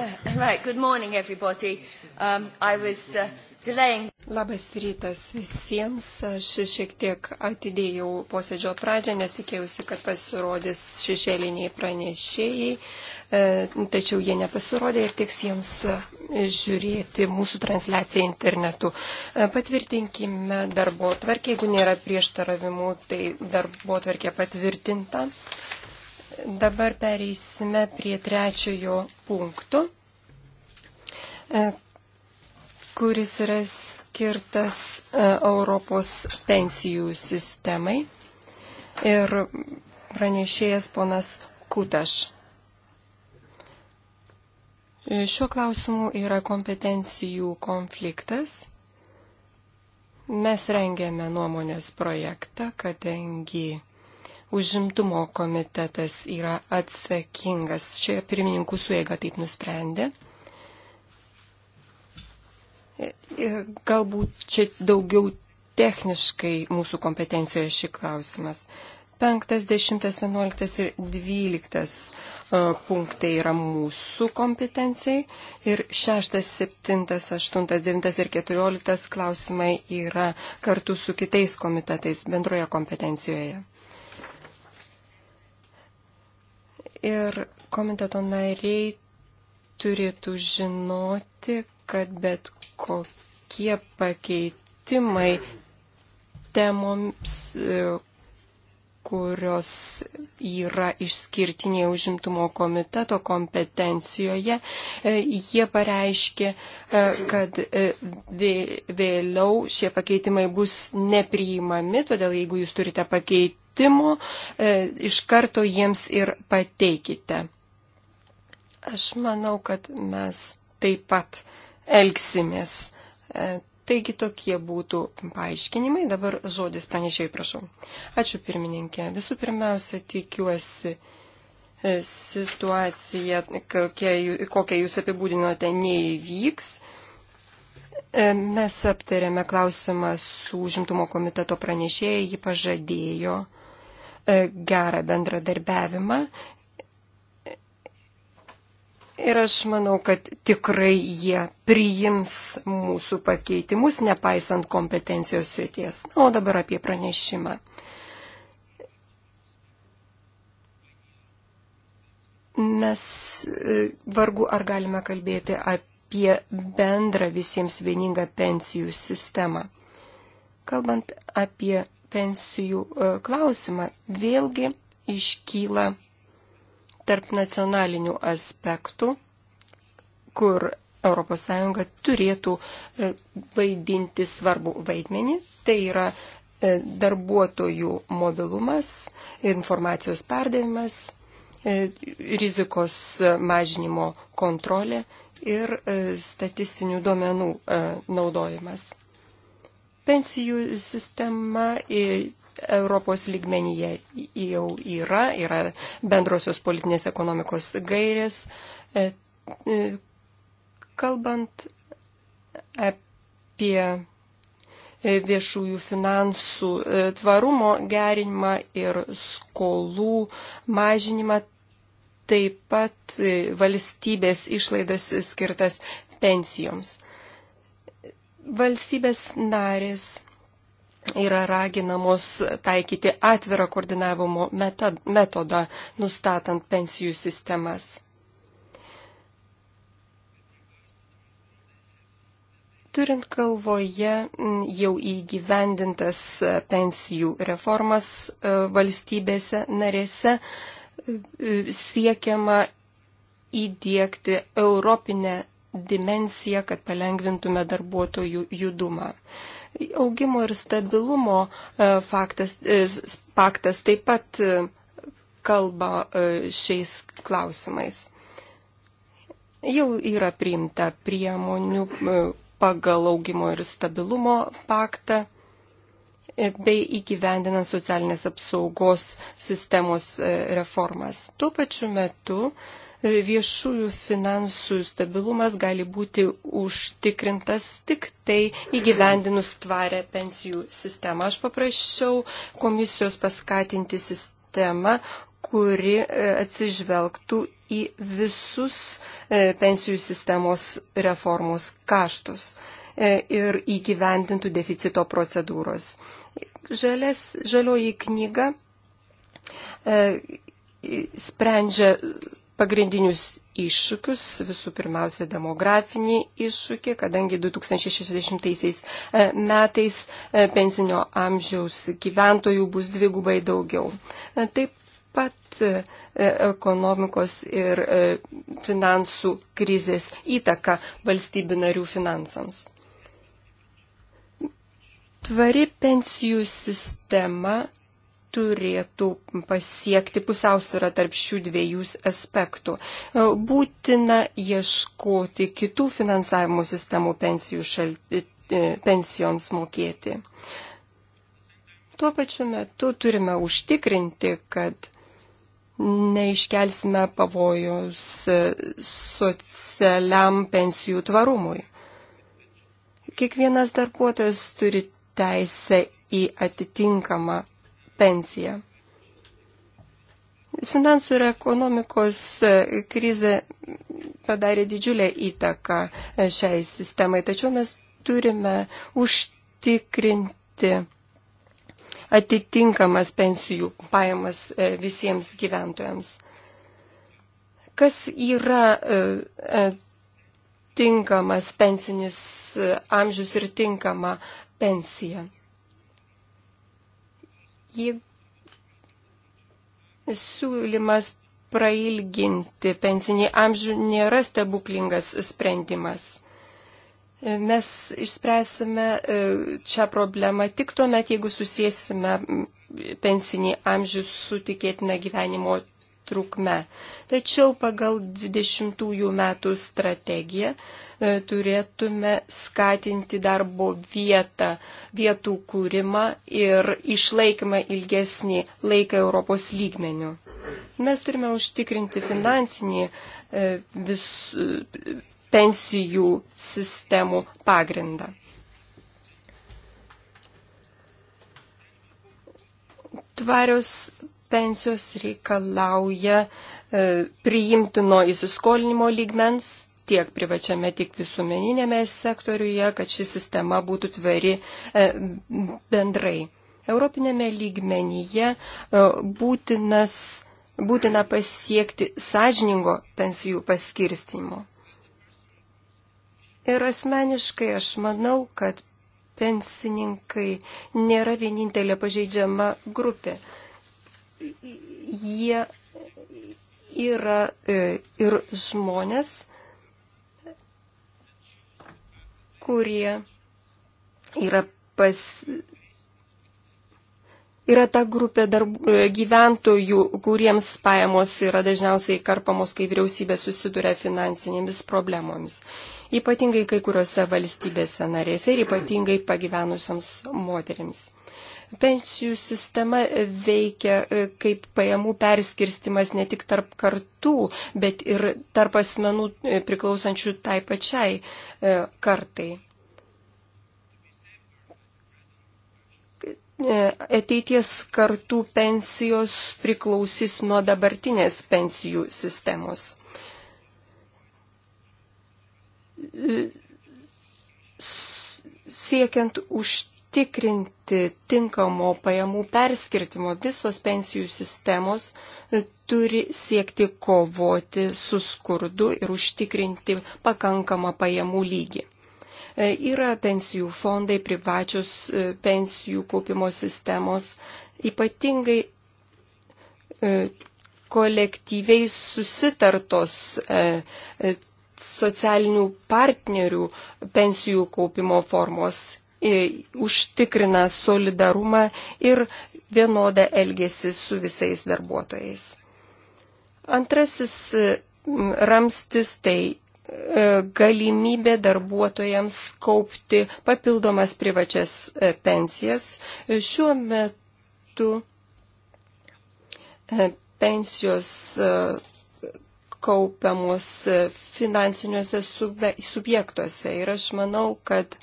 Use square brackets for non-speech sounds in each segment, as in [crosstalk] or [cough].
Uh, right, good morning everybody. Um, I was uh, delaying. Labas rytas visiems. Aš šiek tiek atidėjau posėdžio pradžią, nes tikėjausi, kad pasirodys šešėliniai pranešėjai, e, tačiau jie nepasirodė ir tiks jiems uh, žiūrėti mūsų transliaciją internetu. E, patvirtinkime darbo tvarkį, jeigu nėra prieštaravimų, tai darbo tvarkė patvirtinta. Dabar pereisime prie trečiojo punkto, e, kuris yra skirtas e, Europos pensijų sistemai. Ir pranešėjas ponas Kutaš. E, šiuo klausimu yra kompetencijų konfliktas. Mes rengėme nuomonės projektą, kadangi užimtumo komitetas yra atsakingas. Čia pirmininkų suėga taip nusprendė. E, galbūt čia daugiau techniškai mūsų kompetencijoje šį klausimas. Penktas, dešimtas, vienuoliktas ir dvyliktas e, punktai yra mūsų kompetencijai ir šeštas, septintas, aštuntas, devintas ir keturioliktas klausimai yra kartu su kitais komitetais bendroje kompetencijoje. Ir komiteto nariai turėtų žinoti, kad bet kokie pakeitimai temoms, kurios yra išskirtinėje užimtumo komiteto kompetencijoje, e, jie pareiškė, e, kad e, vėliau šie pakeitimai bus nepriimami, todėl jeigu jūs turite pakeitimų, iš karto jiems ir pateikite. Aš manau, kad mes taip pat elgsimės Taigi tokie būtų paaiškinimai. Dabar žodis pranešėjai, prašau. Ačiū pirmininkė. Visų pirmiausia, tikiuosi e, situacija, kokią jūs apibūdinote, neįvyks. E, mes aptarėme klausimą su užimtumo komiteto pranešėjai, ji pažadėjo e, gerą bendradarbiavimą Ir aš manau, kad tikrai jie priims mūsų pakeitimus, nepaisant kompetencijos srities. Na, o dabar apie pranešimą. Mes e, vargu ar galime kalbėti apie bendrą visiems vieningą pensijų sistemą. Kalbant apie pensijų e, klausimą, vėlgi iškyla tarp nacionalinių aspektų, kur ES turėtų e, vaidinti svarbų vaidmenį. Tai yra e, darbuotojų mobilumas, informacijos perdavimas, e, rizikos mažinimo kontrolė ir statistinių duomenų naudojimas. Pensijų sistema Europos lygmenyje jau yra, yra bendrosios politinės ekonomikos gairės. E, e, kalbant apie e, viešųjų finansų tvarumo gerinimą ir skolų mažinimą, taip pat valstybės išlaidas skirtas pensijoms. Valstybės narės yra raginamos taikyti atvirą koordinavimo metodą, nustatant pensijų sistemas. Turint kalvoje jau įgyvendintas e, pensijų reformas e, valstybėse narėse, e, siekiama įdėkti europinę dimensiją, kad palengvintume darbuotojų judumą. Augimo ir stabilumo e, faktas, e, paktas taip pat e, kalba šiais klausimais. Jau yra priimta priemonių pagal augimo ir stabilumo paktą bei įgyvendinant socialinės apsaugos sistemos reformas. Tuo pačiu metu viešųjų finansų stabilumas gali būti užtikrintas tik tai įgyvendinus tvarę pensijų sistemą. Aš paprašiau komisijos paskatinti sistemą, kuri e, atsižvelgtų į visus e, pensijų sistemos reformos kaštus e, ir įgyvendintų deficito procedūros. Žalės, žalioji knyga sprendžia pagrindinius iššūkius, visų pirmiausia, demografinį iššūkį, kadangi 2060 e, metais e, pensinio amžiaus gyventojų bus dvigubai daugiau. E, taip pat ekonomikos ir finansų krizės įtaka valstybių narių finansams. Tvari pensijų sistema turėtų pasiekti pusiausvyrą tarp šių dviejų aspektų. E, būtina ieškoti kitų finansavimo sistemų šalti, e, e, pensijoms mokėti. Tuo pačiu metu turime užtikrinti, kad neiškelsime pavojus socialiam pensijų tvarumui. Kiekvienas darbuotojas turi teisę į atitinkamą pensiją. Finansų ir ekonomikos e, krize padarė didžiulę įtaką e, šiai sistemai, tačiau mes turime užtikrinti atitinkamas pensijų pajamas e, visiems gyventojams. Kas yra tinkamas pensinis amžius ir tinkama pensija? jį siūlymas prailginti pensinį amžių nėra stebuklingas sprendimas. Mes išspręsime čia e, problemą tik tuo met, jeigu susijęsime pensinį amžių su tikėtina gyvenimo trukme. Tačiau pagal 20 metų strategiją E, turėtume skatinti darbo vietą, vietų kūrimą ir išlaikymą ilgesnį laiką Europos lygmenių. Mes turime užtikrinti finansinį e, vis, e, pensijų sistemų pagrindą. Tvarios pensijos reikalauja priimtino įsiskolinimo lygmens tiek privačiame, tiek visuomeninėme sektoriuje, kad ši sistema būtų tvari e, bendrai. Europinėme lygmenyje e, būtinas, būtina pasiekti sąžiningo pensijų paskirstimo. Ir asmeniškai aš manau, kad pensininkai nėra vienintelė pažeidžiama grupė. Jie yra e, ir žmonės, kurie yra pas. Yra ta grupė darb, e, gyventojų, kuriems pajamos yra dažniausiai karpamos, kai vyriausybė susiduria finansinėmis problemomis. Ypatingai kai kuriuose valstybėse narėse ir ypatingai pagyvenusiams moteriams. Pensijų sistema veikia e, kaip pajamų perskirstimas ne tik tarp kartų, bet ir tarp asmenų e, priklausančių tai pačiai e, kartai. Ateities kartų pensijos priklausys nuo dabartinės pensijų sistemos siekiant užtikrinti užtikrinti tinkamo pajamų perskirtimo, visos pensijų sistemos e, turi siekti kovoti su skurdu ir užtikrinti pakankamą pajamų lygį. E, yra pensijų fondai, privačios e, pensijų kaupimo sistemos, ypatingai kolektyviai susitartos socialinių partnerių pensijų kaupimo formos užtikrina solidarumą ir vienodą elgesį su visais darbuotojais. Antrasis ramstis tai e, galimybė darbuotojams kaupti papildomas privačias e, pensijas. Šiuo metu e, pensijos kaupiamos finansiniuose subjektuose. Ir aš manau, kad e,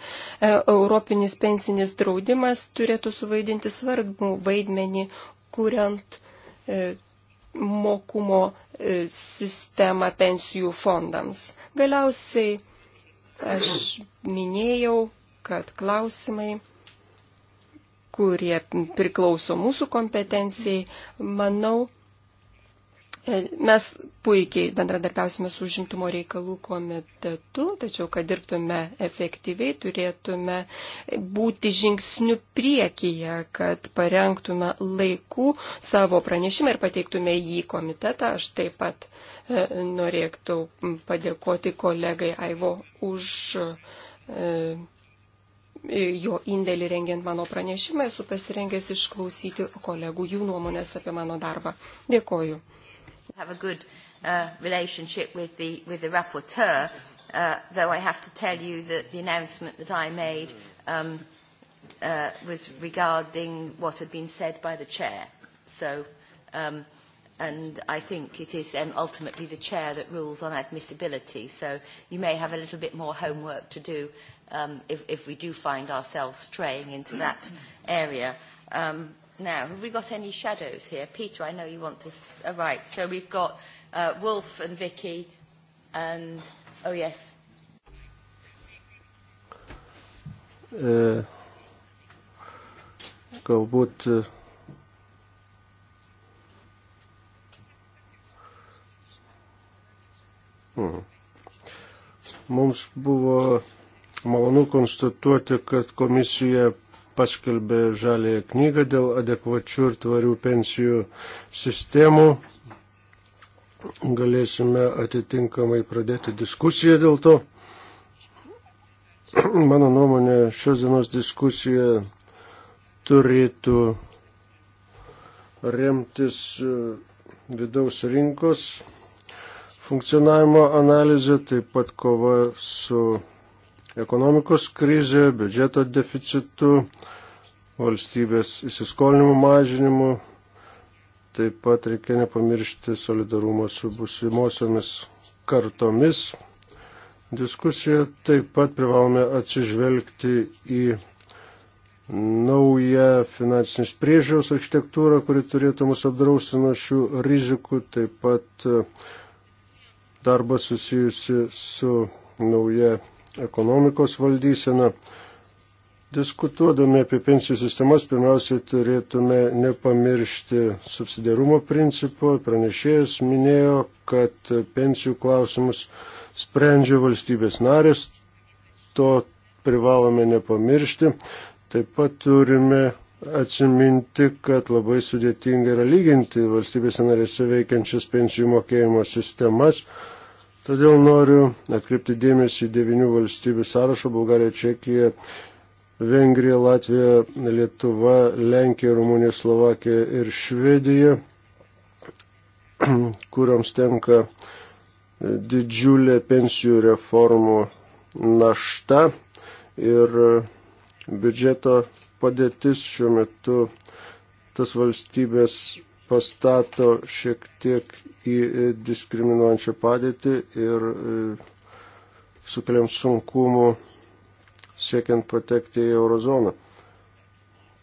Europinis pensinis draudimas turėtų suvaidinti svarbų vaidmenį, kuriant e, mokumo e, sistemą pensijų fondams. Galiausiai aš minėjau, kad klausimai, kurie priklauso mūsų kompetencijai, manau, E, mes puikiai bendradarbiausime su užimtumo reikalų komitetu, tačiau, kad dirbtume efektyviai, turėtume būti žingsnių priekyje, kad parengtume laikų savo pranešimą ir pateiktume jį komitetą. Aš taip pat e, norėtų padėkoti kolegai Aivo už e, jo indėlį rengiant mano pranešimą, esu pasirengęs išklausyti kolegų jų nuomonės apie mano darbą. Dėkoju have a good uh, relationship with the, with the rapporteur, uh, though I have to tell you that the announcement that I made um, uh, was regarding what had been said by the chair. So, um, and I think it is um, ultimately the chair that rules on admissibility. So you may have a little bit more homework to do um, if, if we do find ourselves straying into that area. Um, now. Have we got any shadows here? Peter, I know you want to... Uh, right, so we've got uh, Wolf and Vicky and... Oh, yes. E, galbūt... Uh, hmm. Mums buvo malonu konstatuoti, kad komisija paskelbė žalėje knygą dėl adekvačių ir tvarių pensijų sistemų. Galėsime atitinkamai pradėti diskusiją dėl to. [clears throat] Mano nuomonė, šios dienos diskusija turėtų remtis e, vidaus rinkos funkcionavimo analizė, taip pat kova su ekonomikos krizė, biudžeto deficitu, valstybės įsiskolinimų mažinimu. Taip pat reikia nepamiršti solidarumo su busimosiomis kartomis. Diskusijoje taip pat privalome atsižvelgti į naują finansinės priežiūros architektūrą, kuri turėtų mus apdrausti nuo šių rizikų, taip pat darbą susijusi su nauja ekonomikos valdyseną. Diskutuodami apie pensijų sistemas, pirmiausiai turėtume nepamiršti subsidiarumo principo. Pranešėjas minėjo, kad pensijų klausimus sprendžia valstybės narės. To privalome nepamiršti. Taip pat turime atsiminti, kad labai sudėtinga yra lyginti valstybėse narėse veikiančias pensijų mokėjimo sistemas Todėl noriu atkreipti dėmesį į devinių valstybių sąrašą - Bulgarija, Čekija, Vengrija, Latvija, Lietuva, Lenkija, Rumunija, Slovakija ir Švedija, [clears throat] kuriams tenka didžiulė pensijų reformų našta ir biudžeto padėtis šiuo metu tas valstybės pastato šiek tiek į diskriminuojančią padėtį ir e, sukeliam sunkumų siekiant patekti į eurozoną.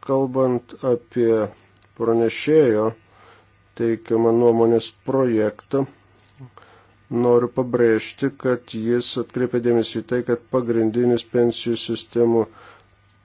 Kalbant apie pranešėjo teikiamą nuomonės projektą, noriu pabrėžti, kad jis atkreipia dėmesį į tai, kad pagrindinis pensijų sistemų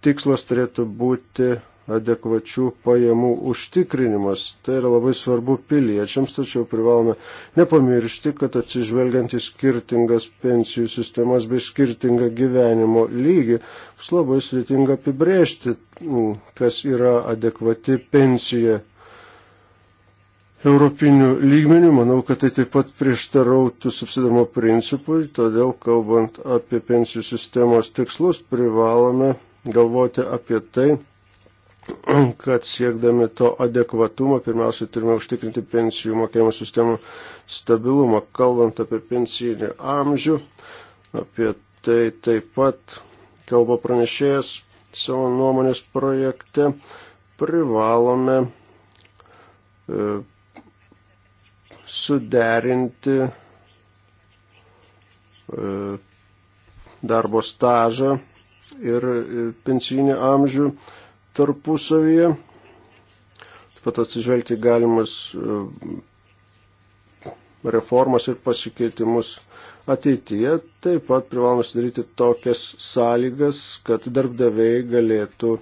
tikslas turėtų būti adekvačių pajamų užtikrinimas. Tai yra labai svarbu piliečiams, tačiau privalome nepamiršti, kad atsižvelgiant į skirtingas pensijų sistemas bei skirtingą gyvenimo lygį, bus labai sudėtinga apibrėžti, mm, kas yra adekvati pensija. Europinių lygmenių, manau, kad tai taip pat prieštarautų subsidomo principui, todėl kalbant apie pensijų sistemos tikslus, privalome galvoti apie tai, kad siekdami to adekvatumo pirmiausia turime užtikrinti pensijų mokėjimo sistemų stabilumą. Kalbant apie pensijinį amžių, apie tai taip pat kalba pranešėjas savo nuomonės projekte, privalome e, suderinti e, darbo stažą ir, ir e, pensijinį amžių. E, tarpusavyje. Taip pat atsižvelgti galimas e, reformas ir pasikeitimus ateityje. Taip pat privalome sudaryti tokias sąlygas, kad darbdaviai galėtų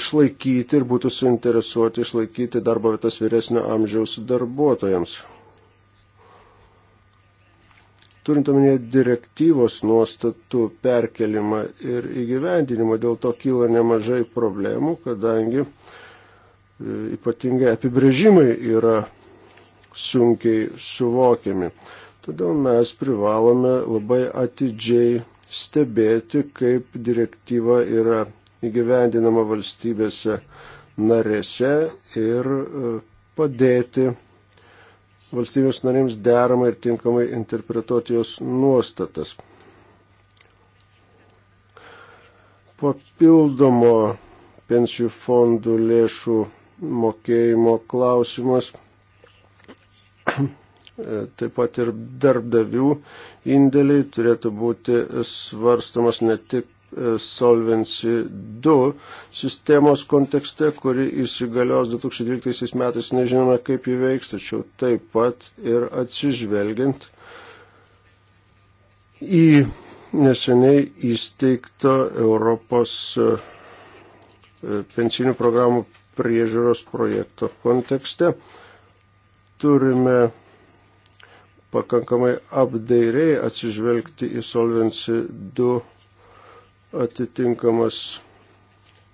išlaikyti ir būtų suinteresuoti išlaikyti darbo vietas vyresnio amžiaus darbuotojams turint omenyje direktyvos nuostatų perkelimą ir įgyvendinimą, dėl to kyla nemažai problemų, kadangi e, ypatingai apibrėžimai yra sunkiai suvokiami. Todėl mes privalome labai atidžiai stebėti, kaip direktyva yra įgyvendinama valstybėse narėse ir e, padėti valstybės narėms deramai ir tinkamai interpretuoti jos nuostatas. Papildomo pensijų fondų lėšų mokėjimo klausimas, [clears throat] taip pat ir darbdavių indėliai turėtų būti svarstamas ne tik E, Solvency 2 sistemos kontekste, kuri įsigalios 2012 metais, nežinome kaip jį veiks, tačiau taip pat ir atsižvelgiant į neseniai įsteigto Europos e, e, pensinių programų priežiūros projekto kontekste turime pakankamai apdairiai atsižvelgti į Solvency 2 atitinkamas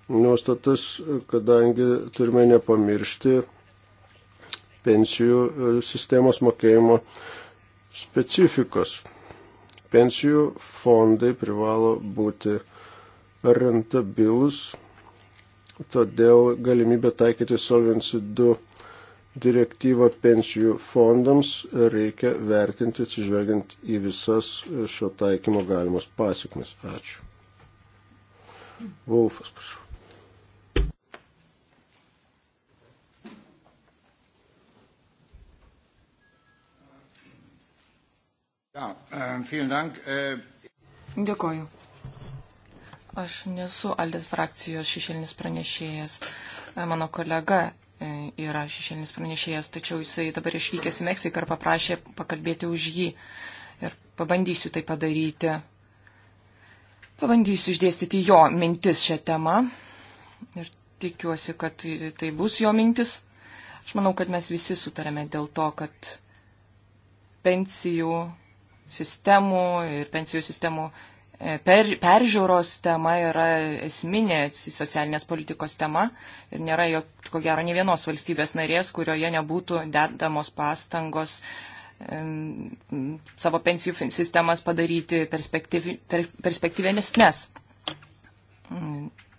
nuostatas, kadangi turime nepamiršti pensijų e, sistemos mokėjimo specifikos. Pensijų fondai privalo būti rentabilus, todėl galimybė taikyti Solvency 2 direktyvą pensijų fondams reikia vertinti atsižvelgiant į visas šio taikymo galimas pasiekmes. Ačiū. Wolfas, prašau. Ja, ähm, vielen Dank. Äh, Dėkoju. Aš nesu Aldės frakcijos šešėlinis pranešėjas. Mano kolega e, yra šešėlinis pranešėjas, tačiau jisai dabar išvykęs į Meksiką ir paprašė pakalbėti už jį. Ir pabandysiu tai padaryti. Pabandysiu išdėstyti jo mintis šią temą ir tikiuosi, kad tai bus jo mintis. Aš manau, kad mes visi sutarėme dėl to, kad pensijų sistemų ir pensijų sistemų e, per, peržiūros tema yra esminė socialinės politikos tema ir nėra, jo, ko gero, ne vienos valstybės narės, kurioje nebūtų dedamos pastangos savo pensijų sistemas padaryti perspektyvenesnes.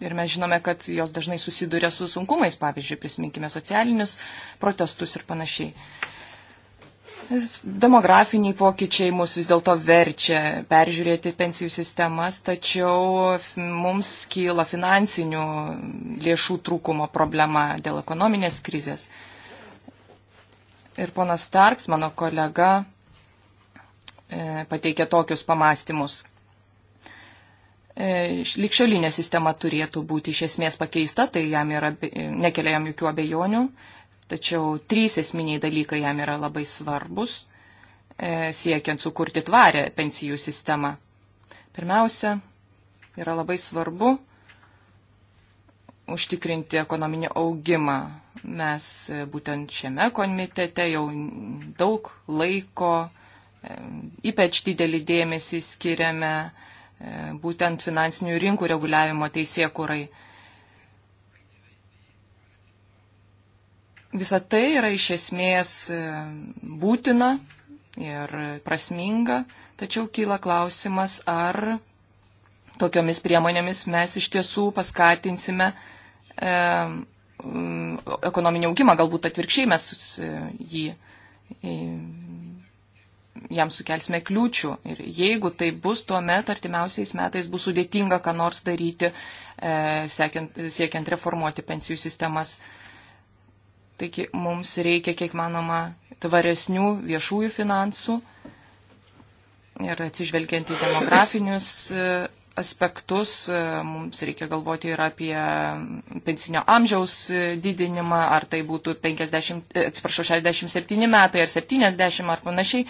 Ir mes žinome, kad jos dažnai susiduria su sunkumais, pavyzdžiui, prisiminkime socialinius protestus ir panašiai. Demografiniai pokyčiai mus vis dėlto verčia peržiūrėti pensijų sistemas, tačiau mums kyla finansinių lėšų trūkumo problema dėl ekonominės krizės. Ir ponas Starks, mano kolega, e, pateikė tokius pamastymus. E, Likščiolinė sistema turėtų būti iš esmės pakeista, tai jam yra, nekelia jam jokių abejonių, tačiau trys esminiai dalykai jam yra labai svarbus, e, siekiant sukurti tvarę pensijų sistemą. Pirmiausia, yra labai svarbu užtikrinti ekonominį augimą. Mes e, būtent šiame komitete jau daug laiko, e, ypač didelį dėmesį skiriame e, būtent finansinių rinkų reguliavimo teisėkurai. Visa tai yra iš esmės būtina ir prasminga, tačiau kyla klausimas, ar Tokiomis priemonėmis mes iš tiesų paskatinsime e, mm, ekonominį augimą, galbūt atvirkščiai mes e, jį, jam sukelsime kliūčių. Ir jeigu tai bus, tuomet artimiausiais metais bus sudėtinga, ką nors daryti, e, siekiant, siekiant reformuoti pensijų sistemas. Taigi mums reikia, kiek manoma, tvaresnių viešųjų finansų ir atsižvelgiant į demografinius aspektus, e, mums reikia galvoti ir apie pensinio amžiaus e, didinimą, ar tai būtų 50, e, atsiprašau, 67 metai ar 70 ar panašiai.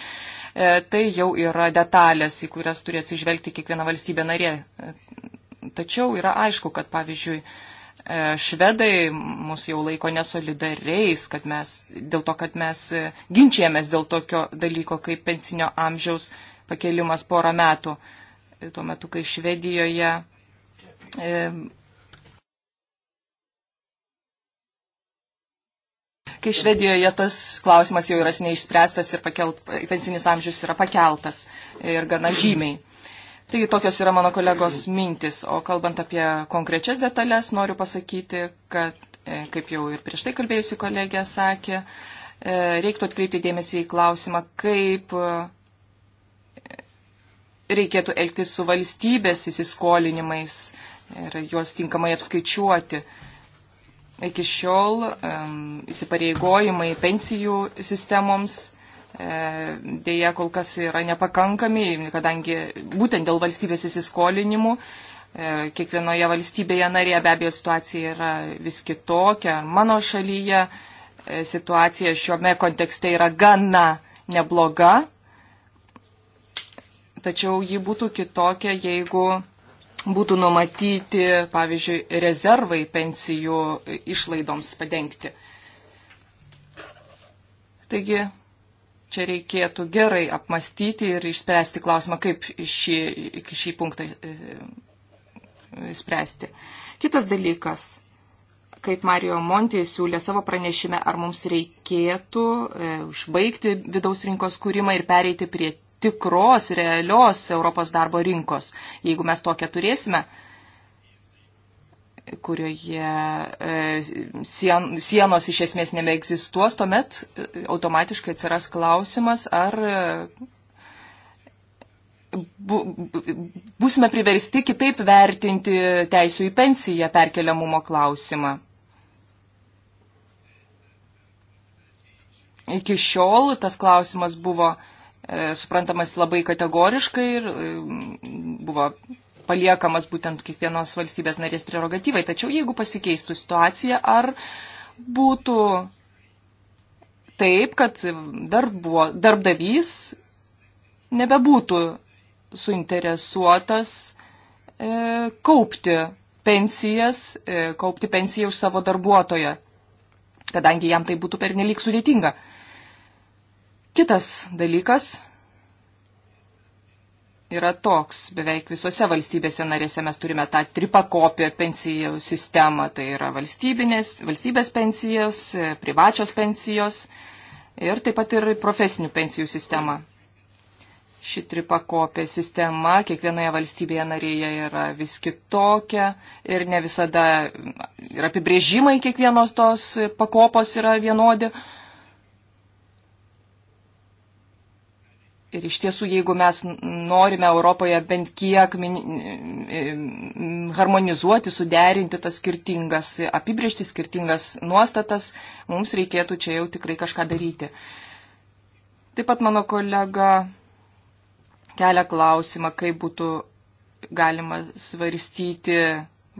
Tai jau yra detalės, į kurias turi atsižvelgti kiekviena valstybė narė. Tačiau yra aišku, kad pavyzdžiui, švedai mus jau laiko nesolidariais, kad mes, dėl to, kad mes ginčiamės dėl tokio dalyko kaip pensinio amžiaus pakelimas porą metų tuo metu, kai Švedijoje e, kai Švedijoje tas klausimas jau yra neišspręstas ir pakelt, pensinis amžius yra pakeltas ir gana žymiai. Taigi tokios yra mano kolegos mintis, o kalbant apie konkrečias detalės, noriu pasakyti, kad, e, kaip jau ir prieš tai kalbėjusi kolegė sakė, e, reiktų atkreipti dėmesį į klausimą, kaip reikėtų elgtis su valstybės įsiskolinimais ir juos tinkamai apskaičiuoti. Iki šiol um, įsipareigojimai pensijų sistemoms e, dėja kol kas yra nepakankami, kadangi būtent dėl valstybės įsiskolinimų e, kiekvienoje valstybėje narėje be abejo situacija yra vis kitokia. Mano šalyje e, situacija šiame kontekste yra gana nebloga, tačiau ji būtų kitokia, jeigu būtų numatyti, pavyzdžiui, rezervai pensijų išlaidoms padengti. Taigi, čia reikėtų gerai apmastyti ir išspręsti klausimą, kaip šį, šį punktą e, e, spręsti. Kitas dalykas, kaip Mario Montė siūlė savo pranešime, ar mums reikėtų e, užbaigti vidaus rinkos kūrimą ir pereiti prie tikros, realios Europos darbo rinkos. Jeigu mes tokią turėsime, kurioje e, sienos iš esmės nebeegzistuos, tuomet e, automatiškai atsiras klausimas, ar e, būsime priversti kitaip vertinti teisų į pensiją perkeliamumo klausimą. Iki šiol tas klausimas buvo E, suprantamas labai kategoriškai ir e, buvo paliekamas būtent kiekvienos valstybės narės prerogatyvai. Tačiau jeigu pasikeistų situacija, ar būtų taip, kad darbuo, darbdavys nebebūtų suinteresuotas e, kaupti pensijas, e, kaupti pensiją už savo darbuotoją, kadangi jam tai būtų pernelik sudėtinga. E, Kitas dalykas yra toks. Beveik visose valstybėse narėse mes turime tą tripakopę pensijų sistemą. Tai yra valstybės pensijos, privačios pensijos ir taip pat ir profesinių pensijų sistema. Ši tripakopė sistema kiekvienoje valstybėje narėje yra vis kitokia ir ne visada ir apibrėžimai kiekvienos tos pakopos yra vienodi. Uh, Ir iš tiesų, jeigu mes norime Europoje bent kiek e, harmonizuoti, suderinti tas skirtingas, apibriežti skirtingas nuostatas, mums reikėtų čia jau tikrai kažką daryti. Taip pat mano kolega kelia klausimą, kaip būtų galima svarstyti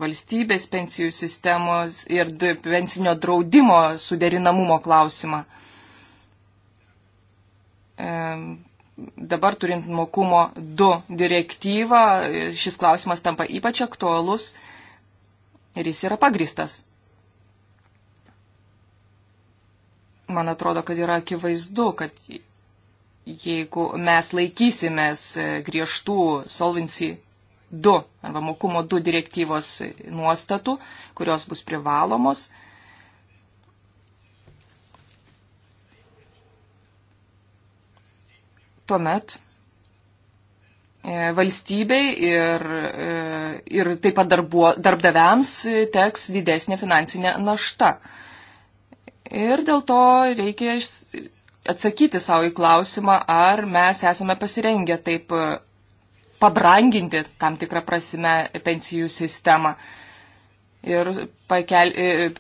valstybės pensijų sistemos ir pensinio draudimo suderinamumo klausimą dabar turint mokumo 2 direktyvą, šis klausimas tampa ypač aktualus ir jis yra pagristas. Man atrodo, kad yra akivaizdu, kad jeigu mes laikysimės griežtų solvency 2 arba mokumo 2 direktyvos nuostatų, kurios bus privalomos, tuomet e, valstybei ir, e, ir taip pat darbuo, darbdaviams e, teks didesnė finansinė našta. Ir dėl to reikia atsakyti savo į klausimą, ar mes esame pasirengę taip pabranginti tam tikrą prasme pensijų sistemą ir pakel,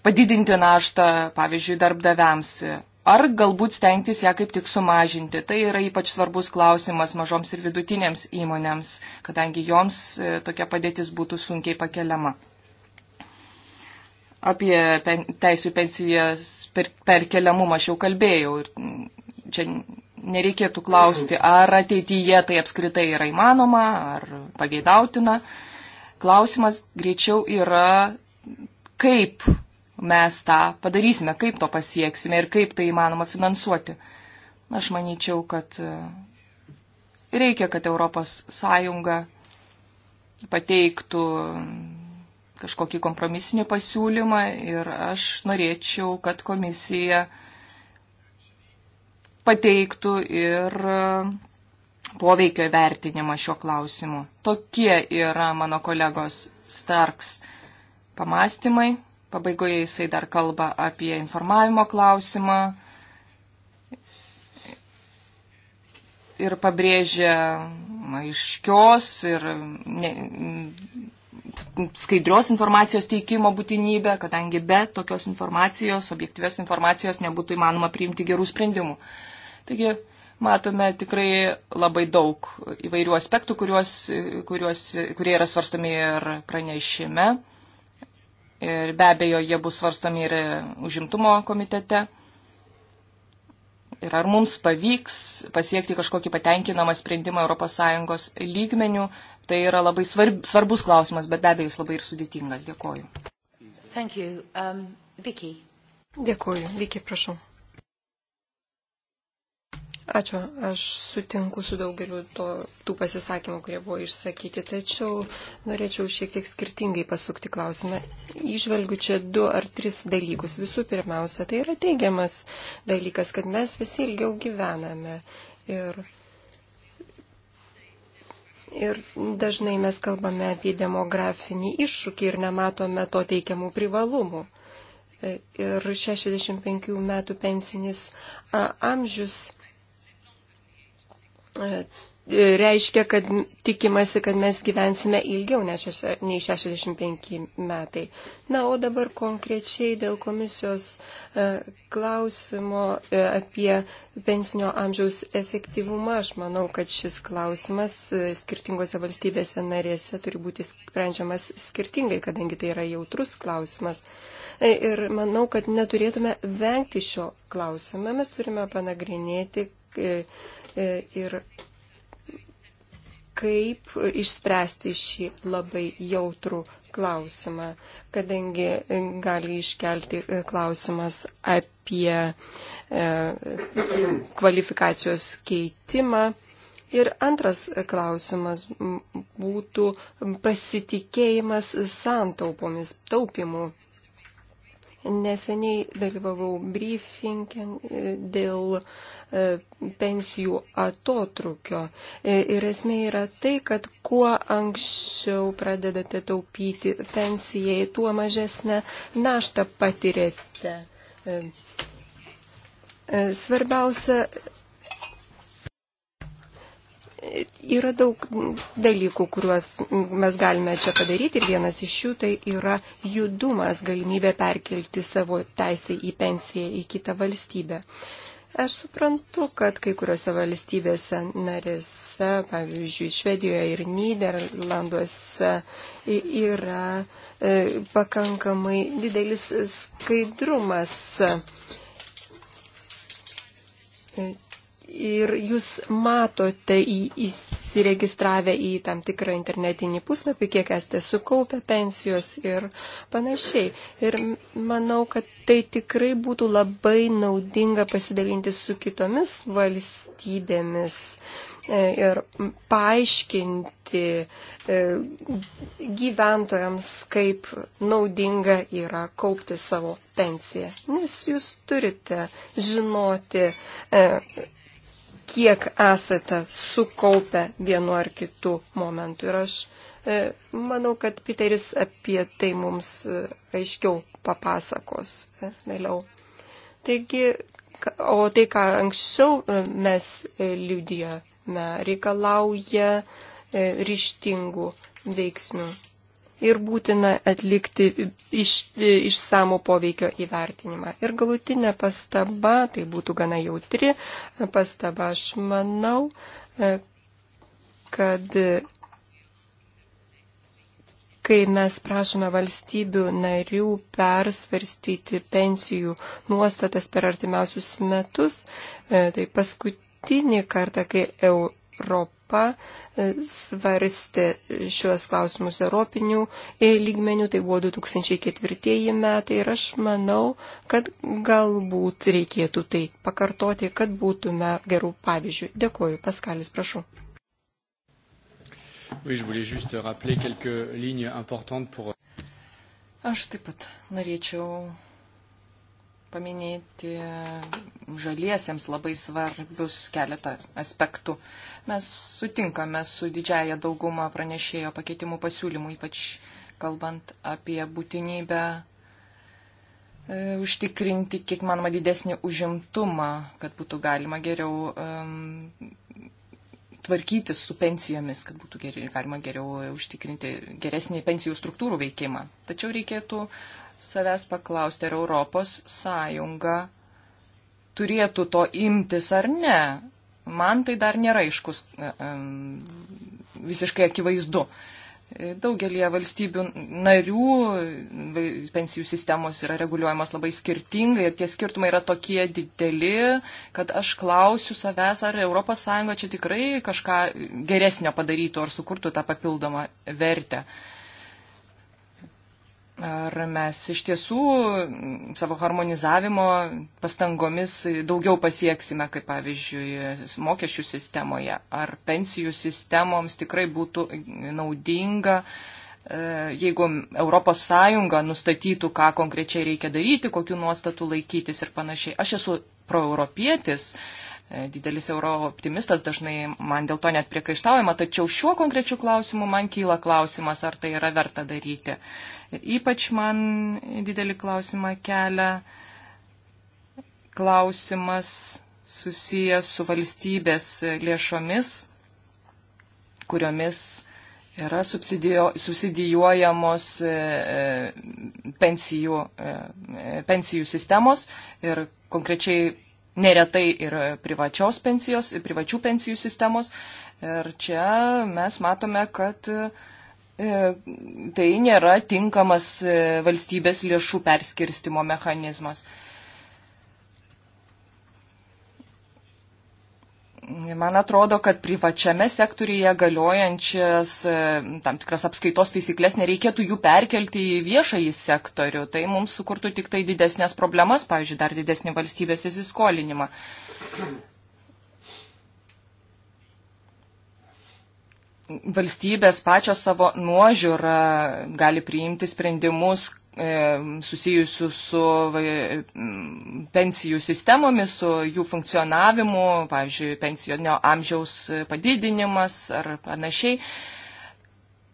padidinti naštą, pavyzdžiui, darbdaviams ar galbūt stengtis ją kaip tik sumažinti. Tai yra ypač svarbus klausimas mažoms ir vidutinėms įmonėms, kadangi joms e, tokia padėtis būtų sunkiai pakeliama. Apie pen, teisų pensijas per, perkeliamumą aš jau kalbėjau ir mm, čia nereikėtų klausti, ar ateityje tai apskritai yra įmanoma, ar pageidautina. Klausimas greičiau yra, kaip mes tą padarysime, kaip to pasieksime ir kaip tai įmanoma finansuoti. Aš manyčiau, kad e, reikia, kad ES pateiktų kažkokį kompromisinį pasiūlymą ir aš norėčiau, kad komisija pateiktų ir e, poveikio vertinimą šiuo klausimu. Tokie yra mano kolegos Starks pamastymai. Pabaigoje jisai dar kalba apie informavimo klausimą ir pabrėžia aiškios ir ne, skaidrios informacijos teikimo būtinybę, kadangi be tokios informacijos, objektyvės informacijos nebūtų įmanoma priimti gerų sprendimų. Taigi matome tikrai labai daug įvairių aspektų, kuriuos, kuriuos, kurie yra svarstomi ir pranešime. Ir be abejo, jie bus svarstomi ir užimtumo komitete. Ir ar mums pavyks pasiekti kažkokį patenkinamą sprendimą ES lygmenių, tai yra labai svarb, svarbus klausimas, bet be abejo jis labai ir sudėtingas. Dėkoju. Um, Vicky. Dėkoju. Viki, prašau. Ačiū, aš sutinku su daugeliu to, tų pasisakymų, kurie buvo išsakyti, tačiau norėčiau šiek tiek skirtingai pasukti klausimą. Išvelgiu čia du ar tris dalykus. Visų pirmiausia, tai yra teigiamas dalykas, kad mes visi ilgiau gyvename. Ir Ir dažnai mes kalbame apie demografinį iššūkį ir nematome to teikiamų privalumų. E, ir 65 metų pensinis amžius reiškia, kad tikimasi, kad mes gyvensime ilgiau nei 65 metai. Na, o dabar konkrečiai dėl komisijos e, klausimo e, apie pensinio amžiaus efektyvumą. Aš manau, kad šis klausimas e, skirtingose valstybėse narėse turi būti sprendžiamas skirtingai, kadangi tai yra jautrus klausimas. Ir manau, kad neturėtume vengti šio klausimo. Mes turime panagrinėti E, ir kaip išspręsti šį labai jautrų klausimą, kadangi gali iškelti e, klausimas apie e, kvalifikacijos keitimą. Ir antras klausimas būtų pasitikėjimas santaupomis, taupimu. Neseniai dalyvavau briefingę e, dėl e, pensijų atotrukio. E, ir esmė yra tai, kad kuo anksčiau pradedate taupyti pensijai, tuo mažesnę naštą patirėte. Svarbiausia Yra daug dalykų, kuriuos mes galime čia padaryti ir vienas iš jų tai yra judumas, galimybė perkelti savo teisę į pensiją į kitą valstybę. Aš suprantu, kad kai kuriuose valstybėse narėse, pavyzdžiui, Švedijoje ir Niderlanduose yra e, pakankamai didelis skaidrumas e, ir jūs matote į, įsiregistravę į tam tikrą internetinį puslapį, kiek esate sukaupę pensijos ir panašiai. Ir manau, kad tai tikrai būtų labai naudinga pasidalinti su kitomis valstybėmis e, ir paaiškinti e, gyventojams, kaip naudinga yra kaupti savo pensiją. Nes jūs turite žinoti e, kiek esate sukaupę vienu ar kitu momentu. Ir aš e, manau, kad Piteris apie tai mums e, aiškiau papasakos e, vėliau. Taigi, o tai, ką anksčiau mes liūdėjome, reikalauja ryštingų veiksmių ir būtina atlikti iš, išsamų poveikio įvertinimą. Ir galutinė pastaba, tai būtų gana jautri pastaba, aš manau, e, kad e, kai mes prašome valstybių narių persvarstyti pensijų nuostatas per artimiausius metus, e, tai paskutinį kartą, kai Europa e, svarstė šiuos klausimus Europinių e, lygmenių, tai buvo 2004 metai ir aš manau, kad galbūt reikėtų tai pakartoti, kad būtume gerų pavyzdžių. Dėkuoju, Paskalis, prašau. Oui, je voulais juste rappeler quelques lignes importantes pour. Aš taip pat norėčiau paminėti žaliesiems labai svarbius keletą aspektų. Mes sutinkame su didžiaja dauguma pranešėjo pakeitimų pasiūlymų, ypač kalbant apie būtinybę e, užtikrinti kiek manoma didesnį užimtumą, kad būtų galima geriau um, tvarkytis su pensijomis, kad būtų geri, galima geriau e, užtikrinti geresnį pensijų struktūrų veikimą. Tačiau reikėtų savęs paklausti, ar Europos Sąjunga turėtų to imtis ar ne. Man tai dar nėra aiškus, e, e, visiškai akivaizdu. Daugelie valstybių narių e, pensijų sistemos yra reguliuojamos labai skirtingai ir tie skirtumai yra tokie dideli, kad aš klausiu savęs, ar ES čia tikrai kažką geresnio padarytų ar sukurtų tą papildomą vertę. Uh, Ar mes iš tiesų savo harmonizavimo pastangomis daugiau pasieksime, kaip pavyzdžiui, mokesčių sistemoje, ar pensijų sistemoms tikrai būtų naudinga, e, jeigu ES nustatytų, ką konkrečiai reikia daryti, kokiu nuostatu laikytis ir panašiai. Aš esu proeuropietis, E, didelis eurooptimistas, dažnai man dėl to net priekaištaujama, tačiau šiuo konkrečiu klausimu man kyla klausimas, ar tai yra verta daryti. Ir ypač man didelį klausimą kelia klausimas susijęs su valstybės lėšomis, kuriomis yra subsidijuojamos e, e, pensijų, pensijų sistemos ir konkrečiai neretai ir privačios pensijos, ir privačių pensijų sistemos. Ir čia mes matome, kad e, tai nėra tinkamas e, valstybės lėšų perskirstimo mechanizmas. Man atrodo, kad privačiame sektoriuje galiojančias e, tam tikras apskaitos taisyklės nereikėtų jų perkelti į viešąjį sektorių. Tai mums sukurtų tik tai didesnės problemas, pavyzdžiui, dar didesnį valstybės įsiskolinimą. Valstybės pačios savo nuožiūrą gali priimti sprendimus, E, susijusių su e, pensijų sistemomis, su jų funkcionavimu, pavyzdžiui, pensijonio amžiaus padidinimas ar panašiai.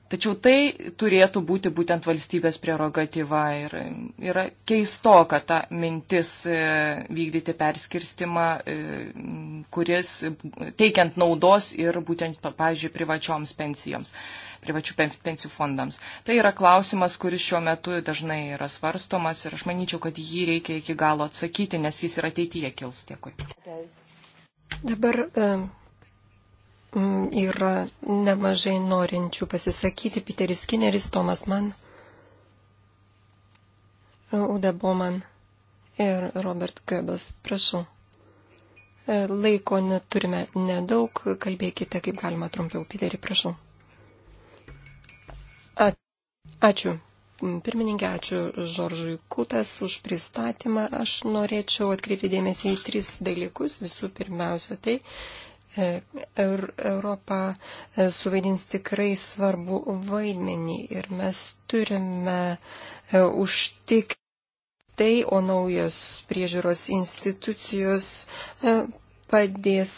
Tačiau tai turėtų būti būtent valstybės prerogatyva ir yra keisto, kad ta mintis e, vykdyti perskirstimą, e, kuris teikiant naudos ir būtent, pavyzdžiui, privačioms pensijoms, privačių pensijų fondams. Tai yra klausimas, kuris šiuo metu dažnai yra svarstomas ir aš manyčiau, kad jį reikia iki galo atsakyti, nes jis ir ateityje kils. Dėkui. Dabar. Uh... Mm, yra nemažai norinčių pasisakyti. Piteris Kineris, Tomas Mann, Ude Boman ir Robert Goebbels. Prašau. E, laiko neturime nedaug, kalbėkite kaip galima trumpiau. Piterį, prašau. Ačiū. Pirmininkė, ačiū Žoržui Kutas už pristatymą. Aš norėčiau atkreipti dėmesį į tris dalykus. Visų pirmiausia, tai, E, Europa e, suvaidins tikrai svarbu vaidmenį ir mes turime e, užtikrinti tai, o naujos priežiūros institucijos padės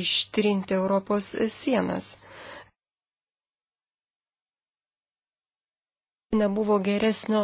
ištrinti Europos sienas. Nebuvo geresnio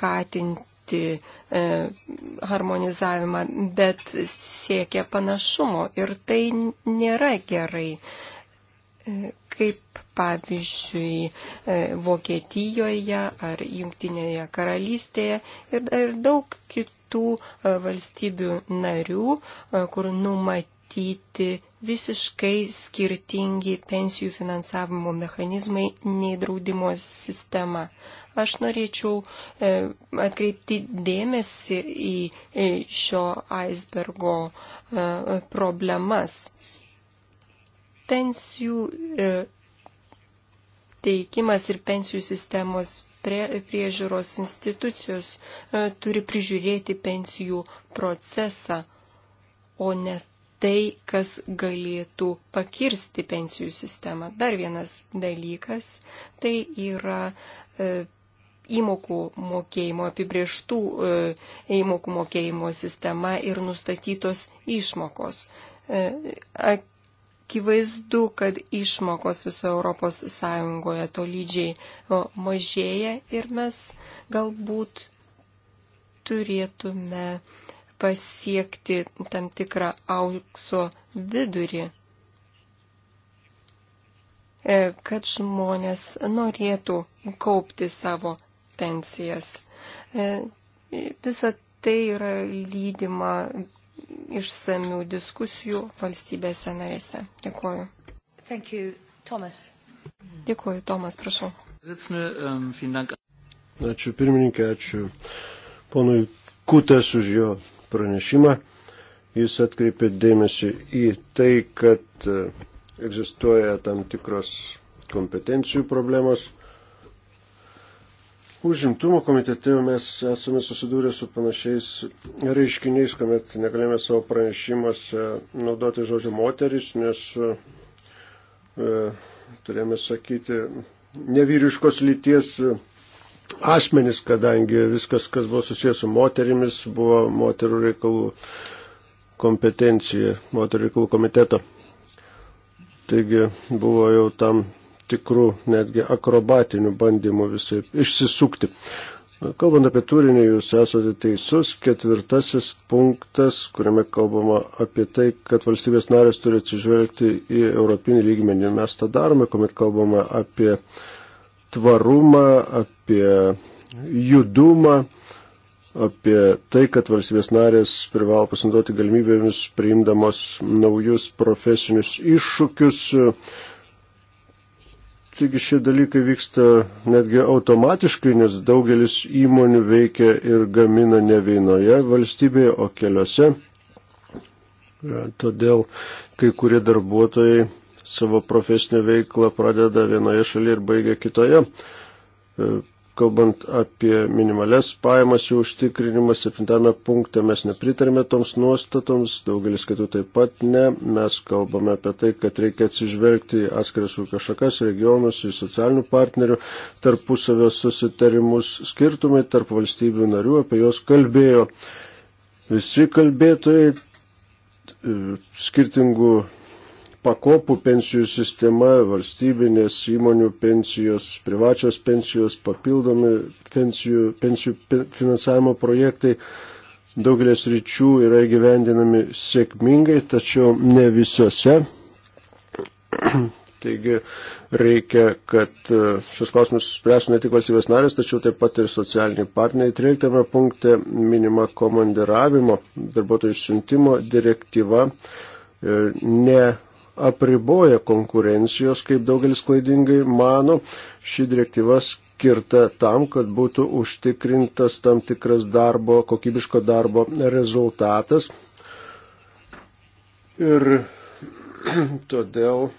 skatinti e, harmonizavimą, bet siekia panašumo ir tai nėra gerai. E, kaip pavyzdžiui e, Vokietijoje ar Junktinėje karalystėje ir, ir daug kitų e, valstybių narių, e, kur numatyti visiškai skirtingi pensijų finansavimo mechanizmai nei draudimo sistema. Aš norėčiau e, atkreipti dėmesį į, į šio aisbergo e, problemas. Pensijų e, teikimas ir pensijų sistemos prie, priežiūros institucijos e, turi prižiūrėti pensijų procesą, o ne tai, kas galėtų pakirsti pensijų sistemą. Dar vienas dalykas - tai yra e, įmokų mokėjimo, apibrieštų e, įmokų mokėjimo sistema ir nustatytos išmokos. E, Akivaizdu, kad išmokos viso Europos Sąjungoje tolydžiai mažėja ir mes galbūt turėtume pasiekti tam tikrą aukso vidurį, e, kad žmonės norėtų kaupti savo pensijas. E, visa tai yra lydima išsamių diskusijų valstybėse narėse. Dėkuoju. Thank you, Thomas. Dėkuoju, Tomas, prašau. Ähm, ačiū pirmininkė, ačiū ponui Kutas už jo pranešimą. Jis atkreipė dėmesį į tai, kad e, egzistuoja tam tikros kompetencijų problemos. Užimtumo komitete mes esame susidūrę su panašiais reiškiniais, kuomet negalėjome savo pranešimuose naudoti žodžio moteris, nes e, turėjome sakyti nevyriškos lyties asmenis, kadangi viskas, kas buvo susijęs su moterimis, buvo moterų reikalų kompetencija, moterų reikalų komiteto. Taigi buvo jau tam tikrų netgi akrobatinių bandymų visai išsisukti. Kalbant apie turinį, jūs esate teisus. Ketvirtasis punktas, kuriame kalbama apie tai, kad valstybės narės turi atsižvelgti į europinį lygmenį. Mes tą darome, kuomet kalbame apie tvarumą, apie judumą, apie tai, kad valstybės narės privalo pasinaudoti galimybėmis priimdamos naujus profesinius iššūkius. Taigi šie dalykai vyksta netgi automatiškai, nes daugelis įmonių veikia ir gamina ne vienoje valstybėje, o keliose. Todėl kai kurie darbuotojai savo profesinę veiklą pradeda vienoje šalyje ir baigia kitoje. E, kalbant apie minimales pajamas jų užtikrinimą, septintame punkte mes nepritarime toms nuostatoms, daugelis kitų taip pat ne. Mes kalbame apie tai, kad reikia atsižvelgti į atskiras ūkio šakas, regionus, į socialinių partnerių, tarpusavio susitarimus, skirtumai tarp valstybių narių, apie juos kalbėjo visi kalbėtojai e, skirtingų pakopų pensijų sistema, valstybinės įmonių pensijos, privačios pensijos, papildomi pensijų, pensijų finansavimo projektai daugelės ryčių yra gyvendinami sėkmingai, tačiau ne visose. [clears throat] Taigi reikia, kad e, šis klausimus spręstų ne tik valstybės narės, tačiau taip pat ir socialiniai partneriai. 13 punkte minima komandiravimo darbuotojų išsiuntimo direktyva e, ne apriboja konkurencijos, kaip daugelis klaidingai mano. Ši direktyva skirta tam, kad būtų užtikrintas tam tikras darbo, kokybiško darbo rezultatas. Ir [clears throat] todėl e,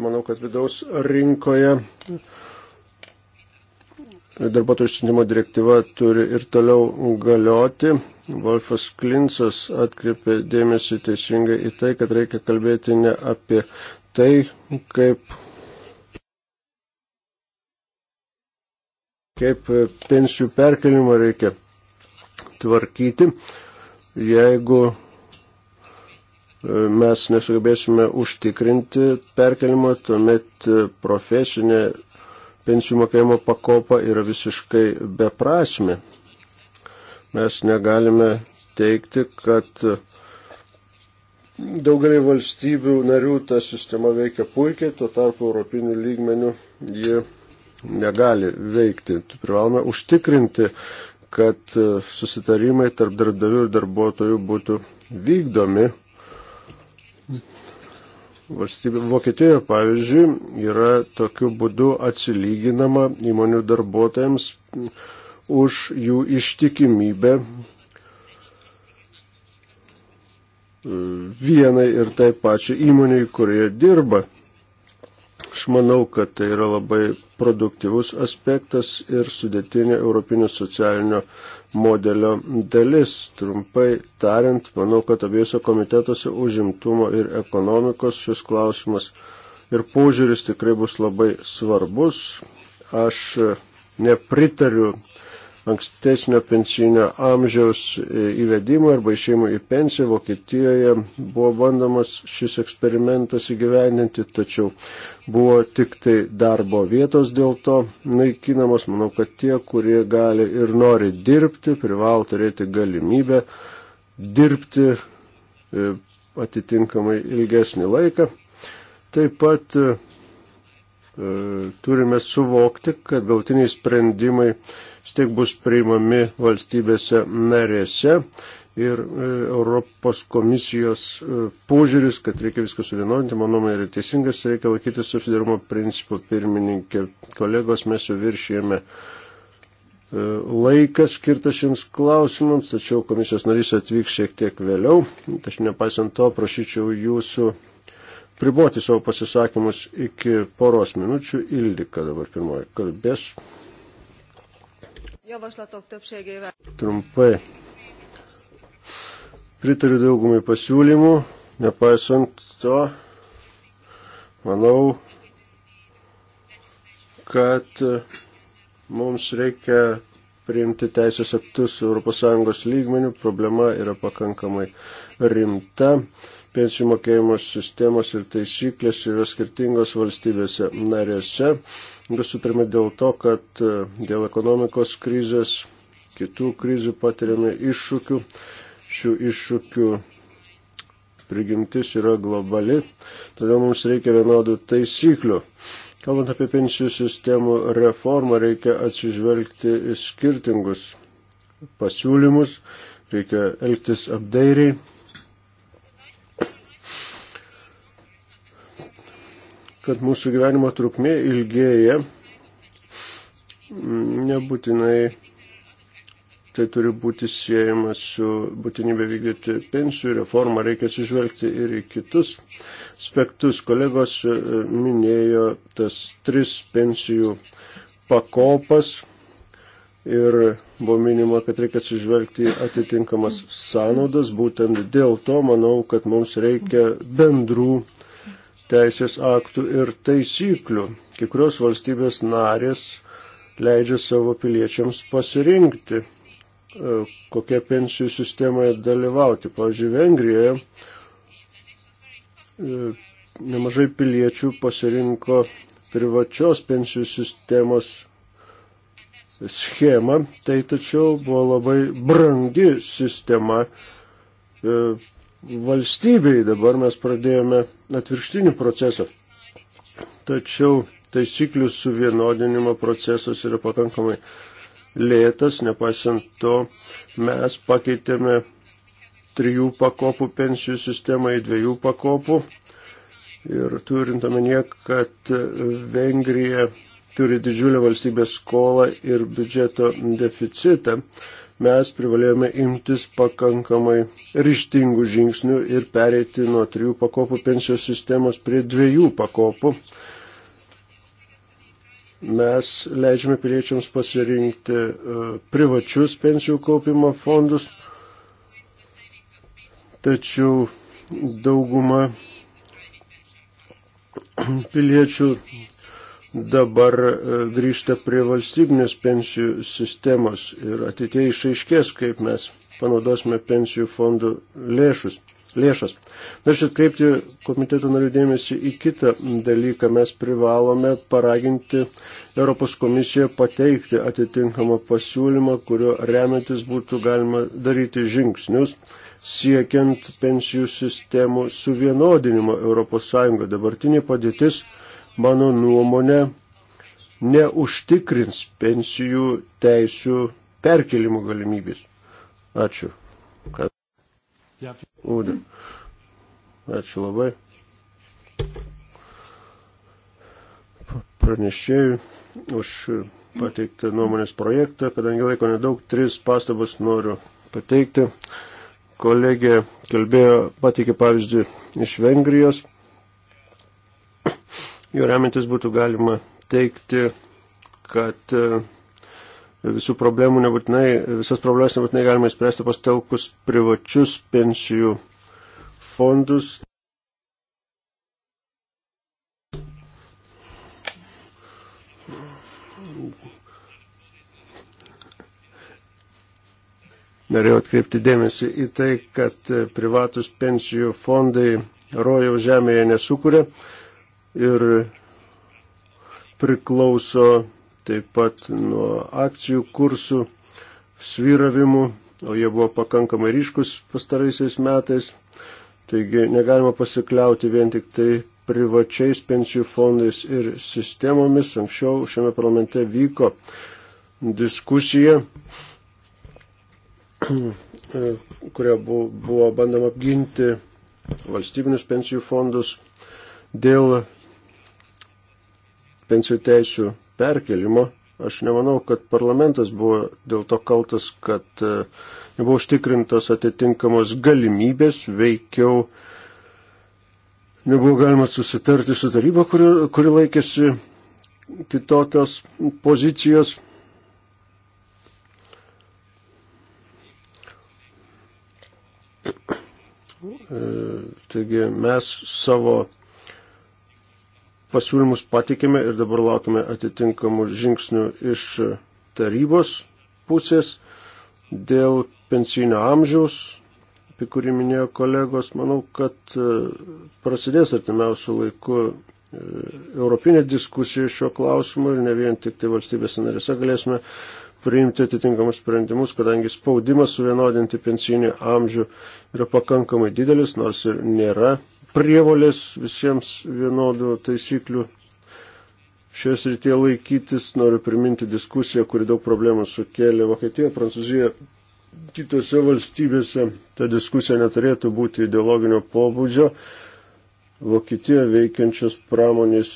manau, kad vidaus rinkoje darbuotojų išsiuntimo direktyva turi ir toliau galioti. Wolfas Klinsas atkreipė dėmesį teisingai į tai, kad reikia kalbėti ne apie tai, kaip, kaip pensijų perkelimą reikia tvarkyti, jeigu e, mes nesugebėsime užtikrinti perkelimo, tuomet profesinė pensijų mokėjimo pakopa yra visiškai beprasmi. Mes negalime teikti, kad daugelį valstybių narių ta sistema veikia puikiai, tuo tarpu europinių lygmenių ji negali veikti. Privalome užtikrinti, kad susitarimai tarp darbdavių ir darbuotojų būtų vykdomi valstybė Vokietijoje, pavyzdžiui, yra tokiu būdu atsilyginama įmonių darbuotojams už jų ištikimybę vienai ir tai pačiai įmoniai, kurioje dirba. Aš manau, kad tai yra labai produktyvus aspektas ir sudėtinė Europinio socialinio modelio dalis. Trumpai tariant, manau, kad abiejose komitetuose užimtumo ir ekonomikos šis klausimas ir požiūris tikrai bus labai svarbus. Aš nepritariu ankstesnio pensinio amžiaus e, įvedimo arba išėjimo į pensiją Vokietijoje buvo bandomas šis eksperimentas įgyveninti, tačiau buvo tik tai darbo vietos dėl to naikinamos. Manau, kad tie, kurie gali ir nori dirbti, privalo turėti galimybę dirbti e, atitinkamai ilgesnį laiką. Taip pat e, turime suvokti, kad galtiniai sprendimai vis tiek bus priimami valstybėse narėse. Ir e, Europos komisijos e, požiūris, kad reikia viską suvienodinti, mano nuomonė yra teisingas, reikia laikyti susidarumo principų pirmininkė. Kolegos, mes jau viršėjame laikas skirtas šiems klausimams, tačiau komisijos narys atvyks šiek tiek vėliau. Tačiau nepaisant to, prašyčiau jūsų priboti savo pasisakymus iki poros minučių. Ildika dabar pirmoji kalbės. Trumpai. Pritariu daugumai pasiūlymų, nepaisant to, manau, kad e, mums reikia priimti teisės aktus ES lygmenių. Problema yra pakankamai rimta. Pensijų mokėjimo sistemos ir taisyklės yra skirtingos valstybėse narėse. Nesutarime dėl to, kad e, dėl ekonomikos krizės, kitų krizių patiriame iššūkių. Šių iššūkių prigimtis yra globali, todėl mums reikia vienodų taisyklių. Kalbant apie pensijų sistemų reformą, reikia atsižvelgti į skirtingus pasiūlymus, reikia elgtis apdairiai, kad mūsų gyvenimo trukmė ilgėja, nebūtinai tai turi būti siejama su būtinybė vykdyti pensijų reformą, reikia atsižvelgti ir į kitus aspektus. Kolegos e, minėjo tas tris pensijų pakopas ir buvo minima, kad reikia atsižvelgti atitinkamas sąnaudas. Būtent dėl to manau, kad mums reikia bendrų teisės aktų ir taisyklių. Kai kurios valstybės narės leidžia savo piliečiams pasirinkti, e, kokia pensijų sistemoje dalyvauti. Pavyzdžiui, Vengrijoje e, nemažai piliečių pasirinko privačios pensijų sistemos schemą, tai tačiau buvo labai brangi sistema e, valstybei. Dabar mes pradėjome atvirkštinį procesą. Tačiau taisyklių suvienodinimo procesas yra pakankamai lėtas, nepaisant to mes pakeitėme trijų pakopų pensijų sistemą į dviejų pakopų. Ir turint omenyje, kad Vengrija turi didžiulę valstybės skolą ir biudžeto deficitą, mes privalėjome imtis pakankamai ryštingų žingsnių ir pereiti nuo trijų pakopų pensijos sistemos prie dviejų pakopų. Mes leidžiame piliečiams pasirinkti e, privačius pensijų kaupimo fondus, tačiau dauguma piliečių dabar e, grįžta prie valstybinės pensijų sistemos ir ateitie išaiškės, kaip mes panaudosime pensijų fondų lėšus. Lėšas. Norėčiau atkreipti komiteto narių dėmesį į kitą dalyką. Mes privalome paraginti Europos komisiją pateikti atitinkamą pasiūlymą, kuriuo remiantis būtų galima daryti žingsnius siekiant pensijų sistemų suvienodinimo ES. Dabartinė padėtis mano nuomonė, neužtikrins pensijų teisių perkelimo galimybės. Ačiū. Kad... Ūdė. Ačiū labai. Pranešėjui už pateiktą nuomonės projektą, kadangi laiko nedaug, tris pastabas noriu pateikti. Kolegė kalbėjo, pateikė pavyzdį iš Vengrijos. Jo remintis būtų galima teikti, kad e, visų problemų nebūtinai, visas problemas nebūtinai galima įspręsti pastelkus privačius pensijų fondus. Norėjau atkreipti dėmesį į tai, kad privatus pensijų fondai rojaus žemėje nesukūrė ir priklauso taip pat nuo akcijų kursų sviravimų, o jie buvo pakankamai ryškus pastaraisiais metais. Taigi negalima pasikliauti vien tik tai privačiais pensijų fondais ir sistemomis. Anksčiau šiame parlamente vyko diskusija, [clears throat] kuria buvo bandama apginti valstybinius pensijų fondus dėl pensijų teisų perkelimo. Aš nemanau, kad parlamentas buvo dėl to kaltas, kad e, nebuvo užtikrintos atitinkamos galimybės, veikiau nebuvo galima susitarti su taryba, kuri, kuri laikėsi kitokios pozicijos. E, taigi mes savo pasiūlymus patikime ir dabar laukime atitinkamų žingsnių iš tarybos pusės dėl pensinio amžiaus, apie kurį minėjo kolegos. Manau, kad e, prasidės artimiausių laikų e, europinė diskusija šiuo klausimu ir ne vien tik tai valstybės narėse galėsime priimti atitinkamus sprendimus, kadangi spaudimas suvienodinti pensinį amžių yra pakankamai didelis, nors ir nėra prievolės visiems vienodų taisyklių šioje srityje laikytis. Noriu priminti diskusiją, kuri daug problemų sukėlė Vokietijoje, Prancūzijoje, kitose valstybėse. Ta diskusija neturėtų būti ideologinio pobūdžio. Vokietijoje veikiančios pramonės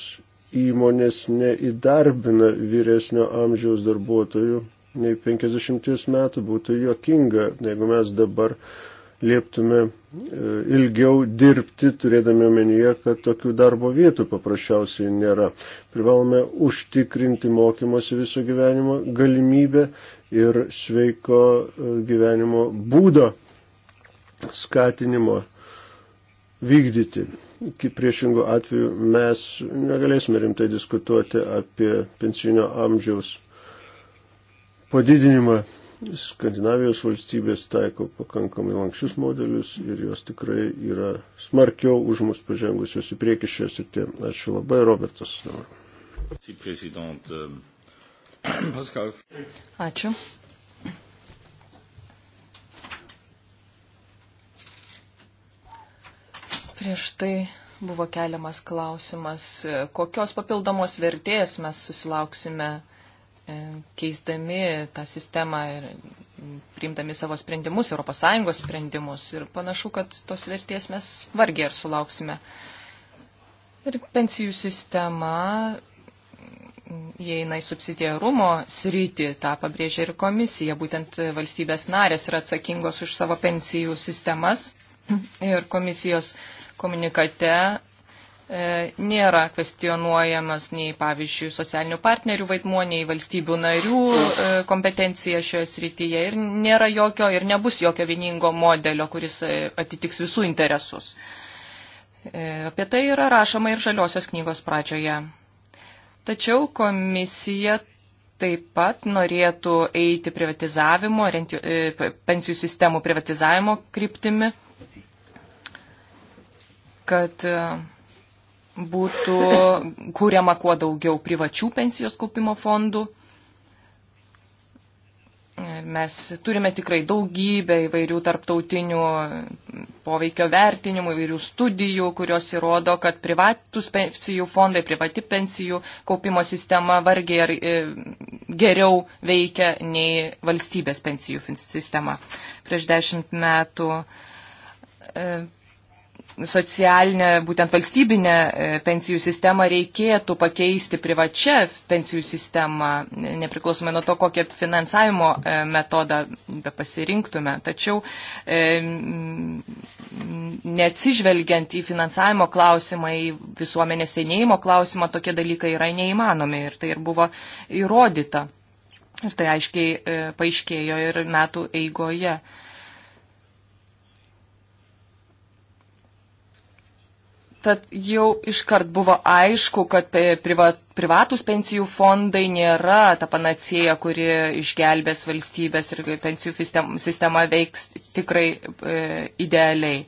įmonės neįdarbina vyresnio amžiaus darbuotojų nei 50 metų. Būtų juokinga, jeigu mes dabar uh, lieptume e, ilgiau dirbti, turėdami omenyje, kad tokių darbo vietų paprasčiausiai nėra. Privalome užtikrinti mokymosi viso gyvenimo galimybę ir sveiko e, gyvenimo būdo skatinimo vykdyti. Iki priešingų atvejų mes negalėsime rimtai diskutuoti apie pensinio amžiaus padidinimą Skandinavijos valstybės taiko pakankamai lankščius modelius ir jos tikrai yra smarkiau už mus pažengusios į priekį šią sritį. Ačiū labai, Robertas. Ačiū. Prieš tai buvo keliamas klausimas, kokios papildomos vertės mes susilauksime E, keisdami tą sistemą ir priimdami savo sprendimus, ES sprendimus. Ir panašu, kad tos vertės mes vargiai ir sulauksime. Ir pensijų sistema įeina į subsidiarumo sritį, tą pabrėžia ir komisija. Būtent valstybės narės yra atsakingos už savo pensijų sistemas. Ir komisijos komunikate E, nėra kvestionuojamas nei, pavyzdžiui, socialinių partnerių vaidmuo, nei valstybių narių e, kompetencija šioje srityje ir nėra jokio ir nebus jokio vieningo modelio, kuris e, atitiks visų interesus. Apie tai yra rašoma ir žaliosios knygos pradžioje. Tačiau komisija taip pat norėtų eiti privatizavimo, pensijų sistemų privatizavimo kryptimi, kad būtų kūriama kuo daugiau privačių pensijos kaupimo fondų. Mes turime tikrai daugybę įvairių tarptautinių poveikio vertinimų, įvairių studijų, kurios įrodo, kad privatus pensijų fondai, privati pensijų kaupimo sistema vargiai ar e, geriau veikia nei valstybės pensijų sistema. Prieš dešimt metų e, socialinę, būtent valstybinę e, pensijų sistemą reikėtų pakeisti privačią pensijų sistemą, nepriklausomai nuo to, kokią finansavimo e, metodą pasirinktume. Tačiau e, neatsižvelgiant į finansavimo klausimą, į visuomenės senėjimo klausimą, tokie dalykai yra neįmanomi ir tai ir buvo įrodyta. Ir tai aiškiai paaiškėjo ir metų eigoje. Tad jau iškart buvo aišku, kad privat, privatus pensijų fondai nėra ta panacėja, kuri išgelbės valstybės ir pensijų sistema, sistema veiks tikrai e, idealiai.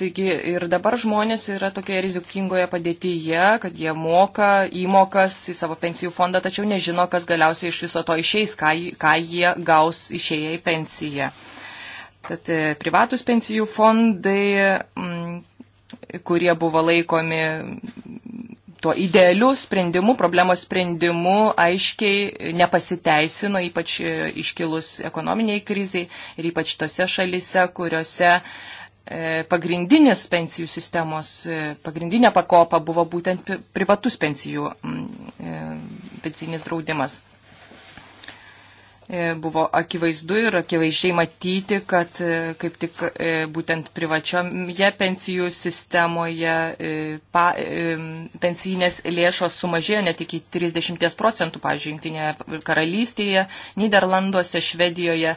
Taigi ir dabar žmonės yra tokioje rizikingoje padėtyje, kad jie moka įmokas į savo pensijų fondą, tačiau nežino, kas galiausiai iš viso to išeis, ką, ką jie gaus išėję į pensiją. E, Tad e, privatus pensijų fondai, kurie buvo laikomi tuo idealiu sprendimu, problemos sprendimu, aiškiai nepasiteisino, ypač e, iškilus ekonominiai kriziai ir ypač tose šalise, kuriuose e, pagrindinis pensijų sistemos, pagrindinė pakopa buvo būtent privatus pensijų, pensijinis draudimas. E, buvo akivaizdu ir akivaizdžiai matyti, kad e, kaip tik e, būtent privačioje pensijų sistemoje pa, pensijinės lėšos sumažėjo net iki 30 procentų, pavyzdžiui, Junktinėje karalystėje, Niderlanduose, Švedijoje.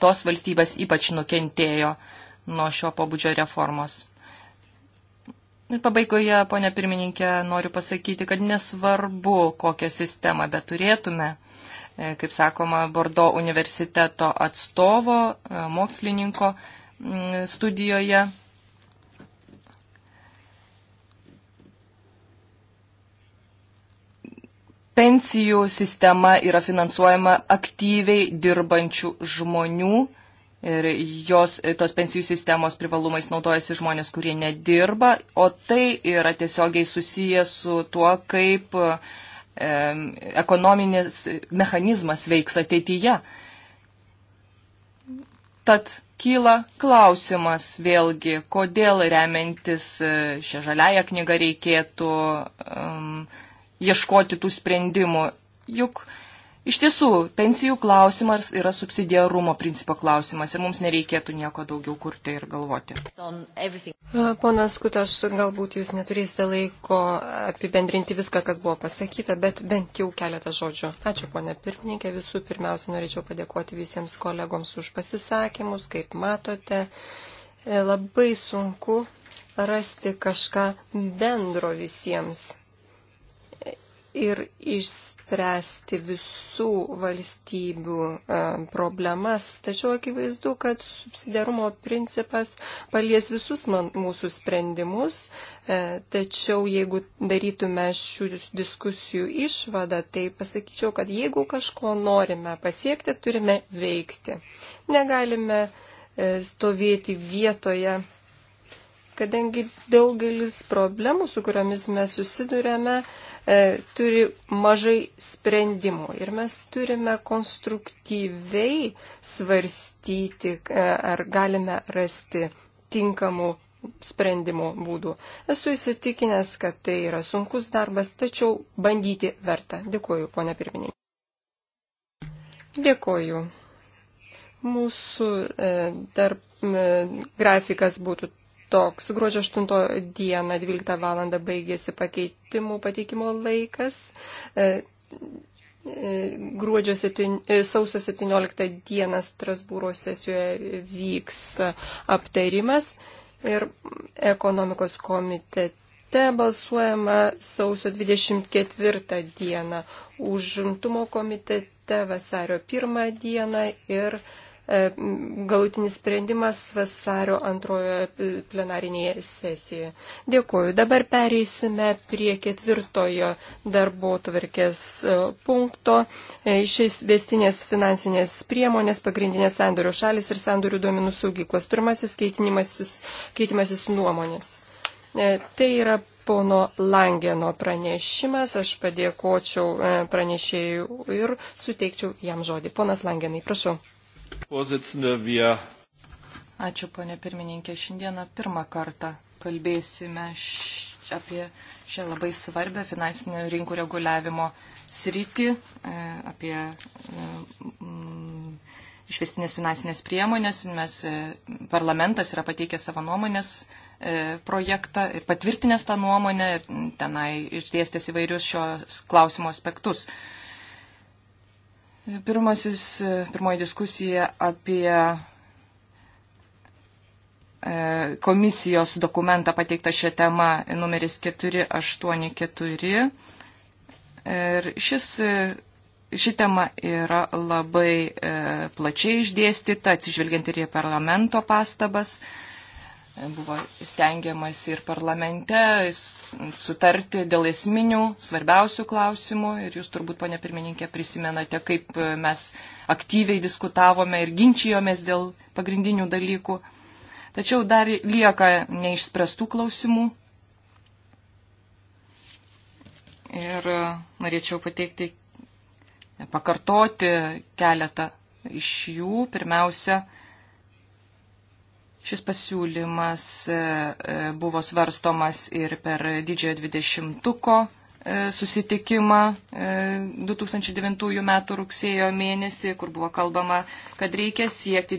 Tos valstybės ypač nukentėjo nuo šio pobūdžio reformos. Ir pabaigoje, ponia pirmininkė, noriu pasakyti, kad nesvarbu, kokią sistemą beturėtume. turėtume E, kaip sakoma, Bordo universiteto atstovo, e, mokslininko studijoje. Pensijų sistema yra finansuojama aktyviai dirbančių žmonių ir jos, tos pensijų sistemos privalumais naudojasi žmonės, kurie nedirba, o tai yra tiesiogiai susiję su tuo, kaip uh, ekonominis mechanizmas veiks ateityje. Tad kyla klausimas vėlgi, kodėl remiantis e, šią žaliąją knygą reikėtų um, ieškoti tų sprendimų. Juk uh, Iš tiesų, pensijų klausimas yra subsidiarumo principo klausimas ir mums nereikėtų nieko daugiau kurti ir galvoti. Ponas Kutaš, galbūt jūs neturėsite laiko apibendrinti viską, kas buvo pasakyta, bet bent jau keletą žodžių. Ačiū, ponė pirmininkė. Visų pirmiausia, norėčiau padėkoti visiems kolegoms už pasisakymus. Kaip matote, e, labai sunku rasti kažką bendro visiems ir išspręsti visų valstybių e, problemas, tačiau akivaizdu, kad subsidiarumo principas palies visus man, mūsų sprendimus, e, tačiau jeigu darytume šių diskusijų išvadą, tai pasakyčiau, kad jeigu kažko norime pasiekti, turime veikti. Negalime e, stovėti vietoje kadangi daugelis problemų, su kuriomis mes susidurėme, e, turi mažai sprendimų. Ir mes turime konstruktyviai svarstyti, e, ar galime rasti tinkamų sprendimo būdų. Esu įsitikinęs, kad tai yra sunkus darbas, tačiau bandyti verta. Dėkuoju, ponia pirmininkė. Dėkuoju. Mūsų e, dar e, grafikas būtų toks. Gruodžio 8 dieną 12 val. baigėsi pakeitimų pateikimo laikas. E, e, gruodžio 7, e, sausio 17 dieną Strasbūro sesijoje vyks aptarimas ir ekonomikos komitete balsuojama sausio 24 dieną, užimtumo komitete vasario 1 dieną ir E, galutinis sprendimas vasario antrojoje plenarinėje sesijoje. Dėkuoju. Dabar pereisime prie ketvirtojo darbo tvarkės e, punkto. E, iš vestinės finansinės priemonės pagrindinės sandorių šalis ir sandorių duomenų saugyklos. Pirmasis keitimasis nuomonės. Tai yra pono Langeno pranešimas. Aš padėkočiau pranešėjų ir suteikčiau jam žodį. Ponas Langenai, prašau. Ačiū, ponė pirmininkė. Šiandieną pirmą kartą kalbėsime apie šią labai svarbę finansinio rinkų reguliavimo sritį, e, apie e, mm, išvestinės finansinės priemonės. Mes, e, parlamentas yra pateikęs savo nuomonės projektą ir patvirtinęs tą nuomonę ir tenai išdėstęs įvairius šios klausimo aspektus. Pirmasis, e, pirmoji diskusija apie e, komisijos dokumentą pateiktą šią temą numeris 484. Ir šis, e, ši tema yra labai plačiai išdėstyta, atsižvelgiant ir į parlamento pastabas. E, buvo stengiamas ir parlamente sutarti dėl esminių, svarbiausių klausimų. Ir jūs turbūt, ponė pirmininkė, prisimenate, kaip mes aktyviai diskutavome ir ginčijomės dėl pagrindinių dalykų. Tačiau dar lieka neišspręstų klausimų. Ir e, norėčiau pateikti, pakartoti keletą iš jų. Pirmiausia, Šis pasiūlymas e, e, buvo svarstomas ir per didžiojo dvidešimtuko e, susitikimą 2009 m. rugsėjo mėnesį, kur buvo kalbama, kad reikia siekti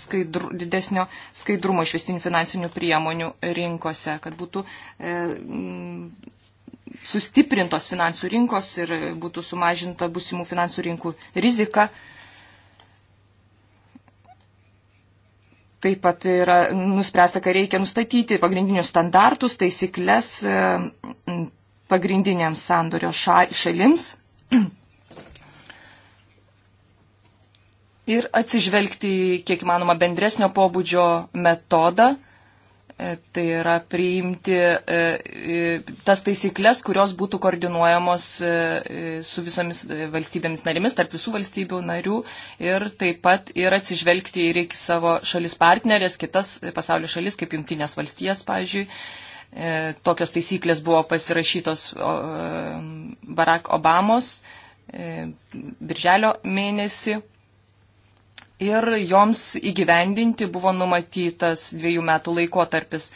skaidru, didesnio skaidrumo išvestinių finansinių priemonių rinkose, kad būtų sustiprintos finansų rinkos ir būtų sumažinta busimų finansų rinkų rizika. Taip pat yra nuspręsta, kad reikia nustatyti pagrindinius standartus, taisyklės e, pagrindiniams sandorio šalims ir atsižvelgti kiek įmanoma bendresnio pobūdžio metodą E, tai yra priimti e, tas taisyklės, kurios būtų koordinuojamos e, su visomis valstybėmis narimis, tarp visų valstybių narių ir taip pat ir atsižvelgti ir iki savo šalis partnerės, kitas pasaulio šalis, kaip Junktinės valstijas, pavyzdžiui. Tokios taisyklės buvo pasirašytos Barack Obamos birželio mėnesį ir joms įgyvendinti buvo numatytas dviejų metų laikotarpis.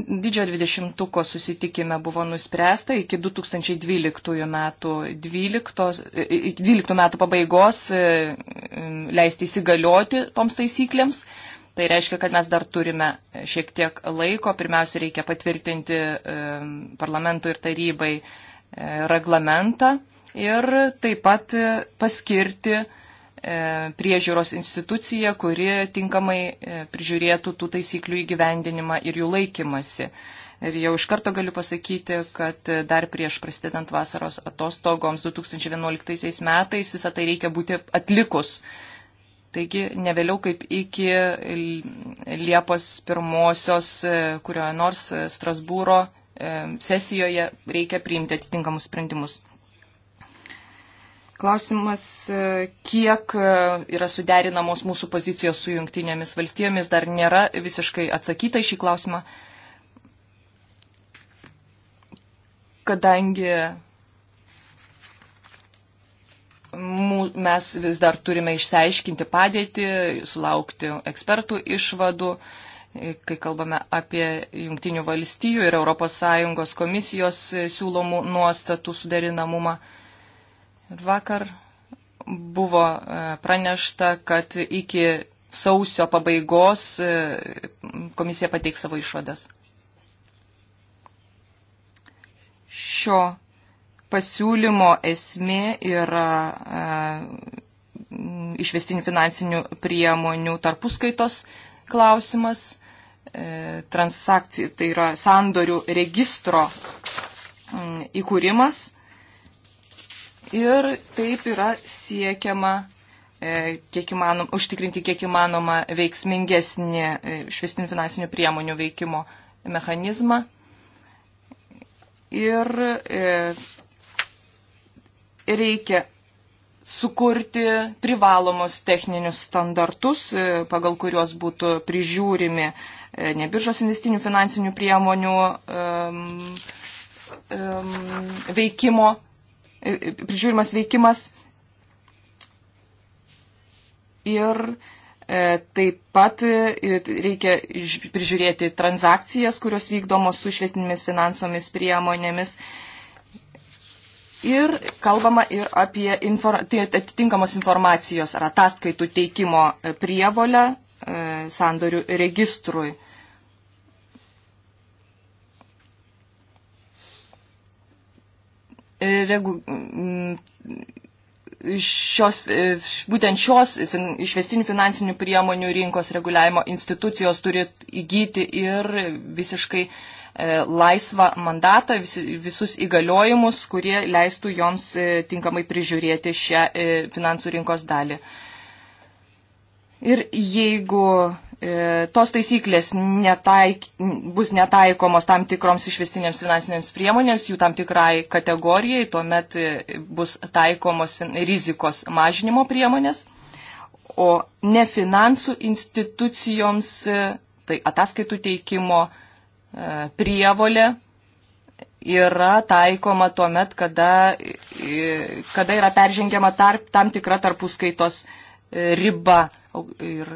Didžiojo dvidešimtuko susitikime buvo nuspręsta iki 2012 metų, 12, 12 e, e, metų pabaigos e, leisti įsigalioti toms taisyklėms. Tai reiškia, kad mes dar turime šiek tiek laiko. Pirmiausia, reikia patvirtinti parlamentui ir tarybai reglamentą ir taip pat paskirti E, priežiūros institucija, kuri tinkamai e, prižiūrėtų tų taisyklių įgyvendinimą ir jų laikymasi. Ir jau iš karto galiu pasakyti, kad dar prieš prasidedant vasaros atostogoms 2011 metais visą tai reikia būti atlikus. Taigi ne vėliau kaip iki Liepos pirmosios, e, kurioje nors Strasbūro sesijoje reikia priimti atitinkamus sprendimus. Klausimas, e, kiek e, yra suderinamos mūsų pozicijos su jungtinėmis valstijomis, dar nėra visiškai atsakyta į šį klausimą, kadangi mes vis dar turime išsiaiškinti padėtį, sulaukti ekspertų išvadų, e, kai kalbame apie jungtinių valstijų ir ES komisijos siūlomų nuostatų suderinamumą. Vakar buvo e, pranešta, kad iki sausio pabaigos e, komisija pateiks savo išvadas. Šio pasiūlymo esmė yra e, išvestinių finansinių priemonių tarpuskaitos klausimas, transakcijų, tai yra sandorių registro įkūrimas ir taip yra siekiama e, kiek įmanom, užtikrinti kiek įmanoma veiksmingesnį e, švestinių finansinių priemonių veikimo mechanizmą. Ir e, reikia sukurti privalomus techninius standartus, pagal kuriuos būtų prižiūrimi ne biržos investinių finansinių priemonių um, um, veikimo prižiūrimas veikimas. Ir e, taip pat e, reikia prižiūrėti transakcijas, kurios vykdomos su išvestinėmis finansomis priemonėmis. Ir kalbama ir apie infor, tai atitinkamos informacijos ar ataskaitų teikimo prievolę e, sandorių registrui. regu, šios, būtent šios fin, išvestinių finansinių priemonių rinkos reguliavimo institucijos turi įgyti ir visiškai e, laisvą mandatą, vis, visus įgaliojimus, kurie leistų joms e, tinkamai prižiūrėti šią e, finansų rinkos dalį. Ir jeigu E, tos taisyklės netaik, bus netaikomos tam tikroms išvestinėms finansinėms priemonėms, jų tam tikrai kategorijai, tuomet e, bus taikomos rizikos mažinimo priemonės, o ne finansų institucijoms, e, tai ataskaitų teikimo prievolė yra taikoma tuo met, kada, kada yra peržengiama tarp, tam tikra tarpuskaitos riba ir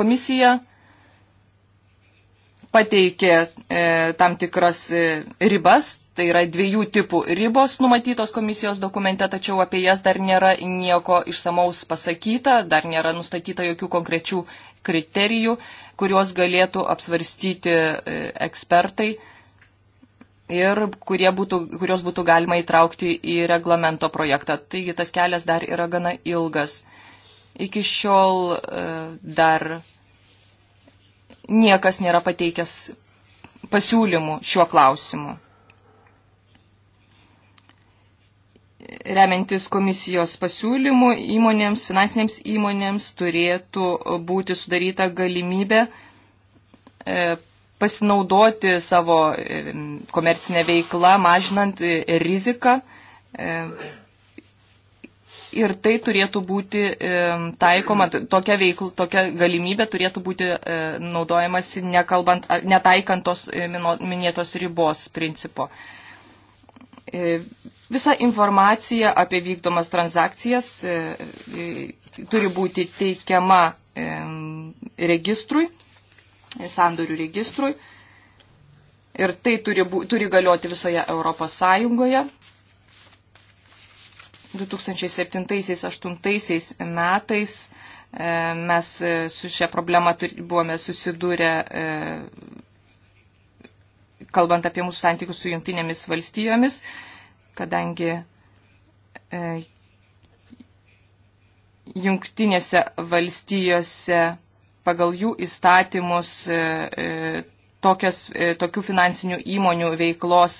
komisija pateikė e, tam tikras e, ribas, tai yra dviejų tipų ribos numatytos komisijos dokumente, tačiau apie jas dar nėra nieko išsamaus pasakyta, dar nėra nustatyta jokių konkrečių kriterijų, kuriuos galėtų apsvarstyti e, ekspertai ir būtų, kurios būtų galima įtraukti į reglamento projektą. Taigi tas kelias dar yra gana ilgas iki šiol e, dar niekas nėra pateikęs pasiūlymų šiuo klausimu. Remiantis komisijos pasiūlymų įmonėms, finansinėms įmonėms turėtų būti sudaryta galimybė e, pasinaudoti savo e, komercinę veiklą, mažinant riziką ir tai turėtų būti taikoma, tokia, veikl, tokia galimybė turėtų būti e, naudojamasi nekalbant, netaikant tos e, minėtos ribos principo. E, visa informacija apie vykdomas transakcijas turi būti teikiama registrui, sandorių registrui. Ir tai turi, turi galioti visoje Europos Sąjungoje. 2007-2008 metais e, mes e, su šią problemą buvome susidūrę, e, kalbant apie mūsų santykius su jungtinėmis valstijomis, kadangi jungtinėse valstijose pagal jų įstatymus tokias, tokių finansinių įmonių veiklos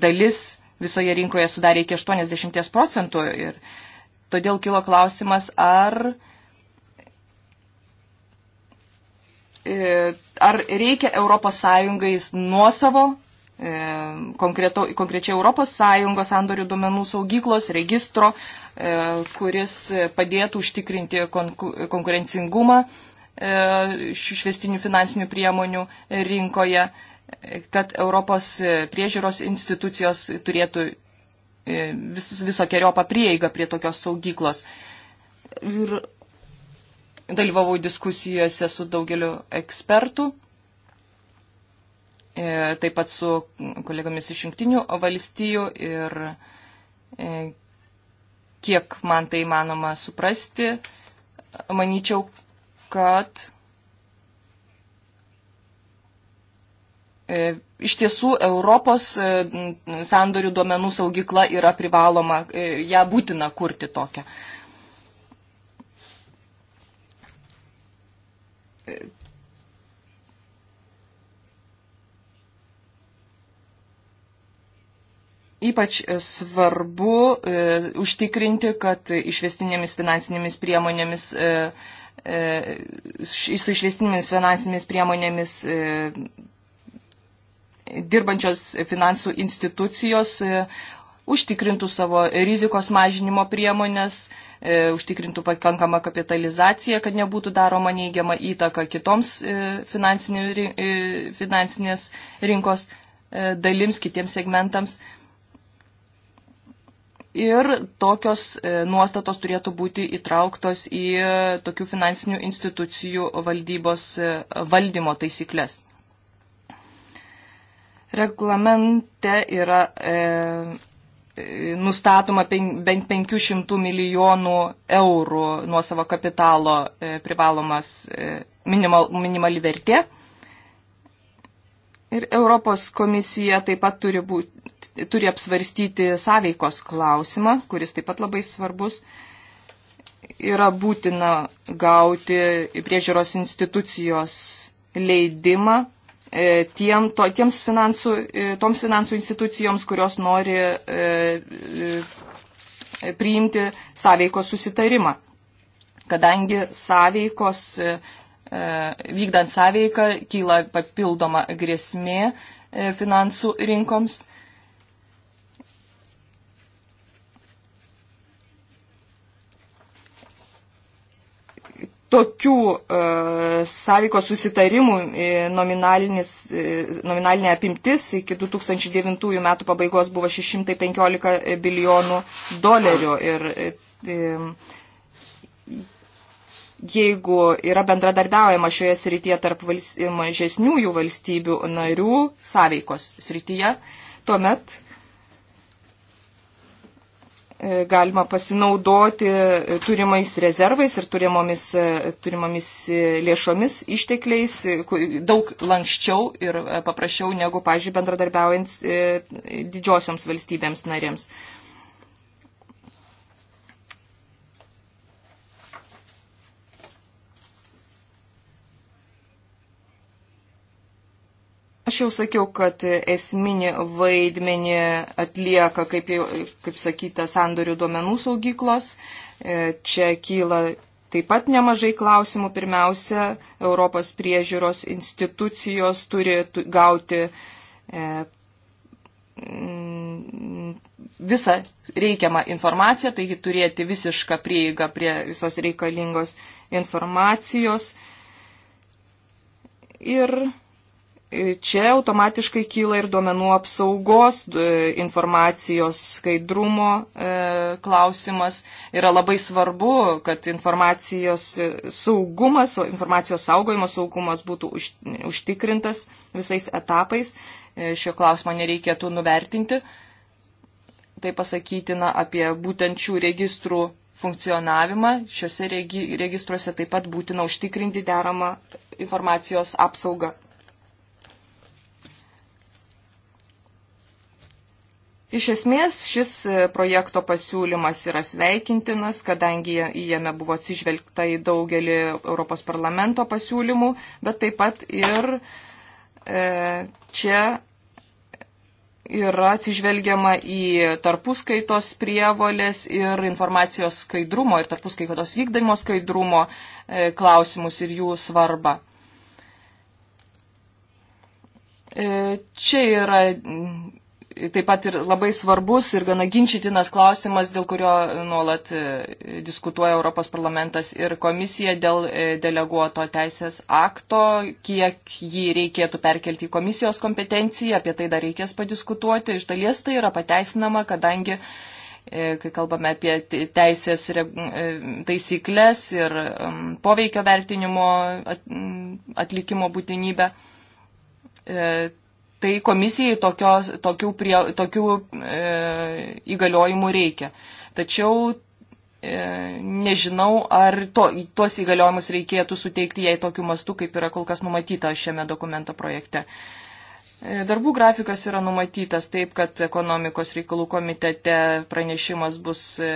dalis visoje rinkoje sudarė iki 80 procentų ir todėl kilo klausimas, ar, e, ar reikia Europos Sąjungai nuosavo e, konkrečiai Europos Sąjungos sandorių duomenų saugyklos registro, e, kuris padėtų užtikrinti konkurencingumą šių švestinių finansinių priemonių rinkoje kad Europos priežiūros institucijos turėtų e, vis, visokiojopą prieigą prie tokios saugyklos. Ir dalyvavau diskusijose su daugeliu ekspertų, e, taip pat su kolegomis iš jungtinių valstijų ir e, kiek man tai manoma suprasti, manyčiau, kad E, iš tiesų, Europos e, sandorių duomenų saugykla yra privaloma, e, ją būtina kurti tokią. Ypač svarbu e, užtikrinti, kad išvestinėmis finansinėmis priemonėmis, e, e, su išvestinėmis finansinėmis priemonėmis e, dirbančios finansų institucijos e, užtikrintų savo rizikos mažinimo priemonės, e, užtikrintų pakankamą kapitalizaciją, kad nebūtų daroma neigiama įtaka kitoms e, finansinės rinkos dalims, kitiems segmentams. Ir tokios nuostatos turėtų būti įtrauktos į tokių finansinių institucijų valdybos valdymo taisyklės. Reglamente yra e, nustatoma pen, bent 500 milijonų eurų nuo savo kapitalo e, privalomas e, minimal, minimali vertė. Ir Europos komisija taip pat turi, būt, turi apsvarstyti sąveikos klausimą, kuris taip pat labai svarbus. Yra būtina gauti priežiūros institucijos leidimą E, tiem, to, tiems finansų, e, toms finansų institucijoms, kurios nori e, priimti sąveikos susitarimą. Kadangi sąveikos, vykdant sąveiką, kyla papildoma grėsmė finansų rinkoms tokių e, sąveikos susitarimų e, e nominalinė e, apimtis iki 2009 metų pabaigos buvo 615 bilijonų dolerių. Ir e, e, jeigu yra bendradarbiaujama šioje srityje tarp valst, mažesniųjų valstybių narių sąveikos srityje, tuomet E, galima pasinaudoti turimais rezervais ir turimomis, e, turimomis e, lėšomis, ištekliais daug lankščiau ir paprasčiau negu, pažiūrėjau, bendradarbiaujant didžiosioms valstybėms narėms. Aš jau sakiau, kad esminį vaidmenį atlieka, kaip, jau, kaip sakyta, sandorių duomenų saugyklos. E, čia kyla taip pat nemažai klausimų. Pirmiausia, Europos priežiūros institucijos turi gauti e, mm, visą reikiamą informaciją, taigi turėti visišką prieigą prie visos reikalingos informacijos. Ir čia automatiškai kyla ir duomenų apsaugos, e, informacijos skaidrumo e, klausimas. Yra labai svarbu, kad informacijos saugumas, informacijos saugojimo saugumas būtų užtikrintas visais etapais. E, šio klausimo nereikėtų nuvertinti. Tai pasakytina apie būtent šių registrų funkcionavimą. Šiuose registruose taip pat būtina užtikrinti deramą informacijos apsaugą. Iš esmės šis e, projekto pasiūlymas yra sveikintinas, kadangi jame buvo atsižvelgta į daugelį Europos parlamento pasiūlymų, bet taip pat ir e, čia yra atsižvelgiama į tarpuskaitos prievolės ir informacijos skaidrumo ir tarpuskaitos vykdymo skaidrumo e, klausimus ir jų svarbą. E, čia yra taip pat ir labai svarbus ir gana ginčytinas klausimas, dėl kurio nuolat e, diskutuoja Europos parlamentas ir komisija dėl e, deleguoto teisės akto, kiek jį reikėtų perkelti į komisijos kompetenciją, apie tai dar reikės padiskutuoti. Iš dalies tai yra pateisinama, kadangi e, kai kalbame apie teisės taisyklės ir poveikio vertinimo atlikimo būtinybę tai komisijai tokios, tokių, prie, tokių e, įgaliojimų reikia. Tačiau e, nežinau, ar to, tuos įgaliojimus reikėtų suteikti jai tokiu mastu, kaip yra kol kas numatyta šiame dokumento projekte. E, darbų grafikas yra numatytas taip, kad ekonomikos reikalų komitete pranešimas bus e,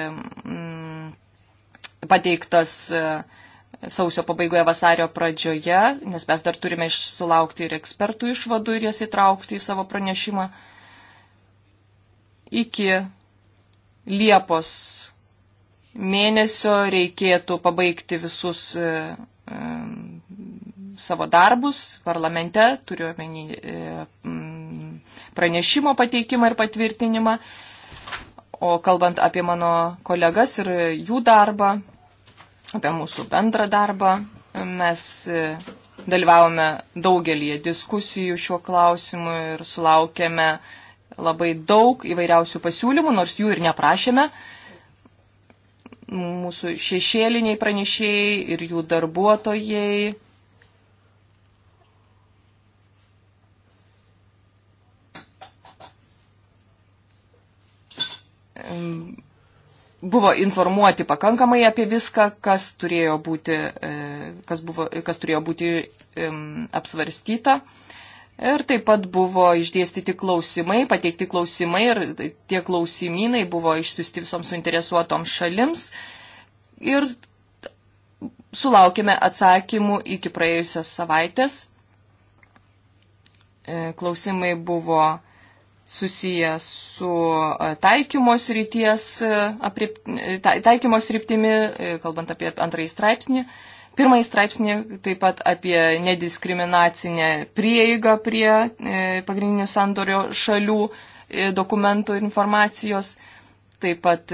m, pateiktas. E, sausio pabaigoje, vasario pradžioje, nes mes dar turime sulaukti ir ekspertų išvadų ir jas įtraukti į savo pranešimą, iki Liepos mėnesio reikėtų pabaigti visus e, e, savo darbus parlamente, turiu omeny e, pranešimo pateikimą ir patvirtinimą. O kalbant apie mano kolegas ir jų darbą, apie mūsų bendrą darbą. Mes e, dalyvavome daugelį diskusijų šiuo klausimu ir sulaukėme labai daug įvairiausių pasiūlymų, nors jų ir neprašėme. Mūsų šešėliniai pranešėjai ir jų darbuotojai buvo informuoti pakankamai apie viską, kas turėjo būti, e, kas buvo, kas turėjo būti apsvarstyta. Ir taip pat buvo išdėstyti klausimai, pateikti klausimai ir tie klausimynai buvo išsiusti visoms suinteresuotoms šalims. Ir sulaukime atsakymų iki praėjusios savaitės. E, klausimai buvo susijęs su e, taikymos ryties, e, apriep, e, taikymos ryptimi, kalbant apie antrąjį straipsnį. Pirmąjį straipsnį taip pat apie nediskriminacinę prieigą prie pagrindinių sandorio šalių dokumentų informacijos, taip pat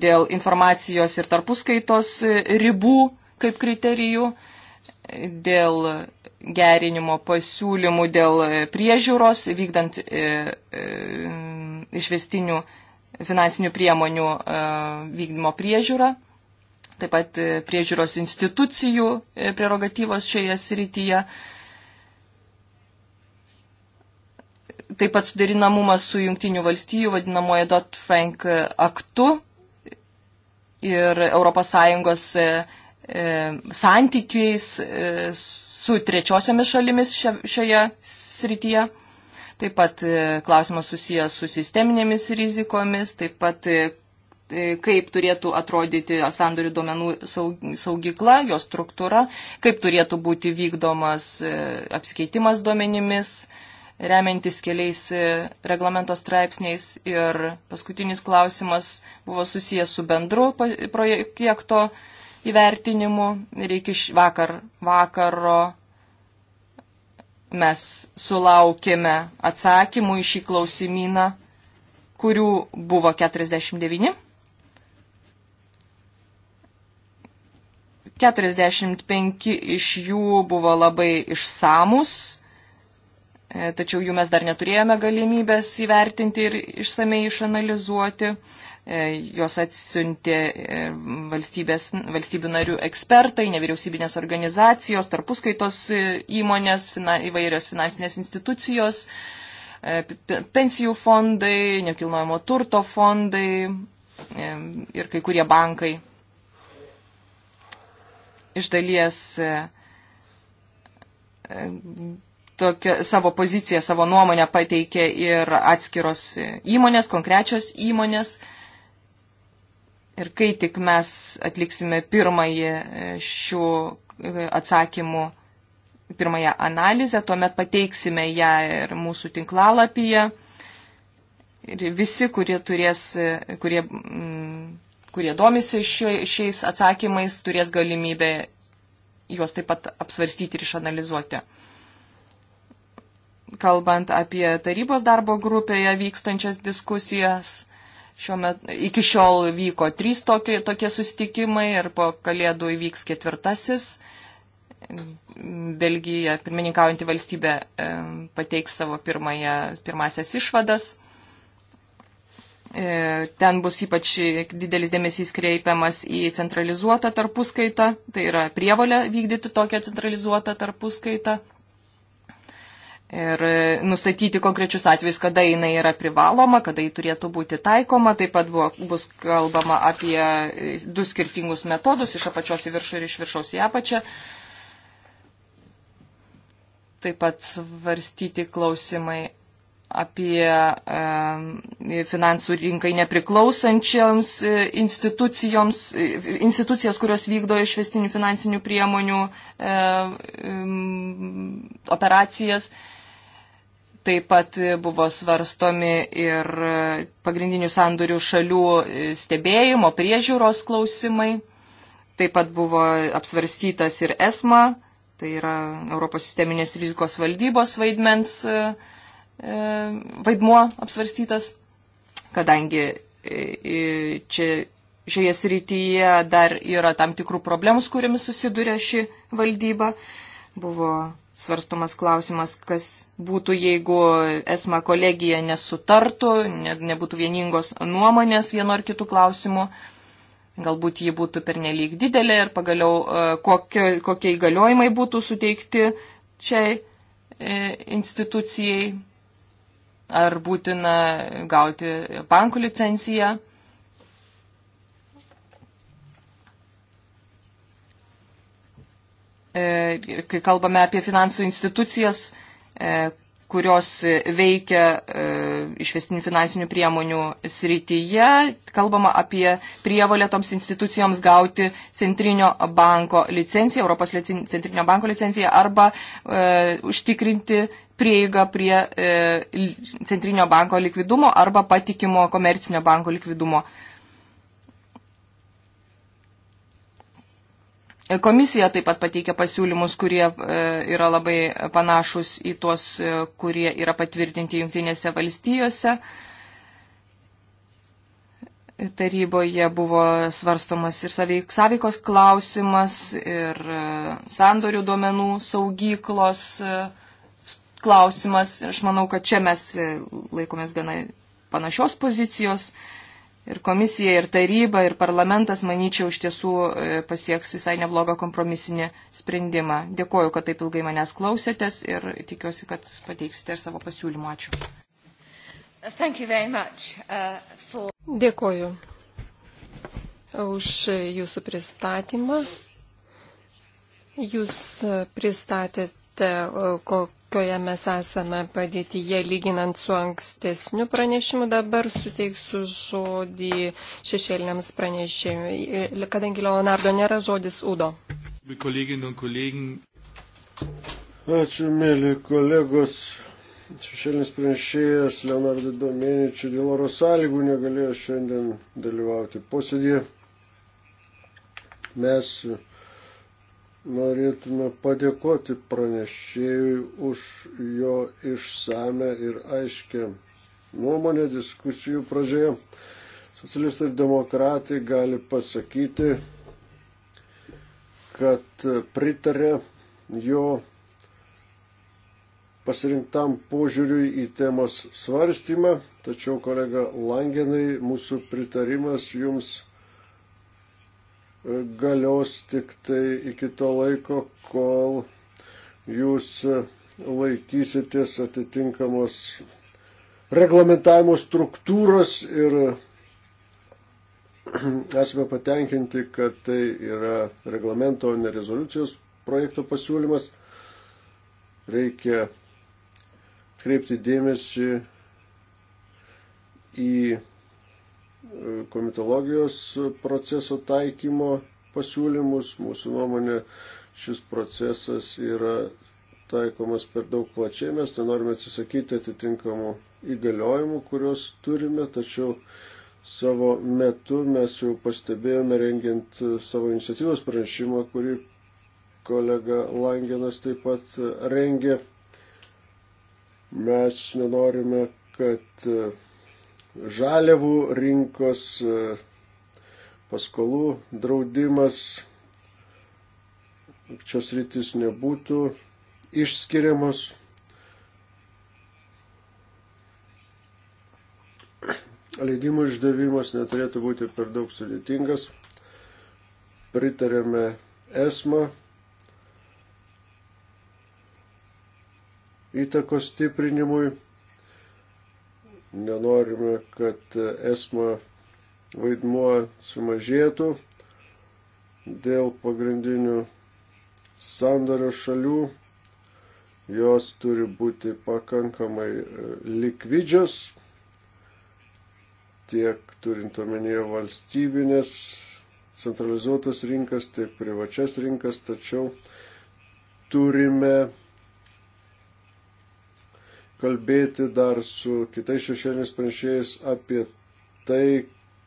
dėl informacijos ir tarpuskaitos ribų kaip kriterijų, dėl gerinimo pasiūlymų dėl e, priežiūros, vykdant e, e, išvestinių finansinių priemonių vykdymo priežiūrą, taip pat priežiūros institucijų prerogatyvos šioje srityje. Taip pat suderinamumas su jungtinių valstybių vadinamoje Dodd-Frank aktu ir ES santykiais su trečiosiomis šalimis šioje srityje. Taip pat e, klausimas susijęs su sisteminėmis rizikomis, taip pat e, e, kaip turėtų atrodyti sandorių duomenų saugykla, jos struktūra, kaip turėtų būti vykdomas apsikeitimas duomenimis, remiantis keliais reglamento straipsniais. Ir paskutinis klausimas buvo susijęs su bendru projekto įvertinimu ir iki vakar, vakaro mes sulaukėme atsakymų į šį klausimyną, kurių buvo 49. 45 iš jų buvo labai išsamus, e, tačiau jų mes dar neturėjome galimybės įvertinti ir išsamei išanalizuoti. E, juos atsiuntė e, valstybių narių ekspertai, nevyriausybinės organizacijos, tarpuskaitos e, įmonės, fina, įvairios finansinės institucijos, pensijų fondai, nekilnojamo turto fondai ir kai kurie bankai. Iš dalies tokia, savo poziciją, savo nuomonę pateikė ir atskiros įmonės, konkrečios įmonės. Ir kai tik mes atliksime pirmąjį e, šių e, atsakymų, pirmąją analizę, tuomet pateiksime ją ir mūsų tinklalapyje. Ir visi, kurie turės, e, kurie, mm, kurie domisi šiais atsakymais, turės galimybę juos taip pat apsvarstyti ir išanalizuoti kalbant apie tarybos darbo grupėje vykstančias diskusijas, Šiuo metu iki šiol vyko trys tokie, tokie susitikimai ir po kalėdų įvyks ketvirtasis. Belgija, pirmininkaujanti valstybė, pateiks savo pirmąją, pirmasias išvadas. E, ten bus ypač didelis dėmesys kreipiamas į centralizuotą tarpuskaitą, tai yra prievalė vykdyti tokią centralizuotą tarpuskaitą ir e, nustatyti konkrečius atvejus, kada jinai yra privaloma, kada ji turėtų būti taikoma. Taip pat buvo, bus kalbama apie e, du skirtingus metodus iš apačios į viršų ir iš viršaus į apačią. Taip pat svarstyti klausimai apie e, finansų rinkai nepriklausančiams e, institucijoms, institucijas, kurios vykdo išvestinių finansinių priemonių e, e, operacijas. E, Taip pat buvo svarstomi ir pagrindinių sandorių šalių stebėjimo priežiūros klausimai. Taip pat buvo apsvarstytas ir ESMA, tai yra Europos sisteminės rizikos valdybos vaidmens e, e, vaidmuo apsvarstytas, kadangi e, čia šioje srityje dar yra tam tikrų problemų, su kuriamis susiduria ši valdyba. Buvo svarstomas klausimas, kas būtų, jeigu esma kolegija nesutartų, ne, nebūtų vieningos nuomonės vienu ar kitu klausimu, galbūt ji būtų pernelyg didelė ir pagaliau e, kokio, kokie įgaliojimai būtų suteikti šiai e, institucijai, ar būtina gauti bankų licenciją. E, kai kalbame apie finansų institucijas, e, kurios veikia e, išvestinių finansinių priemonių srityje. Kalbama apie prievalę toms institucijoms gauti Centrinio banko licenciją, Europos Centrinio banko licenciją arba e, užtikrinti prieigą prie e, Centrinio banko likvidumo arba patikimo komercinio banko likvidumo. E, Komisija taip pat pateikia pasiūlymus, kurie e, yra labai panašus į tuos, e, kurie yra patvirtinti Junktinėse valstijose taryboje buvo svarstomas ir sąveikos klausimas, ir e, sandorių duomenų saugyklos klausimas. Aš manau, kad čia mes laikomės gana panašios pozicijos ir komisija, ir taryba, ir parlamentas, manyčiau, iš tiesų e, pasieks visai neblogą kompromisinį sprendimą. Dėkuoju, kad taip ilgai manęs klausėtės ir tikiuosi, kad pateiksite ir savo pasiūlymą. Ačiū. Much, uh, for... Dėkuoju už jūsų pristatymą. Jūs pristatėte, uh, ko, kokioje mes esame padėtyje lyginant su ankstesniu pranešimu. Dabar suteiksiu žodį šešėliniams pranešėjui, kadangi Leonardo nėra žodis Udo. Ačiū, mėly kolegos. Šešėlinis pranešėjas Leonardo Domeničių dėl oro sąlygų negalėjo šiandien dalyvauti posėdėje. Mes norėtume padėkoti pranešėjui už jo išsame ir aiškę nuomonę diskusijų pradžioje. Socialistai ir demokratai gali pasakyti, kad pritarė jo pasirinktam požiūriui į temos svarstymą, tačiau kolega Langenai, mūsų pritarimas jums galios tik tai iki to laiko, kol jūs laikysitės atitinkamos reglamentavimo struktūros ir [clears throat] esame patenkinti, kad tai yra reglamento, o ne rezoliucijos projekto pasiūlymas. Reikia kreipti dėmesį į komitologijos proceso taikymo pasiūlymus. Mūsų nuomonė šis procesas yra taikomas per daug plačiai, mes nenorime atsisakyti atitinkamų įgaliojimų, kuriuos turime, tačiau savo metu mes jau pastebėjome rengiant savo iniciatyvos pranešimą, kurį kolega Langenas taip pat rengė. Mes nenorime, kad žaliavų rinkos, paskolų draudimas, šios rytis nebūtų išskiriamos. Leidimų išdavimas neturėtų būti per daug sudėtingas. Pritarėme esmą įtakos stiprinimui nenorime, kad esmo vaidmuo sumažėtų dėl pagrindinių sandario šalių. Jos turi būti pakankamai e, likvidžios, tiek turint omenyje valstybinės centralizuotas rinkas, tiek privačias rinkas, tačiau turime kalbėti dar su kitais šešėlės pranešėjais apie tai,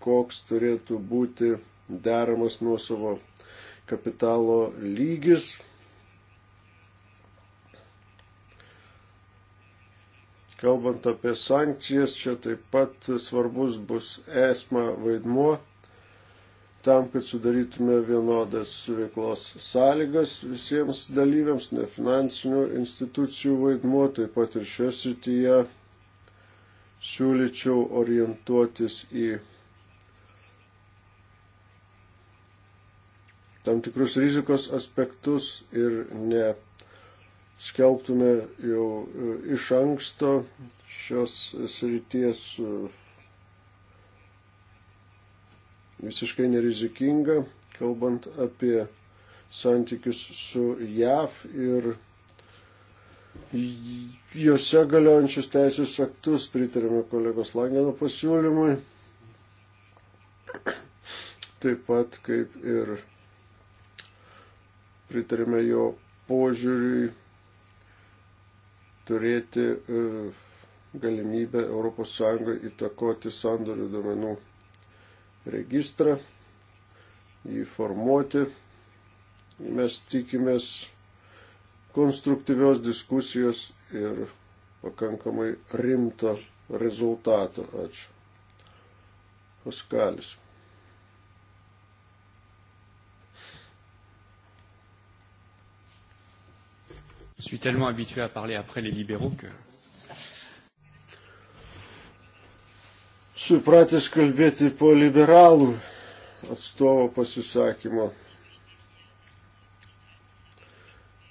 koks turėtų būti deramas nuo savo kapitalo lygis. Kalbant apie sankcijas, čia taip pat svarbus bus esma vaidmuo tam, kad sudarytume vienodas veiklos sąlygas visiems dalyviams, nefinansinių institucijų vaidmuo, taip pat ir šioje srityje siūlyčiau orientuotis į tam tikrus rizikos aspektus ir ne skelbtume jau iš anksto šios srities visiškai nerizikinga, kalbant apie santykius su JAV ir juose galiojančius teisės aktus pritarėme kolegos Langeno pasiūlymui, taip pat kaip ir pritarėme jo požiūriui turėti e, galimybę ES įtakoti sandorių duomenų registrą, jį formuoti. Mes tikimės konstruktyvios diskusijos ir pakankamai rimto rezultato. Ačiū. Paskalis. Je suis tellement habitué à parler après les libéraux que supratęs kalbėti po liberalų atstovo pasisakymo.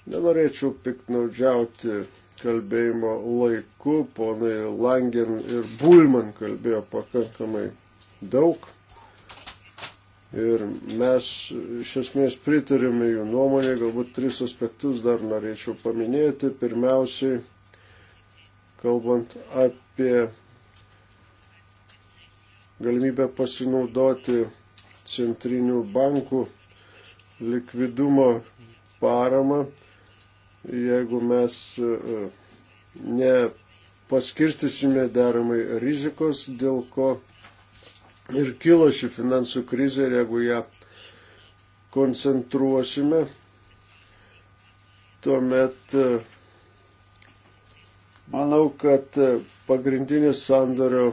Nenorėčiau piknaudžiauti kalbėjimo laiku, ponai Langen ir Bulman kalbėjo pakankamai daug. Ir mes iš esmės pritarėme jų nuomonė, galbūt tris aspektus dar norėčiau paminėti. Pirmiausiai, kalbant apie galimybę pasinaudoti centrinių bankų likvidumo paramą, jeigu mes e, nepaskirstysime deramai rizikos, dėl ko ir kilo ši finansų krizė, ir jeigu ją koncentruosime, tuomet e, manau, kad e, pagrindinis sandorio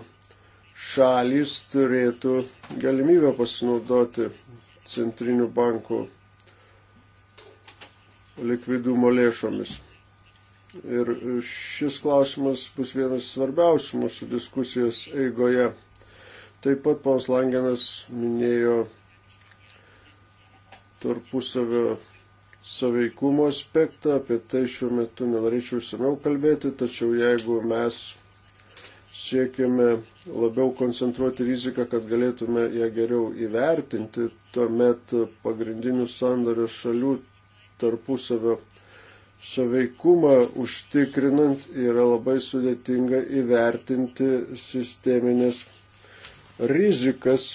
šalys turėtų galimybę pasinaudoti centrinių bankų likvidumo lėšomis. Ir šis klausimas bus vienas svarbiausių mūsų diskusijos eigoje. Taip pat Paus Langenas minėjo tarpusavio saveikumo aspektą, apie tai šiuo metu nenorėčiau išsameu kalbėti, tačiau jeigu mes siekiame labiau koncentruoti riziką, kad galėtume ją geriau įvertinti, tuomet pagrindinių sandorio šalių tarpusavio saveikumą užtikrinant yra labai sudėtinga įvertinti sisteminės rizikas,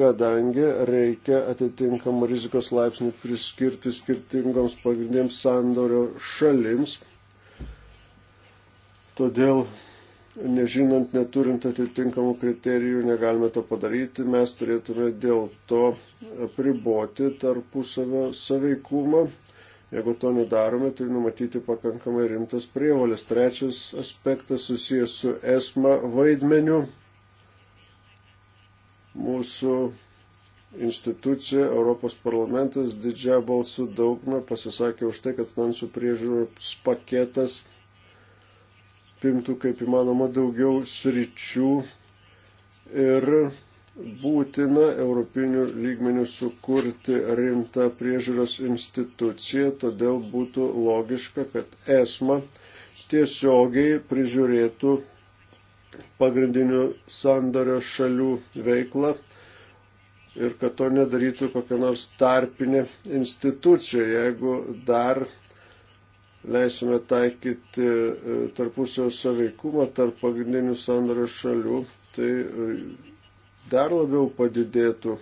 kadangi reikia atitinkamą rizikos laipsnį priskirti skirtingoms pagrindiniams sandorio šalims. Todėl nežinant, neturint atitinkamų kriterijų, negalime to padaryti, mes turėtume dėl to priboti tarpusavio saveikumą. Jeigu to nedarome, tai numatyti pakankamai rimtas prievalis. Trečias aspektas susijęs su esma vaidmeniu. Mūsų institucija, Europos parlamentas didžia balsų daugme pasisakė už tai, kad finansų priežiūros paketas apimtų kaip įmanoma daugiau sričių ir būtina europinių lygmenių sukurti rimtą priežiūros instituciją, todėl būtų logiška, kad ESMA tiesiogiai prižiūrėtų pagrindinių sandario šalių veiklą ir kad to nedarytų kokia nors tarpinė institucija, jeigu dar leisime taikyti e, tarpusio saveikumą tarp pagrindinių sandario šalių, tai e, dar labiau padidėtų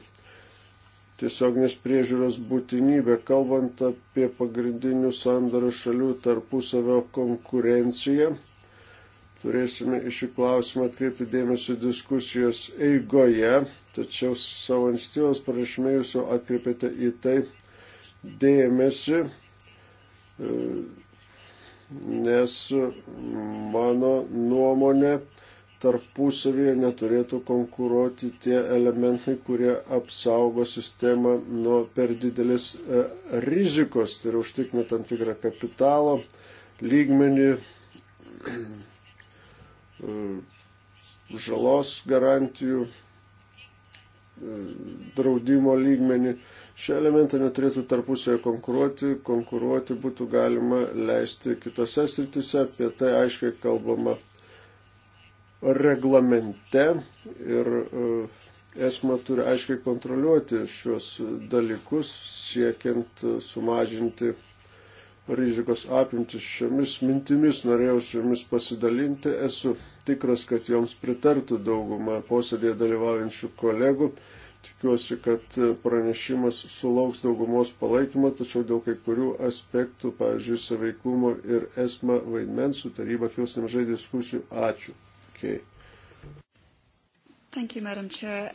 tiesioginės priežiūros būtinybė, kalbant apie pagrindinių sandario šalių tarpusavio konkurenciją. Turėsime iš šį klausimą atkreipti dėmesį diskusijos eigoje, tačiau savo ankstyvos pranešmėjus jau atkreipėte į tai dėmesį. E, nes mano nuomonė tarpusavėje neturėtų konkuruoti tie elementai, kurie apsaugo sistemą nuo per didelis e, rizikos, tai yra užtikrina tam tikrą kapitalo lygmenį, e, žalos garantijų, e, draudimo lygmenį Šie elementai neturėtų tarpusėje konkuruoti, konkuruoti būtų galima leisti kitose sritise, apie tai aiškiai kalbama reglamente ir e, esma turi aiškiai kontroliuoti šios dalykus, siekiant e, sumažinti rizikos apimtis šiomis mintimis, norėjau su jomis pasidalinti, esu tikras, kad joms pritartų dauguma posėdėje dalyvaujančių kolegų. Tikiuosi, kad pranešimas sulauks daugumos palaikymo, tačiau dėl kai kurių aspektų, pavyzdžiui, saveikumo ir esma vaidmens su taryba kils nemažai diskusijų. Ačiū. Okay. Thank you, Madam Chair.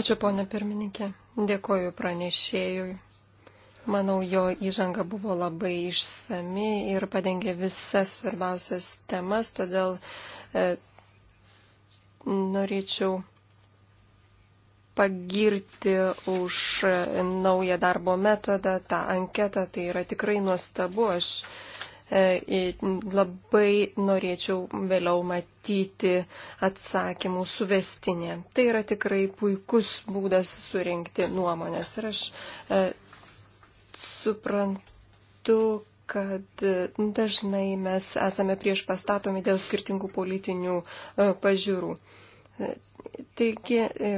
Ačiū, ponė pirmininkė. Dėkoju pranešėjui. Manau, jo įžanga buvo labai išsami ir padengė visas svarbiausias temas, todėl e, norėčiau pagirti už naują darbo metodą, tą anketą. Tai yra tikrai nuostabu. Aš e, labai norėčiau vėliau matyti atsakymų suvestinė. Tai yra tikrai puikus būdas surinkti nuomonės. Ir aš e, suprantu, kad dažnai mes esame prieš pastatomi dėl skirtingų politinių e, pažiūrų. Taigi e,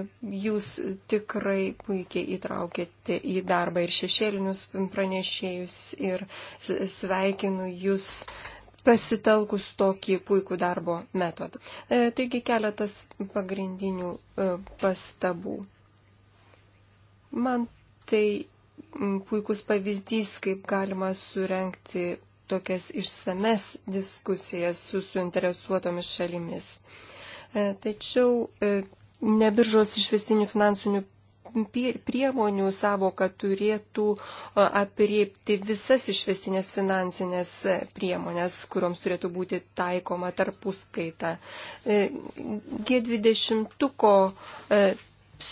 jūs tikrai puikiai įtraukėte į darbą ir šešėlinius pranešėjus ir sveikinu jūs pasitelkus tokį puikų darbo metodą. E, taigi keletas pagrindinių e, pastabų. Man tai puikus pavyzdys, kaip galima surenkti tokias išsames diskusijas su suinteresuotomis šalimis. E, tačiau e, nebiržos išvestinių finansinių priemonių savoka turėtų e, apriepti visas išvestinės finansinės priemonės, kuriuoms turėtų būti taikoma tarpuskaita. G20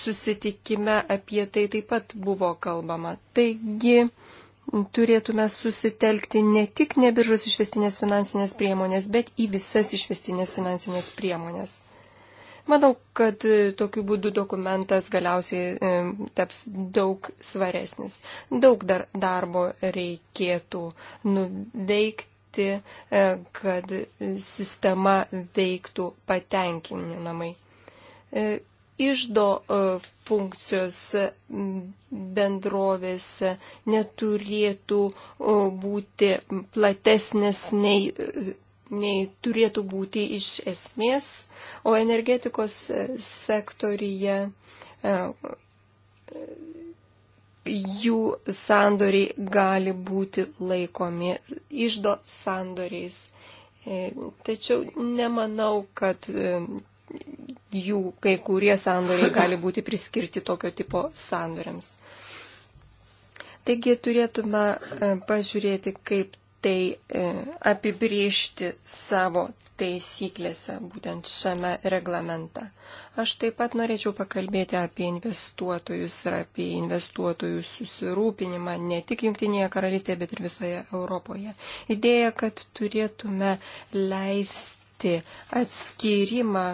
susitikime apie tai taip pat buvo kalbama. Taigi, turėtume susitelkti ne tik nebiržos išvestinės finansinės priemonės, bet į visas išvestinės finansinės priemonės. Manau, kad e, tokiu būdu dokumentas galiausiai e, taps daug svaresnis. Daug dar darbo reikėtų nuveikti, e, kad sistema veiktų patenkinamai. Išdo funkcijos bendrovėse neturėtų būti platesnės nei nei turėtų būti iš esmės, o energetikos e, sektorija e, jų sandoriai gali būti laikomi išdo sandoriais. E, tačiau nemanau, kad jų kai kurie sandoriai gali būti priskirti tokio tipo sandoriams. Taigi turėtume pažiūrėti, kaip tai e, apibriežti savo taisyklėse, būtent šiame reglamente. Aš taip pat norėčiau pakalbėti apie investuotojus ir apie investuotojų susirūpinimą ne tik Junktinėje karalystėje, bet ir visoje Europoje. Idėja, kad turėtume leisti atskirimą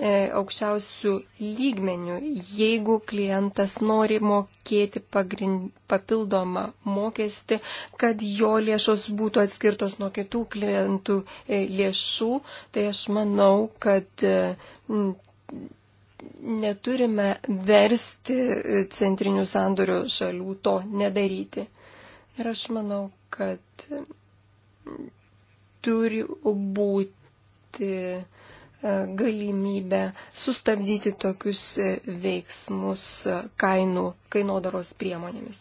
E, aukščiausių lygmenių, jeigu klientas nori mokėti pagrind, papildomą mokestį, kad jo lėšos būtų atskirtos nuo kitų klientų e, lėšų, tai aš manau, kad e, neturime versti centrinių sandorių šalių to nedaryti. Ir aš manau, kad turi būti E, galimybę sustabdyti tokius e, veiksmus e, kainų, kainodaros priemonėmis.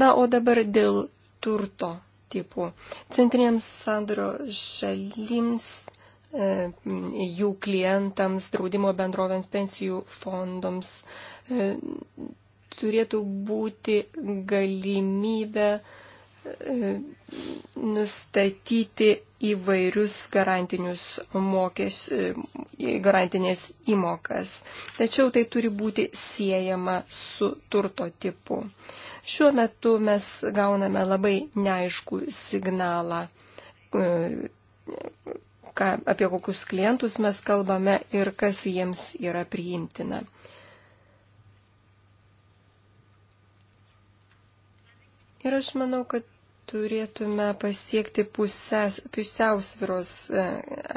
Na, o dabar dėl turto tipų. Centrinėms sandorio šalims, jų klientams, draudimo bendrovėms, pensijų fondoms turėtų būti galimybė E, nustatyti įvairius garantinius mokės, e, garantinės įmokas. Tačiau tai turi būti siejama su turto tipu. Šiuo metu mes gauname labai neaiškų signalą, e, ką, apie kokius klientus mes kalbame ir kas jiems yra priimtina. Ir aš manau, kad turėtume pasiekti pusės, pusiausviros e,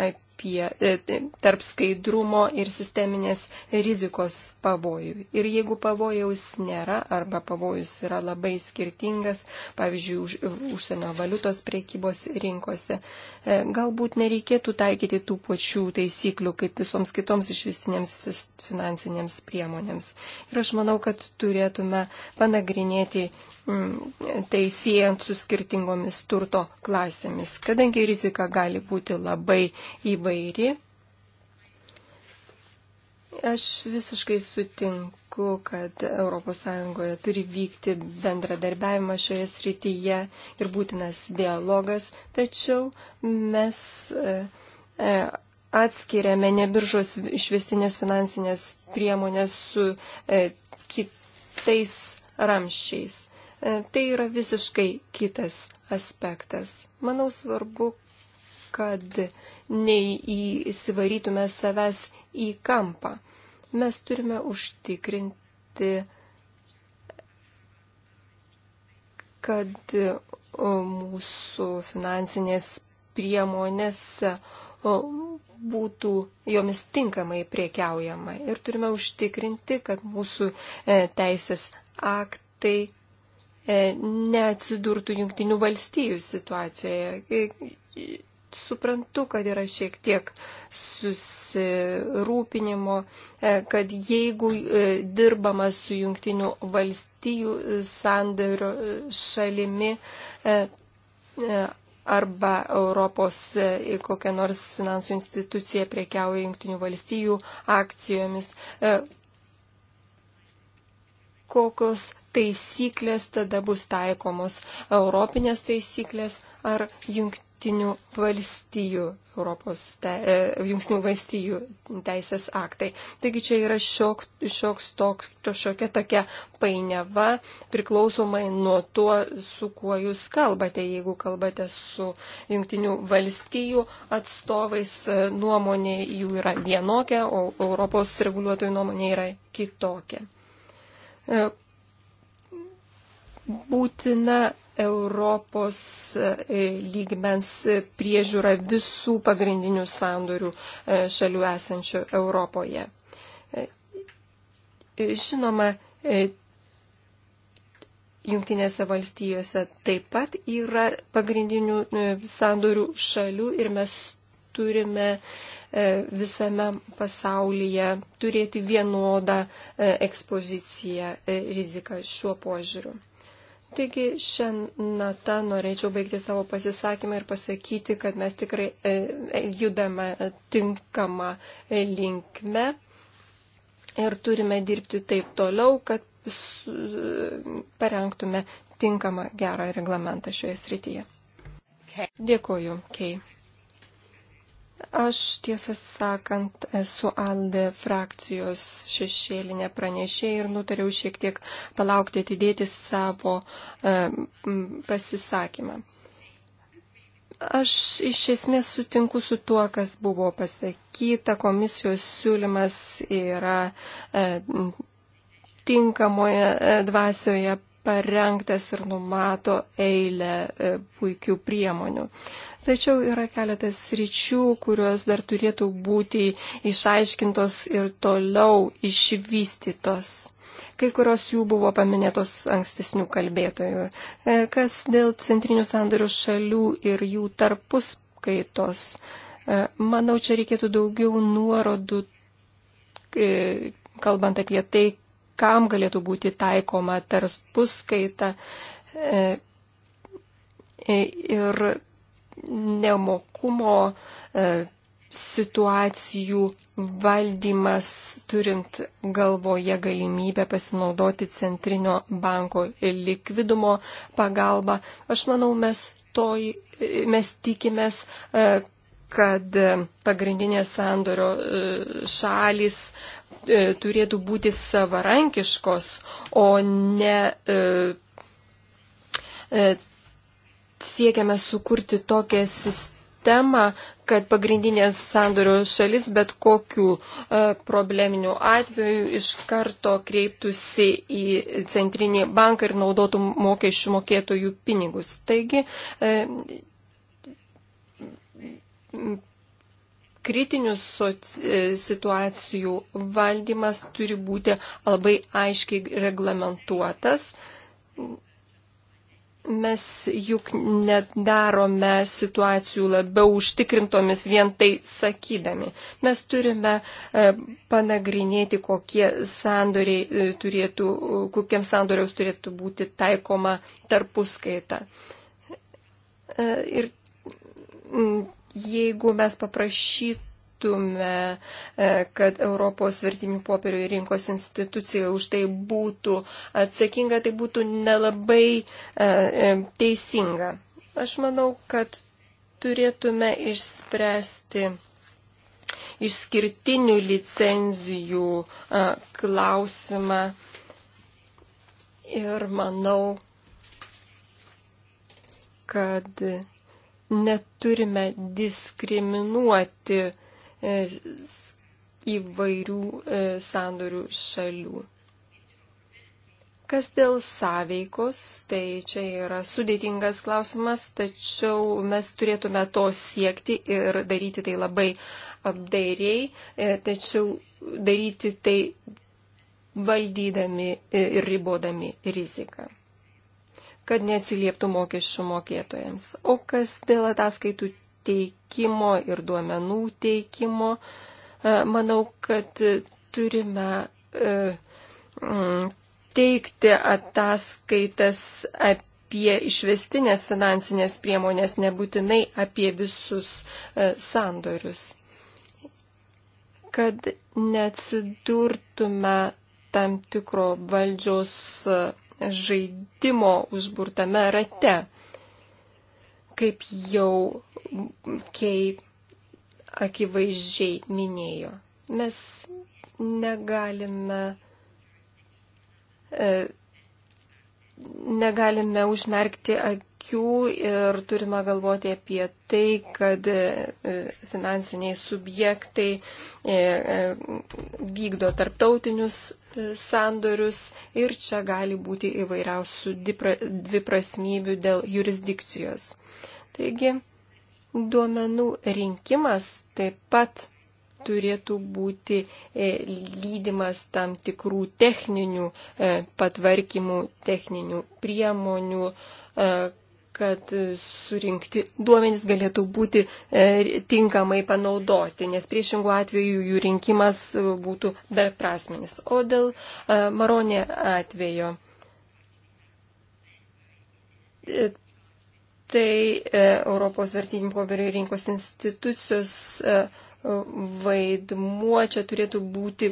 apie, e, e, tarp skaidrumo ir sisteminės rizikos pavojų. Ir jeigu pavojaus nėra arba pavojus yra labai skirtingas, pavyzdžiui, už, užsienio valiutos priekybos rinkose, galbūt nereikėtų taikyti tų pačių taisyklių kaip visoms kitoms išvistinėms finansinėms priemonėms. Ir aš manau, kad turėtume panagrinėti Mm, tai siejant su skirtingomis turto klasėmis, kadangi rizika gali būti labai įvairi. Aš visiškai sutinku, kad ES turi vykti bendradarbiavimas šioje srityje ir būtinas dialogas, tačiau mes e, e, atskiriame nebiržos išvestinės finansinės priemonės su e, kitais ramščiais. E, tai yra visiškai kitas aspektas. Manau svarbu, kad neįsivarytume savęs į kampą. Mes turime užtikrinti, kad mūsų finansinės priemonės būtų jomis tinkamai priekiaujama. Ir turime užtikrinti, kad mūsų e, teisės aktai E, neatsidurtų jungtinių valstybių situacijoje. E, e, suprantu, kad yra šiek tiek susirūpinimo, kad jeigu dirbama su jungtinių valstybių sandario šalimi arba Europos kokią nors finansų instituciją priekiauja jungtinių valstybių akcijomis, kokios taisyklės tada bus taikomos europinės taisyklės ar jungtinių valstijų, Europos, te, e, jungtinių valstijų teisės aktai. Taigi čia yra šiok, šioks toks, to šiokia tokia painiava priklausomai nuo to, su kuo jūs kalbate. Jeigu kalbate su jungtinių valstijų atstovais, e, nuomonė jų yra vienokia, o Europos reguliuotojų nuomonė yra kitokia e, būtina Europos e, lygmens priežiūra visų pagrindinių sandorių e, šalių esančių Europoje. E, žinoma, Junktinėse valstijose taip pat yra pagrindinių sandorių šalių ir mes turime visame pasaulyje turėti vienodą ekspoziciją riziką šiuo požiūriu. Taigi šią natą norėčiau baigti savo pasisakymą ir pasakyti, kad mes tikrai e, e, judame e, tinkamą linkme ir turime dirbti taip toliau, kad parengtume tinkamą gerą reglamentą šioje srityje. Dėkoju, Kei. Okay. Aš tiesą sakant esu Alde frakcijos šešėlinė pranešė ir nutariau šiek tiek palaukti atidėti savo e, pasisakymą. Aš iš esmės sutinku su tuo, kas buvo pasakyta, komisijos siūlymas yra e, tinkamoje e, dvasioje parengtas ir numato eilę e, puikių priemonių. Tačiau yra keletas ryčių, kurios dar turėtų būti išaiškintos ir toliau išvystytos. Kai kurios jų buvo paminėtos ankstesnių kalbėtojų. E, kas dėl centrinių sandorių šalių ir jų tarpuskaitos, e, manau, čia reikėtų daugiau nuorodų kalbant apie tai, kam galėtų būti taikoma tarpuskaita e, e, ir nemokumo e, situacijų valdymas, turint galvoje galimybę pasinaudoti centrinio banko likvidumo pagalba. Aš manau, mes, to, mes tikimės, kad pagrindinės sandorio šalis E, turėtų būti savarankiškos, o ne e, e, siekiame sukurti tokią sistemą, kad pagrindinės sandorio šalis bet kokiu probleminiu atveju iš karto kreiptųsi į centrinį banką ir naudotų mokesčių mokėtojų pinigus. Taigi, kritinių e, situacijų valdymas turi būti labai aiškiai reglamentuotas. Mes juk nedarome situacijų labiau užtikrintomis vien tai sakydami. Mes turime e, panagrinėti, kokie sandoriai e, turėtų, kokiems sandoriaus turėtų būti taikoma tarpuskaita. Ir jeigu mes paprašytume, e, kad Europos vertinių popierių rinkos institucija už tai būtų atsakinga, tai būtų nelabai e, e, teisinga. Aš manau, kad turėtume išspręsti išskirtinių licenzijų klausimą ir manau, kad neturime diskriminuoti e, įvairių e, sandorių šalių. Kas dėl sąveikos, tai čia yra sudėtingas klausimas, tačiau mes turėtume to siekti ir daryti tai labai apdairiai, e, tačiau daryti tai valdydami ir ribodami riziką kad neatsilieptų mokesčių mokėtojams. O kas dėl ataskaitų teikimo ir duomenų teikimo, e, manau, kad turime e, mm, teikti ataskaitas apie išvestinės finansinės priemonės, nebūtinai apie visus e, sandorius. Kad neatsidurtume tam tikro valdžios žaidimo užburtame rate. Kaip jau Kei akivaizdžiai minėjo. Mes negalime, e, negalime užmerkti akį akių ir turime galvoti apie tai, kad e, e, finansiniai subjektai e, vykdo tarptautinius sandorius ir čia gali būti įvairiausių dviprasmybių dėl jurisdikcijos. Taigi, duomenų rinkimas taip pat turėtų būti lydimas tam tikrų techninių patvarkymų, techninių priemonių, kad surinkti duomenys galėtų būti e, tinkamai panaudoti, nes priešingų atveju jų rinkimas būtų beprasminis. O dėl e, Maronė atvejo. E, tai Europos vertinimo popierių rinkos institucijos vaidmuo čia turėtų būti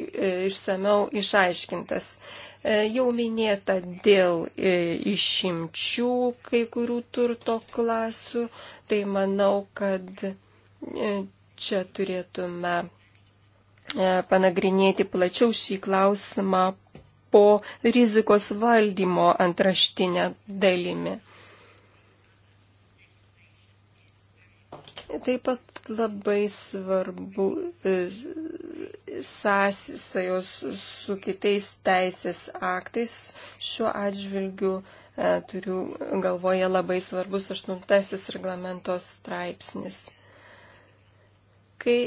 išsameu išaiškintas. E, jau minėta dėl e, išimčių kai kurių turto klasių, tai manau, kad e, čia turėtume panagrinėti plačiau šį klausimą po rizikos valdymo antraštinę dalimi. Taip pat labai svarbu e, sąsajos su kitais teisės aktais. Šiuo atžvilgiu e, turiu galvoje labai svarbus aštuntasis reglamentos straipsnis. Kai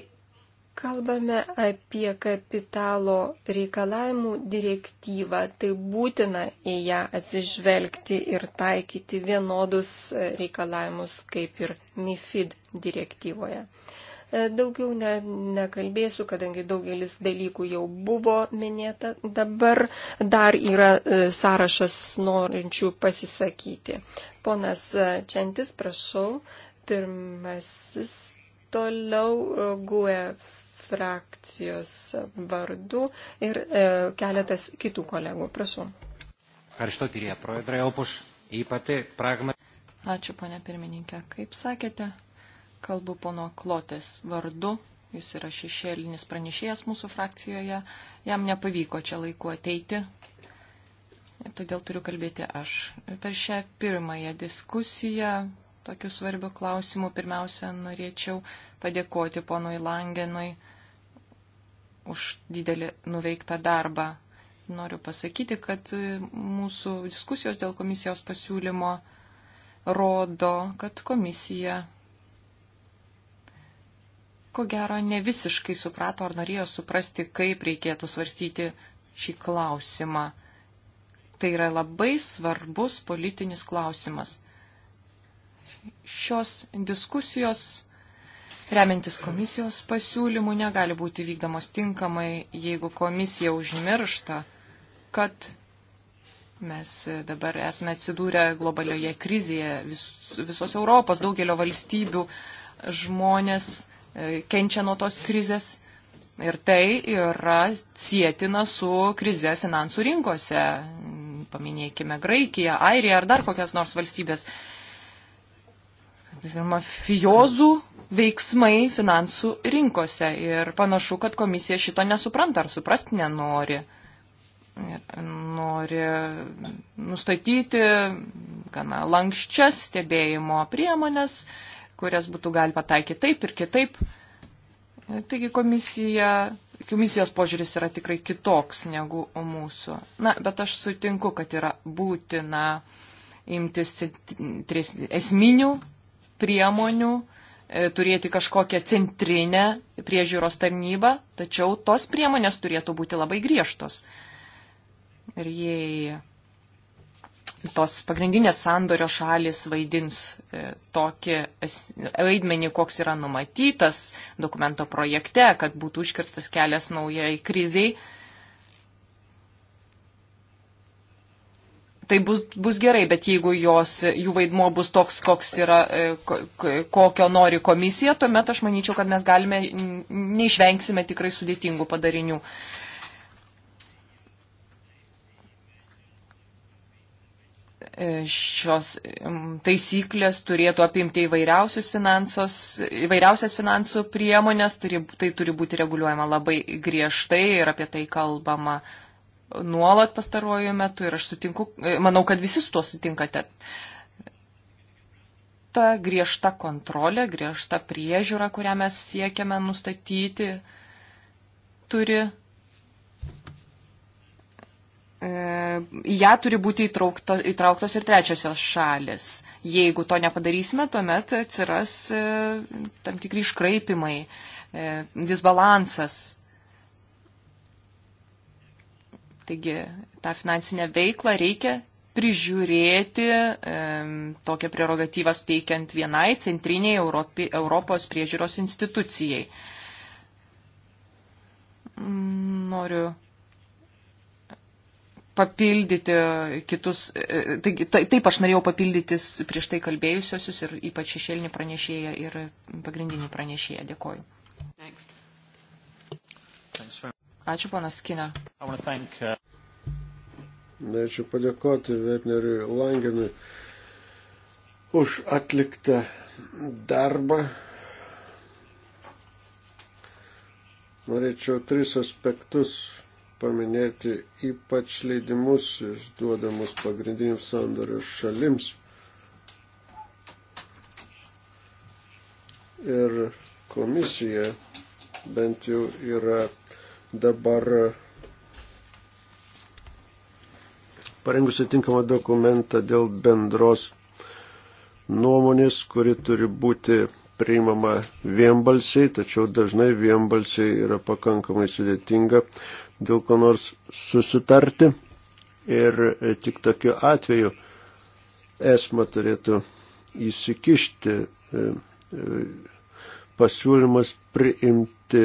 kalbame apie kapitalo reikalavimų direktyvą, tai būtina į ją atsižvelgti ir taikyti vienodus e, reikalavimus kaip ir MIFID direktyvoje. E, daugiau ne, nekalbėsiu, kadangi daugelis dalykų jau buvo minėta. Dabar dar yra e, sąrašas norinčių pasisakyti. Ponas e, Čentis, prašau, pirmasis toliau GUE frakcijos vardu ir keletas kitų kolegų. Prašau. Ačiū, ponė pirmininkė. Kaip sakėte, Kalbu pono Klotės vardu. Jis yra šešėlinis pranešėjas mūsų frakcijoje. Jam nepavyko čia laiku ateiti. Todėl turiu kalbėti aš. Per šią pirmąją diskusiją tokių svarbių klausimų pirmiausia norėčiau padėkoti ponui Langenui už didelį nuveiktą darbą. Noriu pasakyti, kad mūsų diskusijos dėl komisijos pasiūlymo rodo, kad komisija ko gero ne visiškai suprato ar norėjo suprasti, kaip reikėtų svarstyti šį klausimą. Tai yra labai svarbus politinis klausimas. Šios diskusijos, remiantis komisijos pasiūlymų, negali būti vykdomos tinkamai, jeigu komisija užmiršta, kad mes dabar esame atsidūrę globalioje krizėje vis, visos Europos daugelio valstybių žmonės E, kenčia nuo tos krizės. Ir tai yra sėtina su krize finansų rinkose. Paminėkime Graikiją, Airiją ar dar kokias nors valstybės. Mafijozų veiksmai finansų rinkose. Ir panašu, kad komisija šito nesupranta ar suprasti nenori. Ir nori nustatyti gana lankščias stebėjimo priemonės kurias būtų galima taikyti taip ir kitaip. Taigi komisija, komisijos požiūris yra tikrai kitoks negu mūsų. Na, bet aš sutinku, kad yra būtina imtis esminių priemonių, e, turėti kažkokią centrinę priežiūros tarnybą, tačiau tos priemonės turėtų būti labai griežtos. Ir jei tos pagrindinės sandorio šalis vaidins e, tokį vaidmenį, koks yra numatytas dokumento projekte, kad būtų užkirstas kelias naujai kriziai. Tai bus, bus gerai, bet jeigu jos, jų vaidmo bus toks, koks yra, e, kokio nori komisija, tuomet aš manyčiau, kad mes galime, neišvengsime tikrai sudėtingų padarinių. Uh, E, šios taisyklės turėtų apimti įvairiausias finansų priemonės, turi, tai turi būti reguliuojama labai griežtai ir apie tai kalbama nuolat pastaruoju metu ir aš sutinku, e, manau, kad visi su tuo sutinkate. Ta griežta kontrolė, griežta priežiūra, kurią mes siekiame nustatyti, turi E, į ją turi būti įtraukto, įtrauktos ir trečiosios šalis. Jeigu to nepadarysime, tuomet atsiras e, tam tikri iškraipimai, e, disbalansas. Taigi tą finansinę veiklą reikia prižiūrėti e, tokią prerogatyvą suteikiant vienai centriniai Europi, Europos priežiūros institucijai. Mm, noriu papildyti kitus, e, taigi taip aš norėjau papildytis prieš tai kalbėjusiosius ir ypač šešėlinį pranešėją ir pagrindinį pranešėją. Dėkoju. Next. Ačiū, panas Skina. Uh, Norėčiau padėkoti Vetneriui Langenui už atliktą darbą. Norėčiau tris aspektus paminėti ypač leidimus išduodamus pagrindiniams sandorio šalims. Ir komisija bent jau yra dabar parengusi tinkamą dokumentą dėl bendros nuomonės, kuri turi būti priimama vienbalsiai, tačiau dažnai vienbalsiai yra pakankamai sudėtinga dėl ko nors susitarti ir e, tik tokiu atveju esma turėtų įsikišti e, e, pasiūlymas priimti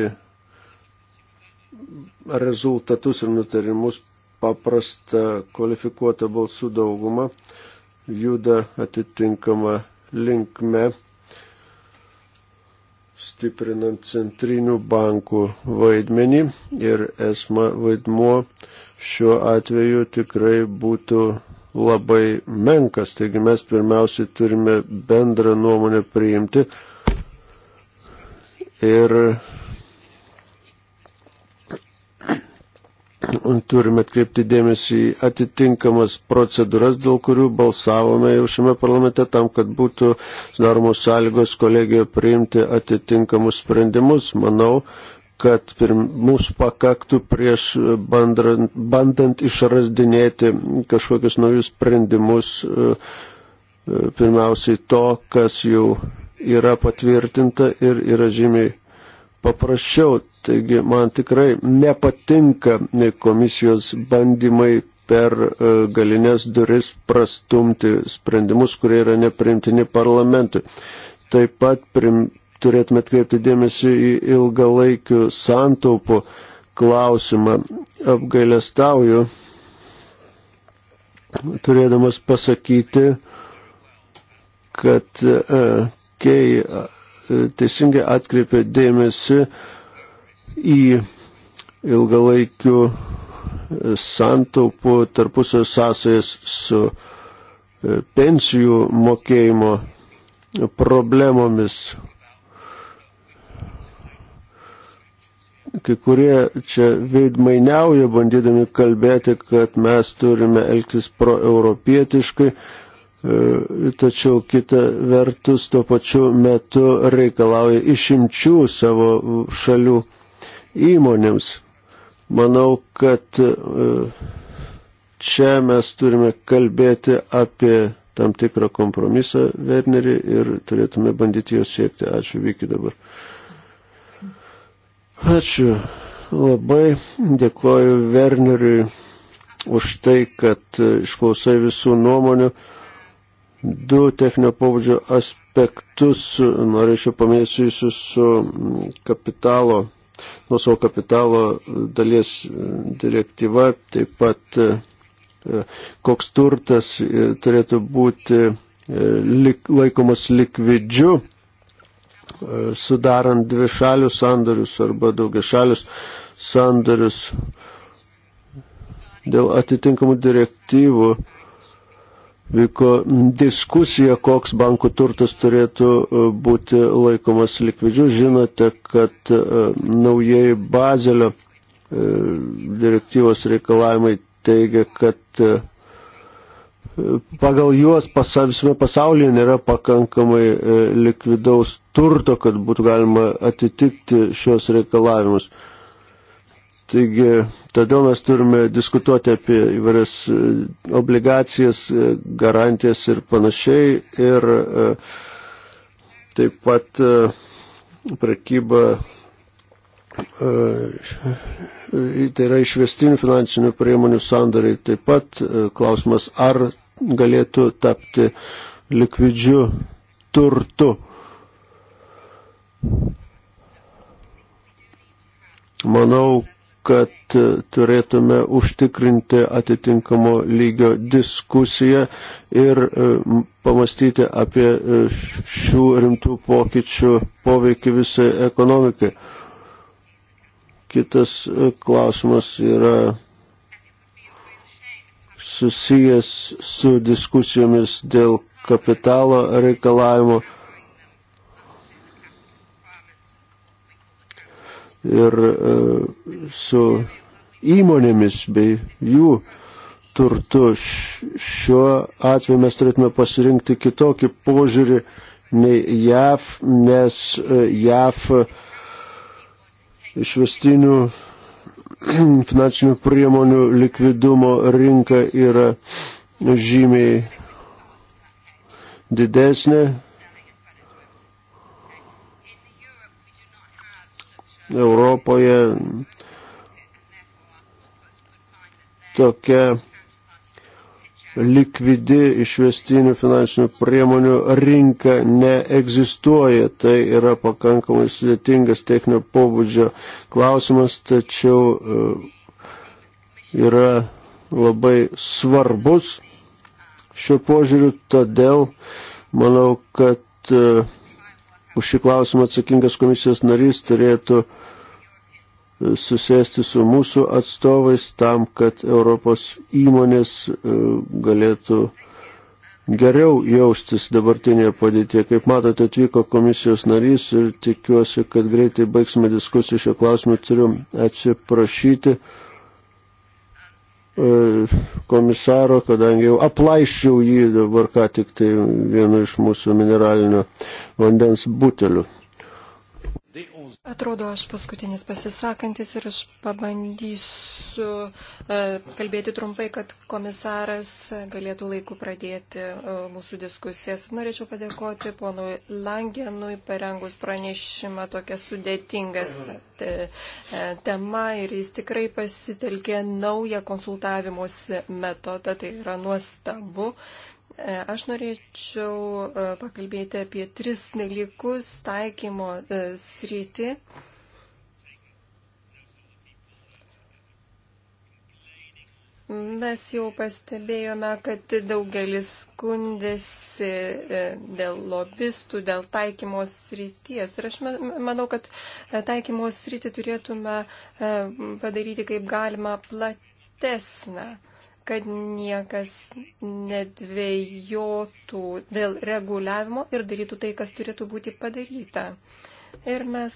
rezultatus ir nutarimus paprasta kvalifikuota balsų dauguma juda atitinkama linkme stiprinant centrinių bankų vaidmenį ir esma vaidmuo šiuo atveju tikrai būtų labai menkas. Taigi mes pirmiausiai turime bendrą nuomonę priimti ir turime atkreipti dėmesį į atitinkamas procedūras, dėl kurių balsavome jau šiame parlamente tam, kad būtų sudaromos sąlygos kolegijoje priimti atitinkamus sprendimus. Manau, kad pirm, mums pakaktų prieš bandant, bandant išrasdinėti kažkokius naujus sprendimus, e, e, pirmiausiai to, kas jau yra patvirtinta ir yra žymiai paprasčiau. Taigi man tikrai nepatinka komisijos bandymai per e, galinės duris prastumti sprendimus, kurie yra neprimtini parlamentui. Taip pat prim, turėtume atkreipti dėmesį į ilgalaikių santaupų klausimą. Apgailestauju, turėdamas pasakyti, kad e, kai teisingai atkreipė dėmesį į ilgalaikių e, santaupų tarpusio sąsajas su e, pensijų mokėjimo problemomis. Kai kurie čia veidmainiauja, bandydami kalbėti, kad mes turime elgtis proeuropietiškai, europietiškai E, tačiau kita vertus tuo pačiu metu reikalauja išimčių savo šalių įmonėms. Manau, kad e, čia mes turime kalbėti apie tam tikrą kompromisą Wernerį ir turėtume bandyti jo siekti. Ačiū Viki dabar. Ačiū labai, dėkoju Werneriui už tai, kad e, išklausai visų nuomonių du techninio pobūdžio aspektus norėčiau paminėti susijusius su mm, kapitalo, nuo savo kapitalo dalies mm, direktyva, taip pat e, koks turtas e, turėtų būti e, lik, laikomas likvidžiu, sudarant dvi šalius sandorius arba daugia šalius sandorius dėl atitinkamų direktyvų vyko diskusija, koks bankų turtas turėtų e, būti laikomas likvidžiu. Žinote, kad e, naujieji Bazelio e, direktyvos reikalavimai teigia, kad pagal juos visame pasaulyje nėra pakankamai likvidaus turto, kad būtų galima atitikti šios reikalavimus. Taigi Todėl mes turime diskutuoti apie įvairias e, obligacijas, e, garantijas ir panašiai. Ir e, taip pat prekyba, tai yra išvestinių finansinių priemonių sandariai. Taip pat klausimas, ar galėtų tapti likvidžių turtu. Manau, kad e, turėtume užtikrinti atitinkamo lygio diskusiją ir e, pamastyti apie e, šių rimtų pokyčių poveikį visai ekonomikai. Kitas klausimas yra susijęs su diskusijomis dėl kapitalo reikalavimo ir e, su įmonėmis bei jų turtu. Šiuo atveju mes turėtume pasirinkti kitokį požiūrį nei JAV, nes e, JAV išvestinių [clears throat] finansinių priemonių likvidumo rinka yra žymiai didesnė Europoje tokia likvidi išvestinių finansinių priemonių rinka neegzistuoja. Tai yra pakankamai sudėtingas techninio pobūdžio klausimas, tačiau e, yra labai svarbus šiuo požiūriu, todėl manau, kad e, už šį klausimą atsakingas komisijos narys turėtų e, susėsti su mūsų atstovais tam, kad Europos įmonės e, galėtų geriau jaustis dabartinėje padėtėje. Kaip matote, atvyko komisijos narys ir tikiuosi, kad greitai baigsime diskusiją šio klausimu. Turiu atsiprašyti. E, komisaro, kadangi jau aplaiščiau jį dabar ką tik tai vienu iš mūsų mineralinio vandens butelių. Atrodo, aš paskutinis pasisakantis ir aš pabandysiu e, kalbėti trumpai, kad komisaras galėtų laiku pradėti e, mūsų diskusijas. Norėčiau padėkoti ponui Langenui, parengus pranešimą tokią sudėtingas te, e, tema ir jis tikrai pasitelkė naują konsultavimus metodą, tai yra nuostabu. E, aš norėčiau e, pakalbėti apie tris dalykus taikymo e, sritį. Mes jau pastebėjome, kad daugelis skundėsi dėl lobistų, dėl taikymos ryties. Ir aš manau, kad taikymos rytį turėtume padaryti kaip galima platesnę kad niekas nedvėjotų dėl reguliavimo ir darytų tai, kas turėtų būti padaryta. Ir mes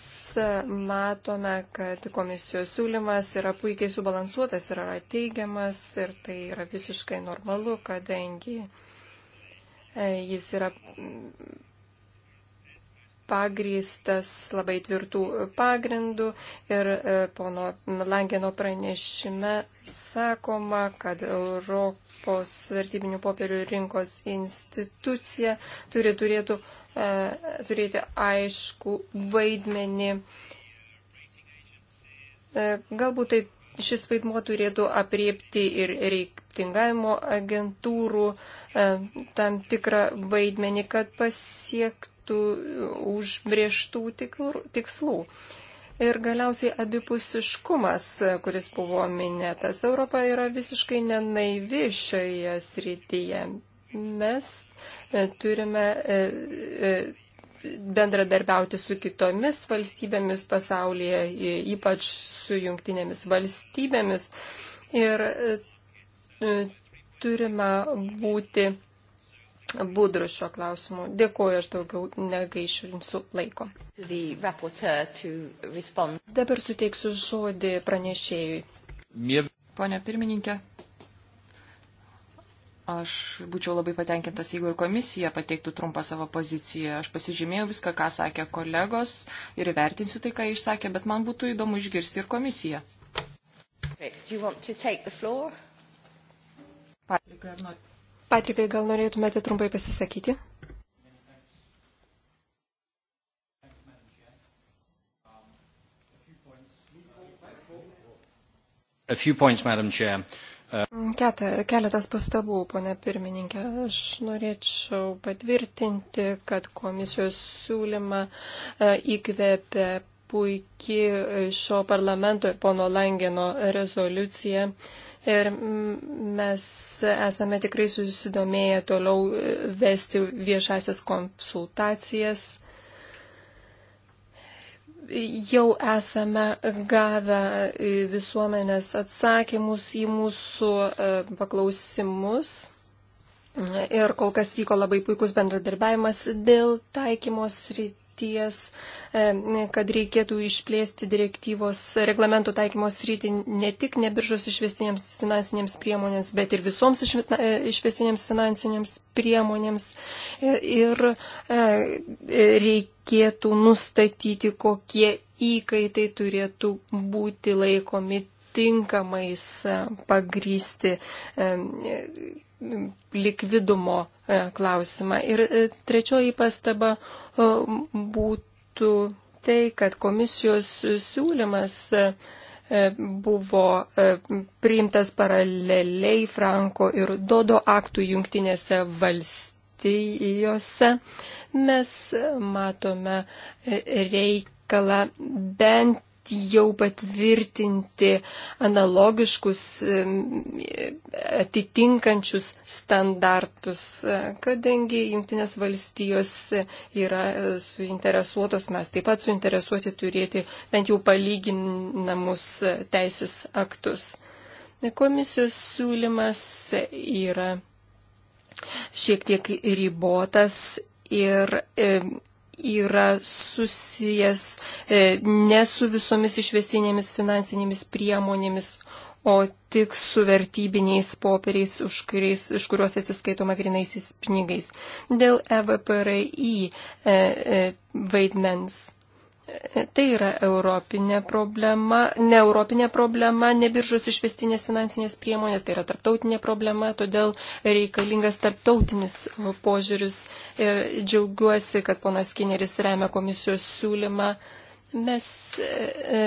matome, kad komisijos siūlymas yra puikiai subalansuotas ir yra teigiamas ir tai yra visiškai normalu, kadangi e, jis yra pagrystas labai tvirtų pagrindų ir e, pono Langeno pranešime sakoma, kad Europos vertybinių popierių rinkos institucija turi turėtų, e, turėti aišku vaidmenį. E, galbūt tai šis vaidmuo turėtų apriepti ir reitingavimo agentūrų tam tikrą vaidmenį, kad pasiektų užbrieštų tikslų. Ir galiausiai abipusiškumas, kuris buvo minėtas. Europa yra visiškai nenaivi šioje srityje. Mes e, turime e, e, bendradarbiauti su kitomis valstybėmis pasaulyje, ypač su jungtinėmis valstybėmis. Ir turime būti budrų šio klausimu. Dėkuoju, aš daugiau negaišiu jūsų laiko. Dabar suteiksiu žodį pranešėjui. Pone pirmininkė, aš būčiau labai patenkintas, jeigu ir komisija pateiktų trumpą savo poziciją. Aš pasižymėjau viską, ką sakė kolegos ir vertinsiu tai, ką išsakė, bet man būtų įdomu išgirsti ir komisiją. Patrick, ar nori? Patrikai, gal norėtumėte trumpai pasisakyti? Points, mm, Keta, keletas pastabų, ponė pirmininkė. Aš norėčiau patvirtinti, kad komisijos siūlymą e, įkvėpė puikiai šio parlamento ir pono Langeno rezoliucija ir mes esame tikrai susidomėję toliau vesti viešasias konsultacijas. Jau esame gavę visuomenės atsakymus į mūsų e, paklausimus. Ir kol kas vyko labai puikus bendradarbiavimas dėl taikymos rytų minties, e, kad reikėtų išplėsti direktyvos reglamentų taikymos rytį ne tik nebiržos išvestinėms finansinėms priemonėms, bet ir visoms e, išvestinėms finansinėms priemonėms. E, ir reikėtų nustatyti, kokie įkaitai turėtų būti laikomi tinkamais pagrysti likvidumo e, klausimą. Ir e, trečioji pastaba e, būtų tai, kad komisijos siūlymas buvo priimtas paraleliai Franko ir Dodo aktų jungtinėse valstijose. Mes matome reikalą bent jau patvirtinti analogiškus atitinkančius standartus, e, kadangi Junktinės valstijos yra suinteresuotos, mes taip pat suinteresuoti turėti bent jau palyginamus teisės aktus. Komisijos siūlymas yra šiek tiek ribotas ir yra susijęs e, ne su visomis išvestinėmis finansinėmis priemonėmis, o tik su vertybiniais popieriais, už, kuriais, už kuriuos atsiskaitoma grinaisiais pinigais. Dėl EVPRI e, e, vaidmens Tai yra europinė problema, ne europinė problema, ne biržos išvestinės finansinės priemonės, tai yra tarptautinė problema, todėl reikalingas tarptautinis požiūris ir džiaugiuosi, kad ponas Kineris remia komisijos siūlymą. Mes e,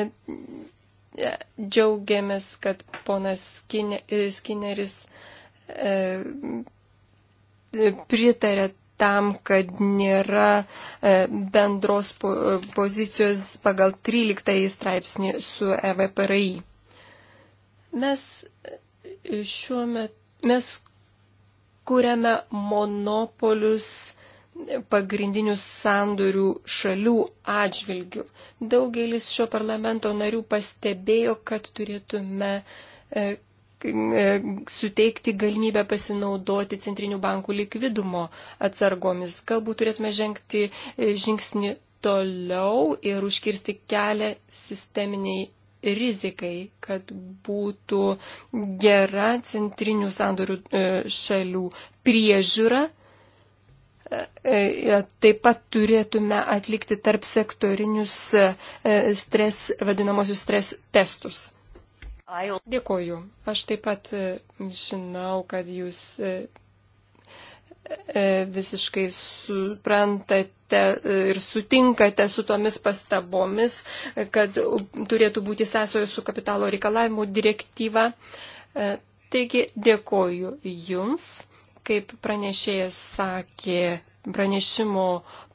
e, džiaugiamės, kad ponas Kineris e, pritarė tam, kad nėra e, bendros e, pozicijos pagal 13 straipsnį su EVPRI. Mes e, šiuo metu mes kuriame monopolius pagrindinių sandorių šalių atžvilgių. Daugelis šio parlamento narių pastebėjo, kad turėtume E, suteikti galimybę pasinaudoti centrinių bankų likvidumo atsargomis. Galbūt turėtume žengti e, žingsnį toliau ir užkirsti kelią sisteminiai rizikai, kad būtų gera centrinių sandorių e, šalių priežiūra. Taip pat turėtume atlikti tarp sektorinius stres, vadinamosius stres testus. Dėkoju. Aš taip pat e, žinau, kad jūs e, e, visiškai suprantate ir sutinkate su tomis pastabomis, kad turėtų būti sąsojo su kapitalo reikalavimų direktyva. Taigi dėkoju Jums, kaip pranešėjas sakė, pranešimo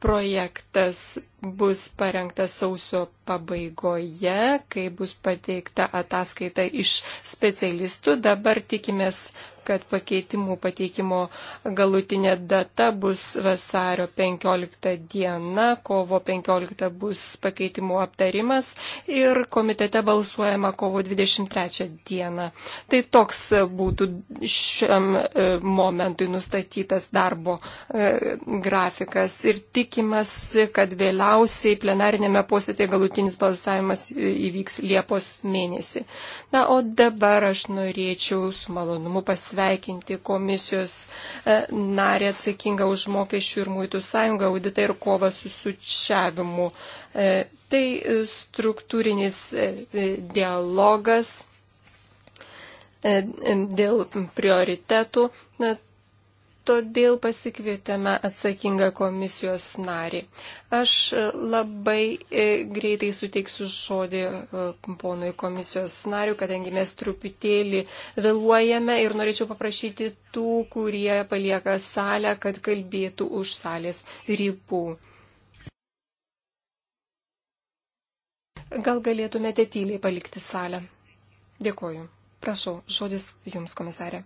projektas bus parengtas sausio pabaigoje, kai bus pateikta ataskaita iš specialistų. Dabar tikimės kad pakeitimų pateikimo galutinė data bus vasario 15 diena, kovo 15 bus pakeitimų aptarimas ir komitete balsuojama kovo 23 dieną. Tai toks būtų šiam e, momentui nustatytas darbo e, grafikas ir tikimas, kad vėliausiai plenarinėme posėdėje galutinis balsavimas įvyks Liepos mėnesį. Na, o dabar aš norėčiau su malonumu pasveikinti pasveikinti komisijos e, narį atsakingą už mokesčių ir muitų sąjungą, auditą ir kovą su sučiavimu. E, tai struktūrinis e, dialogas dėl prioritetų todėl pasikvietėme atsakingą komisijos narį. Aš labai e, greitai suteiksiu žodį e, ponui komisijos nariu, kadangi mes truputėlį vėluojame ir norėčiau paprašyti tų, kurie palieka salę, kad kalbėtų už salės ribų. Gal galėtumėte tyliai palikti salę? Dėkoju. Prašau, žodis Jums, komisarė.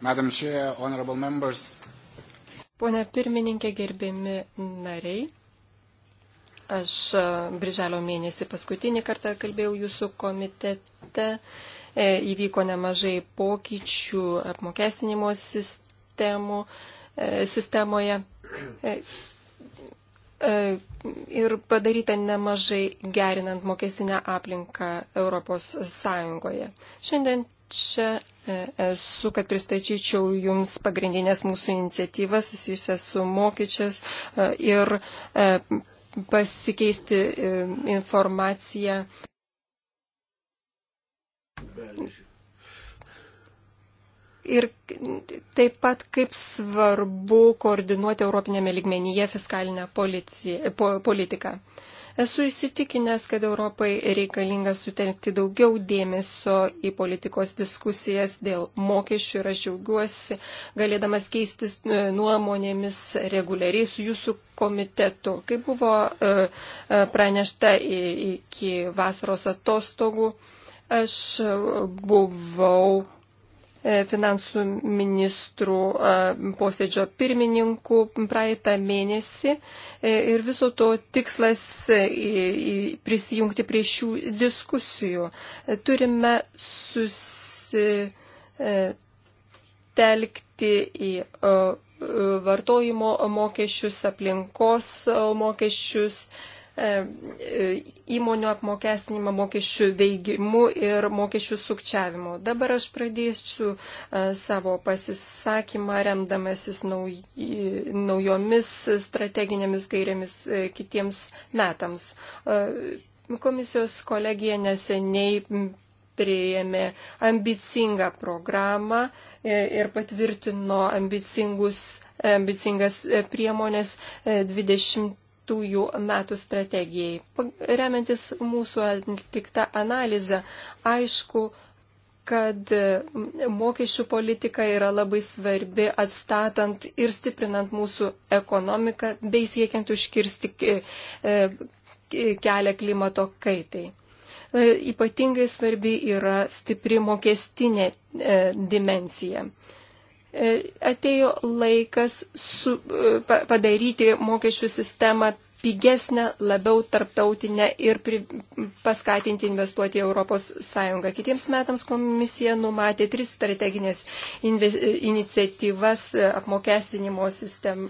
Madam Chair, honorable members. Pone pirmininkė, gerbiami nariai. Aš e, birželio mėnesį paskutinį kartą kalbėjau jūsų komitete. E, įvyko nemažai pokyčių apmokestinimo sistemų, e, sistemoje ir padaryta nemažai gerinant mokestinę aplinką Europos Sąjungoje. Šiandien čia e, esu, kad pristatyčiau Jums pagrindinės mūsų iniciatyvas susijusias su mokyčias e, ir e, pasikeisti informaciją. Ir taip pat kaip svarbu koordinuoti Europinėme ligmenyje fiskalinę policiją, po, politiką. Uh, Esu įsitikinęs, kad Europai reikalinga sutelkti daugiau dėmesio į politikos diskusijas dėl mokesčių ir aš džiaugiuosi, galėdamas keistis e, nuomonėmis reguliariai su jūsų komitetu. Kaip buvo e, e, pranešta iki vasaros atostogų, aš buvau E, finansų ministrų e, posėdžio pirmininku praeitą mėnesį e, ir viso to tikslas prisijungti prie šių diskusijų. Turime susitelkti į vartojimo mokesčius, aplinkos mokesčius E, įmonių apmokestinimą mokesčių veigimu ir mokesčių sukčiavimu. Dabar aš pradėsiu e, savo pasisakymą remdamasis naujomis strateginėmis gairėmis e, kitiems metams. Komisijos kolegija neseniai priėmė ambicingą programą ir patvirtino ambicingas priemonės 20 metų strategijai. Remiantis mūsų atliktą analizę, aišku, kad mokesčių politika yra labai svarbi atstatant ir stiprinant mūsų ekonomiką bei siekiant užkirsti e, e, kelią klimato kaitai. E, ypatingai svarbi yra stipri mokestinė dimensija. E, atėjo laikas su, e, padaryti mokesčių sistemą pigesnę, labiau tarptautinę ir pri, paskatinti investuoti į ES. Kitiems metams komisija numatė tris strateginės inve, iniciatyvas e, apmokestinimo sistem,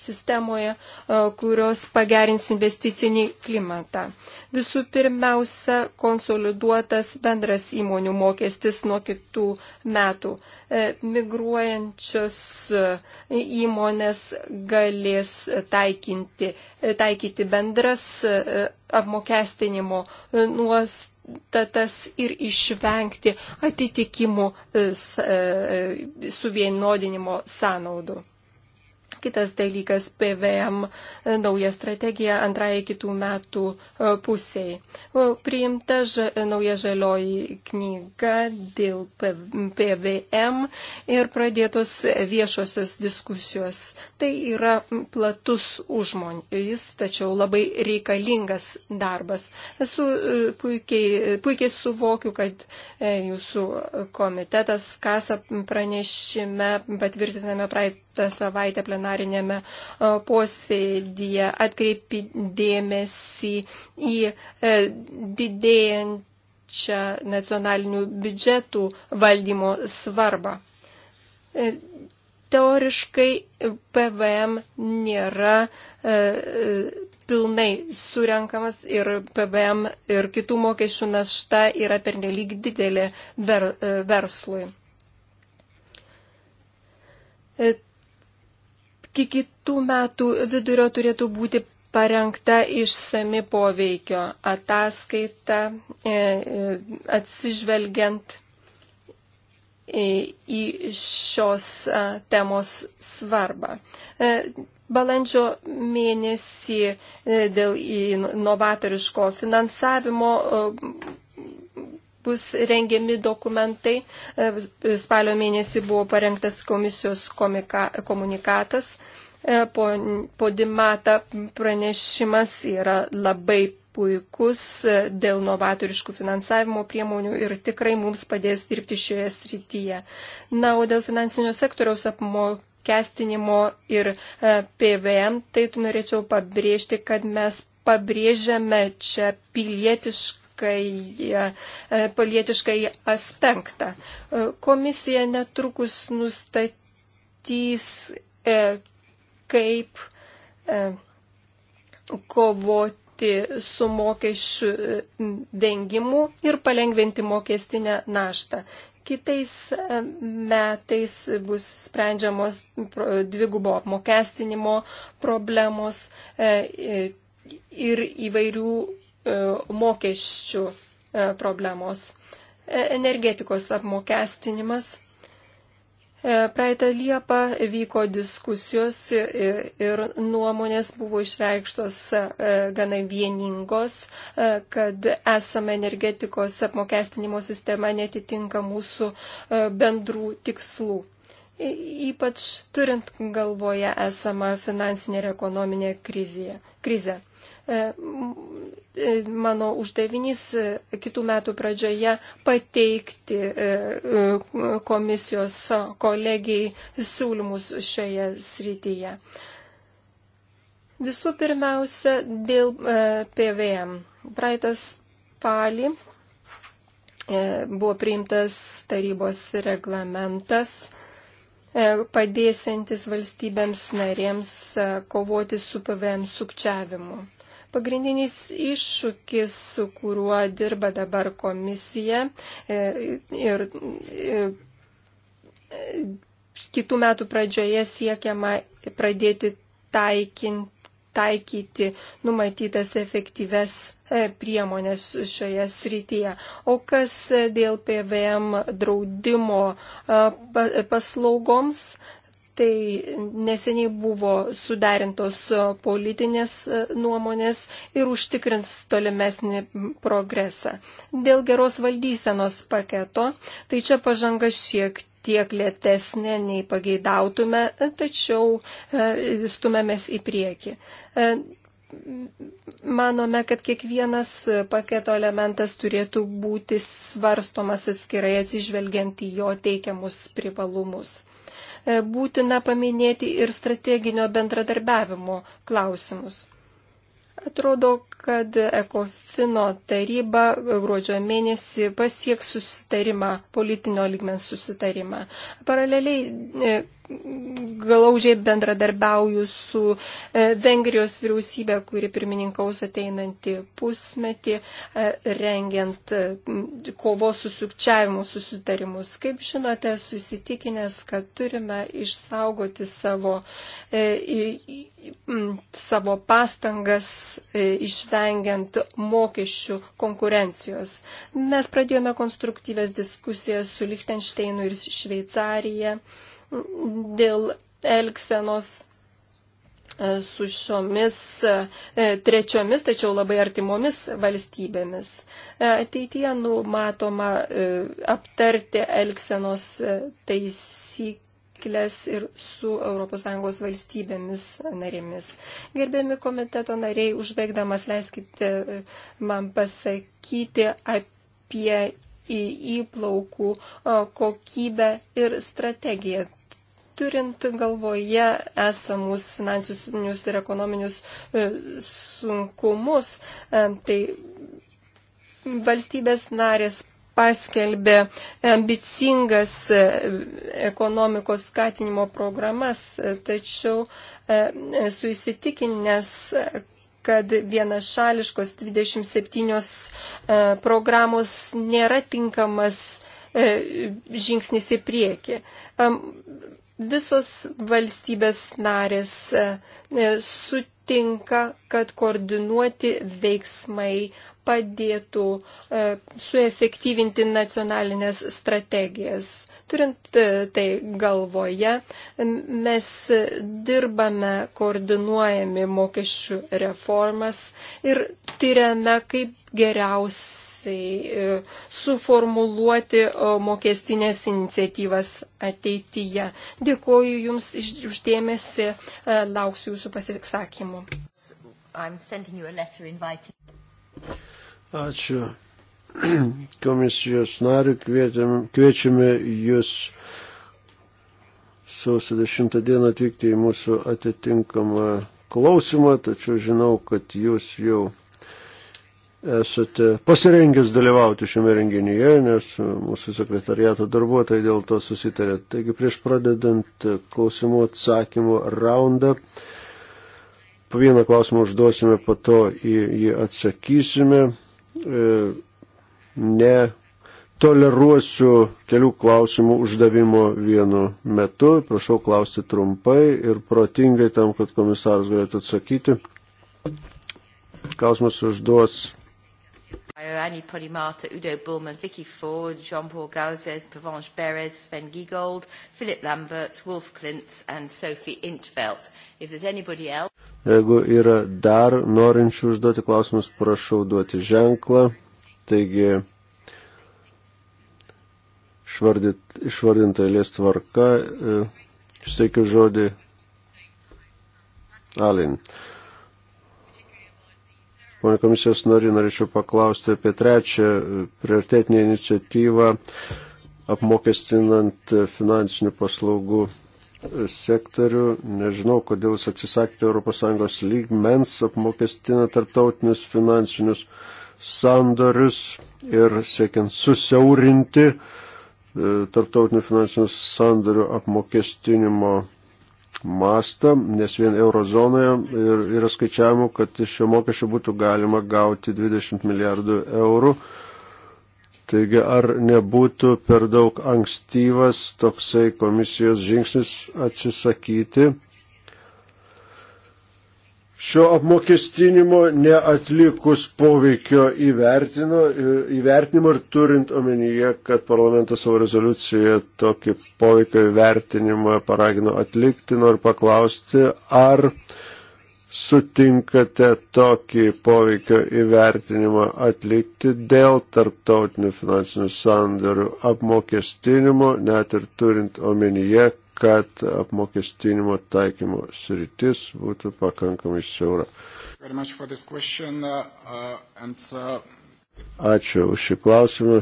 sistemoje, kurios pagerins investicinį klimatą. Visų pirmiausia, konsoliduotas bendras įmonių mokestis nuo kitų metų. E, migruojančios e, įmonės galės taikinti, e, taikyti bendras apmokestinimo nuostatas ir išvengti atitikimų suvienodinimo sąnaudų. Kitas dalykas - PVM e, nauja strategija antrajai kitų metų e, pusiai. Priimta ža, e, nauja žalioji knyga dėl PVM ir pradėtos viešosios diskusijos. Tai yra platus užmonys, tačiau labai reikalingas darbas. Esu puikiai, puikiai suvokiu, kad jūsų komitetas, kas pranešime patvirtiname praeitį savaitę plenarinėme posėdėje atkreipi dėmesį į e, didėjančią nacionalinių biudžetų valdymo svarbą. E, teoriškai PVM nėra e, pilnai surenkamas ir PVM ir kitų mokesčių našta yra pernelyg didelė ver, verslui iki kitų metų vidurio turėtų būti parengta išsami poveikio ataskaita e, e, atsižvelgiant į šios temos svarbą. E, balandžio mėnesį dėl inovatoriško finansavimo bus rengiami dokumentai. E, spalio mėnesį buvo parengtas komisijos komika, komunikatas. E, po, po Dimata pranešimas yra labai puikus e, dėl novatoriškų finansavimo priemonių ir tikrai mums padės dirbti šioje srityje. Na, o dėl finansinio sektoriaus apmokestinimo ir PVM, tai norėčiau pabrėžti, kad mes pabrėžiame čia pilietišką E, palietiškai aspektą. E, komisija netrukus nustatys, e, kaip kovoti su mokesčių vengimu ir palengventi mokestinę naštą. Kitais metais bus sprendžiamos dvigubo apmokestinimo problemos ir įvairių E, mokesčių e, problemos. E, energetikos apmokestinimas. Praeitą Liepą vyko diskusijos ir nuomonės buvo išreikštos gana vieningos, kad esama energetikos apmokestinimo sistema netitinka mūsų bendrų tikslų. Ypač turint galvoje esamą finansinę ir ekonominę krizę. E, e, mano uždavinys e, kitų metų pradžioje pateikti komisijos kolegijai siūlymus šioje srityje. Visų pirmiausia, dėl PVM. Praeitas spalį buvo priimtas tarybos reglamentas padėsiantis valstybėms narėms kovoti su PVM sukčiavimu. Pagrindinis iššūkis, su kuriuo dirba dabar komisija e, ir e, kitų metų pradžioje siekiama pradėti taikinti taikyti numatytas efektyves e, priemonės šioje srityje. O kas dėl PVM draudimo paslaugoms, Tai neseniai buvo sudarintos politinės e, nuomonės ir užtikrins tolimesnį progresą. Dėl geros valdysenos paketo, tai čia pažanga šiek tiek lėtesnė nei pageidautume, e, tačiau e, stumėmės į priekį manome, kad kiekvienas paketo elementas turėtų būti svarstomas atskirai atsižvelgiant į jo teikiamus privalumus. E, būtina paminėti ir strateginio bendradarbiavimo klausimus. Atrodo, kad Ekofino taryba gruodžio mėnesį pasieks susitarimą, politinio ligmens susitarimą. Paraleliai e, galaužiai bendradarbiauju su e, Vengrijos vyriausybė, kuri pirmininkaus ateinantį pusmetį, e, rengiant e, kovos su sukčiavimu susitarimus. Kaip žinote, susitikinęs, kad turime išsaugoti savo, savo pastangas, išvengiant mokesčių konkurencijos. Mes pradėjome konstruktyvės diskusijas su Lichtensteinu ir Šveicarija. Yeah dėl elksenos e, su šiomis e, trečiomis, tačiau labai artimomis valstybėmis. E, ateityje numatoma aptarti elksenos taisyklės ir su ES valstybėmis narėmis. Gerbėmi komiteto nariai, užveikdamas leiskite man pasakyti apie į įplaukų kokybę ir strategiją turint galvoje esamus finansinius ir ekonominius e, sunkumus, e, tai valstybės narės paskelbė ambicingas e, ekonomikos skatinimo programas, tačiau esu įsitikinęs, kad vienašališkos 27 programos nėra tinkamas žingsnis į priekį visos valstybės narės e, e, sutinka, kad koordinuoti veiksmai padėtų e, suefektyvinti nacionalinės strategijas. Turint tai galvoje, mes dirbame koordinuojami mokesčių reformas ir tyriame, kaip geriausiai geriausiai e, suformuluoti e, mokestinės iniciatyvas ateityje. Dėkuoju Jums uždėmesi, e, lauksiu Jūsų pasisakymų. Ačiū. [clears throat] Komisijos nariu kviečiame Jūs sausio 10 dieną atvykti į mūsų atitinkamą klausimą, tačiau žinau, kad Jūs jau esate pasirengęs dalyvauti šiame renginyje, nes mūsų sekretariato darbuotojai dėl to susitarė. Taigi prieš pradedant klausimų atsakymų raundą, po vieną klausimą užduosime, po to į jį atsakysime. E, ne toleruosiu kelių klausimų uždavimo vienu metu, prašau klausti trumpai ir protingai tam, kad komisaras galėtų atsakyti. Klausimas užduos Annie Polimata, Udo Bullman, Vicky Ford, Jean-Paul Gauzes, Pavanche Beres, Sven Giegold, Philip Lamberts, Wolf Klintz and Sophie Intveld. If there's anybody else... Jeigu yra dar norinčių užduoti klausimus, prašau duoti ženklą. Taigi, išvardinta eilės tvarka, e, išsiekiu žodį Alin. Uh, Pone komisijos nori, norėčiau paklausti apie trečią prioritetinę iniciatyvą apmokestinant finansinių paslaugų sektorių. Nežinau, kodėl jis atsisakė ES lygmens apmokestina tarptautinius finansinius sandorius ir siekiant susiaurinti e, tarptautinių finansinių sandorių apmokestinimo mastą, nes vien eurozonoje yra skaičiavimų, kad iš šio mokesčio būtų galima gauti 20 milijardų eurų. Taigi, ar nebūtų per daug ankstyvas toksai komisijos žingsnis atsisakyti šio apmokestinimo neatlikus poveikio įvertino, įvertinimo ir turint omenyje, kad parlamentas savo rezoliucijoje tokį poveikio įvertinimą paragino atlikti, noriu paklausti, ar sutinkate tokį poveikio įvertinimą atlikti dėl tarptautinių finansinių sandorių apmokestinimo, net ir turint omenyje, kad apmokestinimo taikymo sritis būtų pakankamai siaura. Uh, uh, uh, Ačiū už šį klausimą.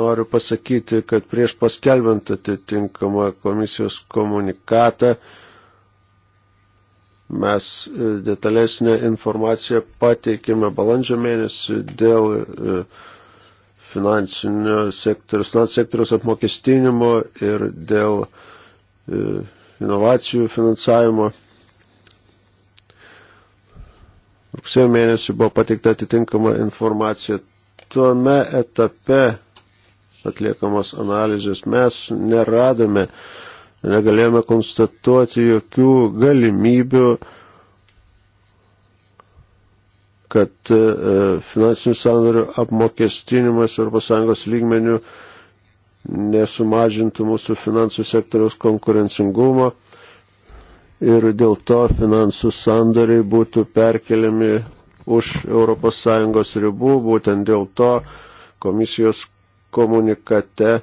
Noriu pasakyti, kad prieš paskelbant atitinkamą komisijos komunikatą mes e, detalesnę informaciją pateikėme balandžio mėnesį dėl e, finansinio sektoriaus, finansų sektoriaus apmokestinimo ir dėl e, inovacijų finansavimo. Rugsėjo mėnesį buvo pateikta atitinkama informacija. Tuome etape atliekamos analizės mes neradome, negalėjome konstatuoti jokių galimybių uh, kad e, finansinių sandorių apmokestinimas ES lygmenių nesumažintų mūsų finansų sektoriaus konkurencingumo ir dėl to finansų sandoriai būtų perkeliami už ES ribų. Būtent dėl to komisijos komunikate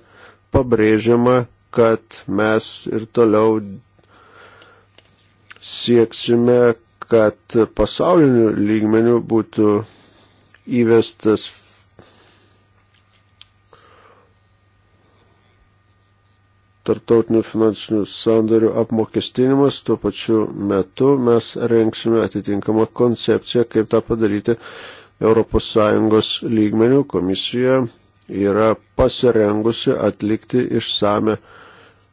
pabrėžiama, kad mes ir toliau sieksime, kad pasauliniu lygmeniu būtų įvestas tarptautinių finansinių sandorių apmokestinimas, tuo pačiu metu mes renksime atitinkamą koncepciją, kaip tą padaryti ES lygmenių. Komisija yra pasirengusi atlikti išsame,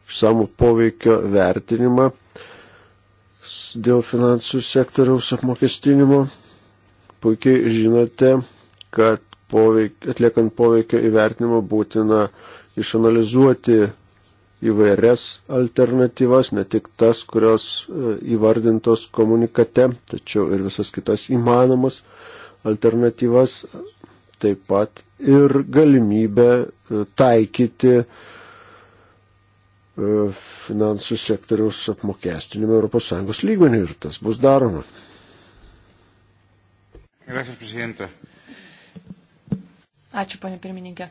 išsamų poveikio vertinimą dėl finansų sektoriaus apmokestinimo. Puikiai žinote, kad poveik, atliekant poveikio įvertinimą būtina išanalizuoti įvairias alternatyvas, ne tik tas, kurios e, įvardintos komunikate, tačiau ir visas kitas įmanomas alternatyvas, taip pat ir galimybę e, taikyti uh, E, finansų sektoriaus apmokestinimą ES lygmenį ir tas bus daroma. Gracias, prezidente. Ačiū, ponė pirmininkė.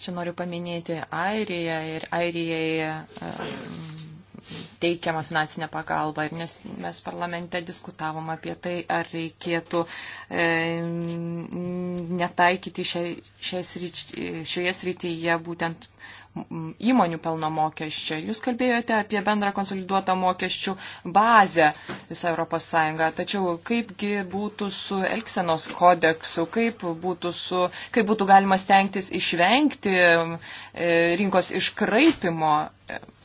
Čia noriu paminėti Airiją ir Airijai e, teikiamą finansinę pagalbą. Ir nes mes parlamente diskutavom apie tai, ar reikėtų e, netaikyti šia, šia srič, šioje srityje būtent įmonių pelno mokesčio. Jūs kalbėjote apie bendrą konsoliduotą mokesčių bazę visą ES, tačiau kaipgi būtų su Elksenos kodeksu, kaip būtų, su, kaip būtų galima stengtis išvengti e, rinkos iškraipimo,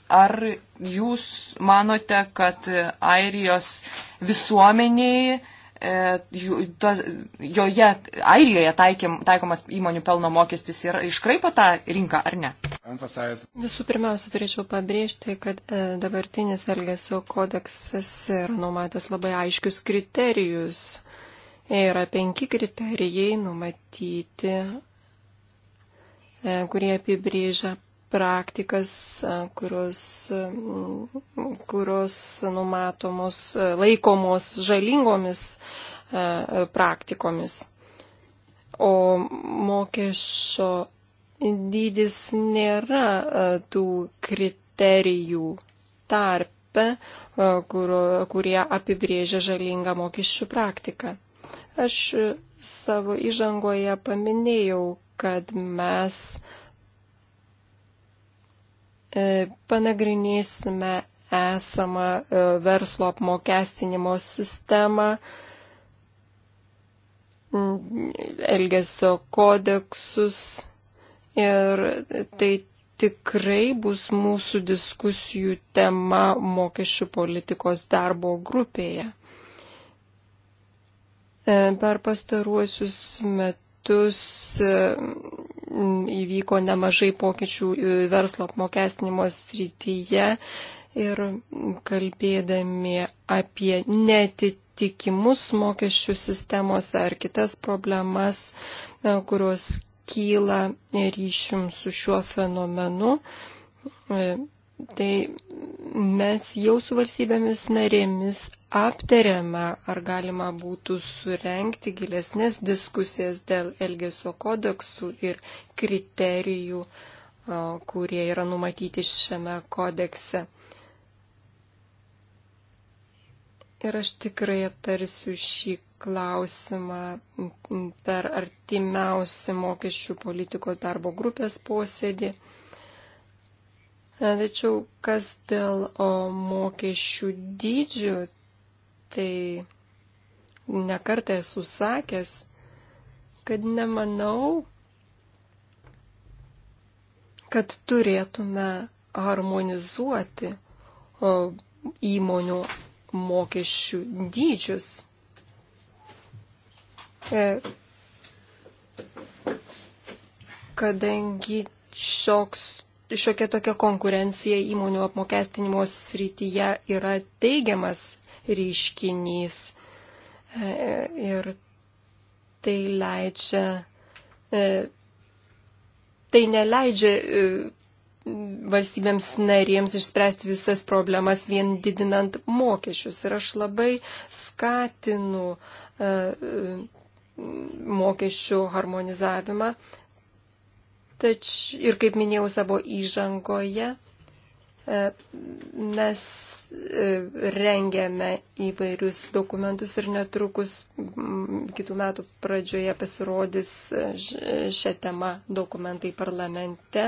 ar jūs manote, kad Airijos visuomeniai, e, joje, Airijoje taikim, taikomas įmonių pelno mokestis yra iškraipa tą rinką ar ne? Visų pirmiausia, turėčiau pabrėžti, kad e, dabartinis Elgesio kodeksas yra numatęs labai aiškius kriterijus. Yra penki kriterijai numatyti e, kurie apibrėžia praktikas, kurios, kurios numatomos, laikomos žalingomis praktikomis. O mokesčio dydis nėra tų kriterijų tarpe, kur, kurie apibrėžia žalingą mokesčių praktiką. Aš savo įžangoje paminėjau, kad mes E, panagrinėsime esamą e, verslo apmokestinimo sistemą, mm, elgesio kodeksus ir tai tikrai bus mūsų diskusijų tema mokesčių politikos darbo grupėje. E, per pastaruosius metus metus įvyko nemažai pokyčių e, verslo apmokestinimo srityje ir kalbėdami apie netitikimus mokesčių sistemose ar kitas problemas, e, kurios kyla ryšium su šiuo fenomenu, e, Tai mes jau su valstybėmis narėmis aptarėme, ar galima būtų surenkti gilesnės diskusijas dėl Elgesio kodeksų ir kriterijų, kurie yra numatyti šiame kodekse. Ir aš tikrai aptarsiu šį klausimą per artimiausią mokesčių politikos darbo grupės posėdį. Tačiau kas dėl mokesčių dydžių, tai nekartą esu sakęs, kad nemanau, kad turėtume harmonizuoti įmonių mokesčių dydžius. E, kadangi šioks šiokia tokia konkurencija įmonių apmokestinimo srityje yra teigiamas ryškinys. E, ir tai leidžia, e, tai neleidžia e, valstybėms narėms išspręsti visas problemas vien didinant mokesčius. Ir aš labai skatinu mokesčių harmonizavimą, Tač, ir kaip minėjau savo įžangoje, e, mes e, rengiame įvairius dokumentus ir netrukus kitų metų pradžioje pasirodys e, šią temą dokumentai parlamente.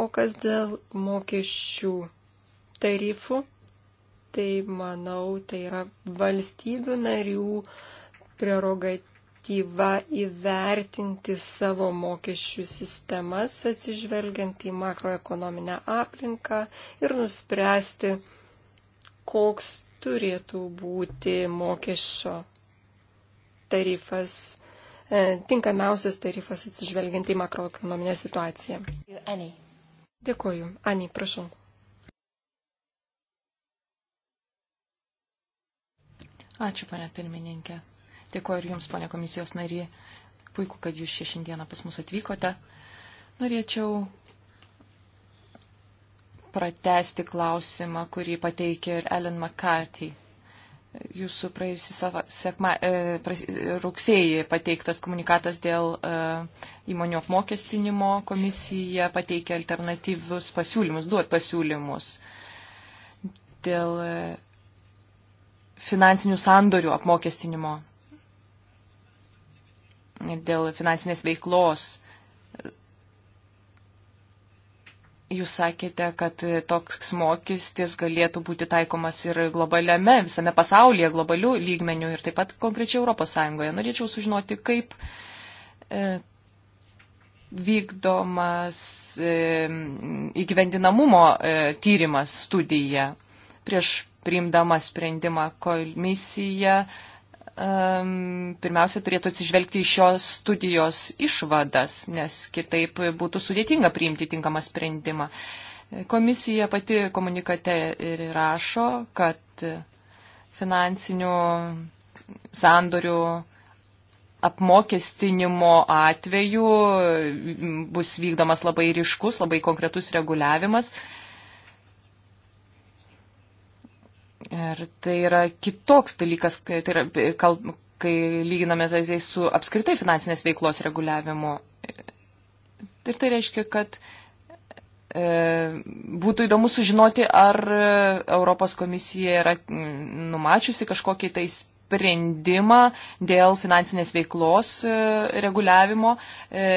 O kas dėl mokesčių tarifų, tai manau, tai yra valstybių narių prerogatyva iniciatyva įvertinti savo mokesčių sistemas, atsižvelgiant į makroekonominę aplinką ir nuspręsti, koks turėtų būti mokesčio tarifas, e, tinkamiausias tarifas atsižvelgiant į makroekonominę situaciją. Dėkoju. Ani, prašau. Ačiū, pane pirmininkė. Dėkuoju ir Jums, ponė komisijos narė. Puiku, kad Jūs šiandieną pas mus atvykote. Norėčiau pratesti klausimą, kurį pateikė ir Ellen McCarthy. Jūsų praėjusį sekma, e, pra, rugsėjį pateiktas komunikatas dėl e, įmonių apmokestinimo komisija pateikė alternatyvius pasiūlymus, duot pasiūlymus dėl e, finansinių sandorių apmokestinimo dėl finansinės veiklos. Jūs sakėte, kad toks mokestis galėtų būti taikomas ir globaliame, visame pasaulyje, globalių lygmenių ir taip pat konkrečiai Europos Sąjungoje. Norėčiau sužinoti, kaip e, vykdomas e, įgyvendinamumo e, tyrimas studija prieš priimdama sprendimą komisija um, pirmiausia turėtų atsižvelgti į šios studijos išvadas, nes kitaip būtų sudėtinga priimti tinkamą sprendimą. Komisija pati komunikate ir rašo, kad finansinių sandorių apmokestinimo atveju bus vykdomas labai ryškus, labai konkretus reguliavimas. Uh, Ir tai yra kitoks dalykas, tai yra, kal, kai lyginame tai, tai su apskritai finansinės veiklos reguliavimu. Ir tai reiškia, kad e, būtų įdomu sužinoti, ar Europos komisija yra mm, numačiusi kažkokį tai sprendimą dėl finansinės veiklos e, reguliavimo, e,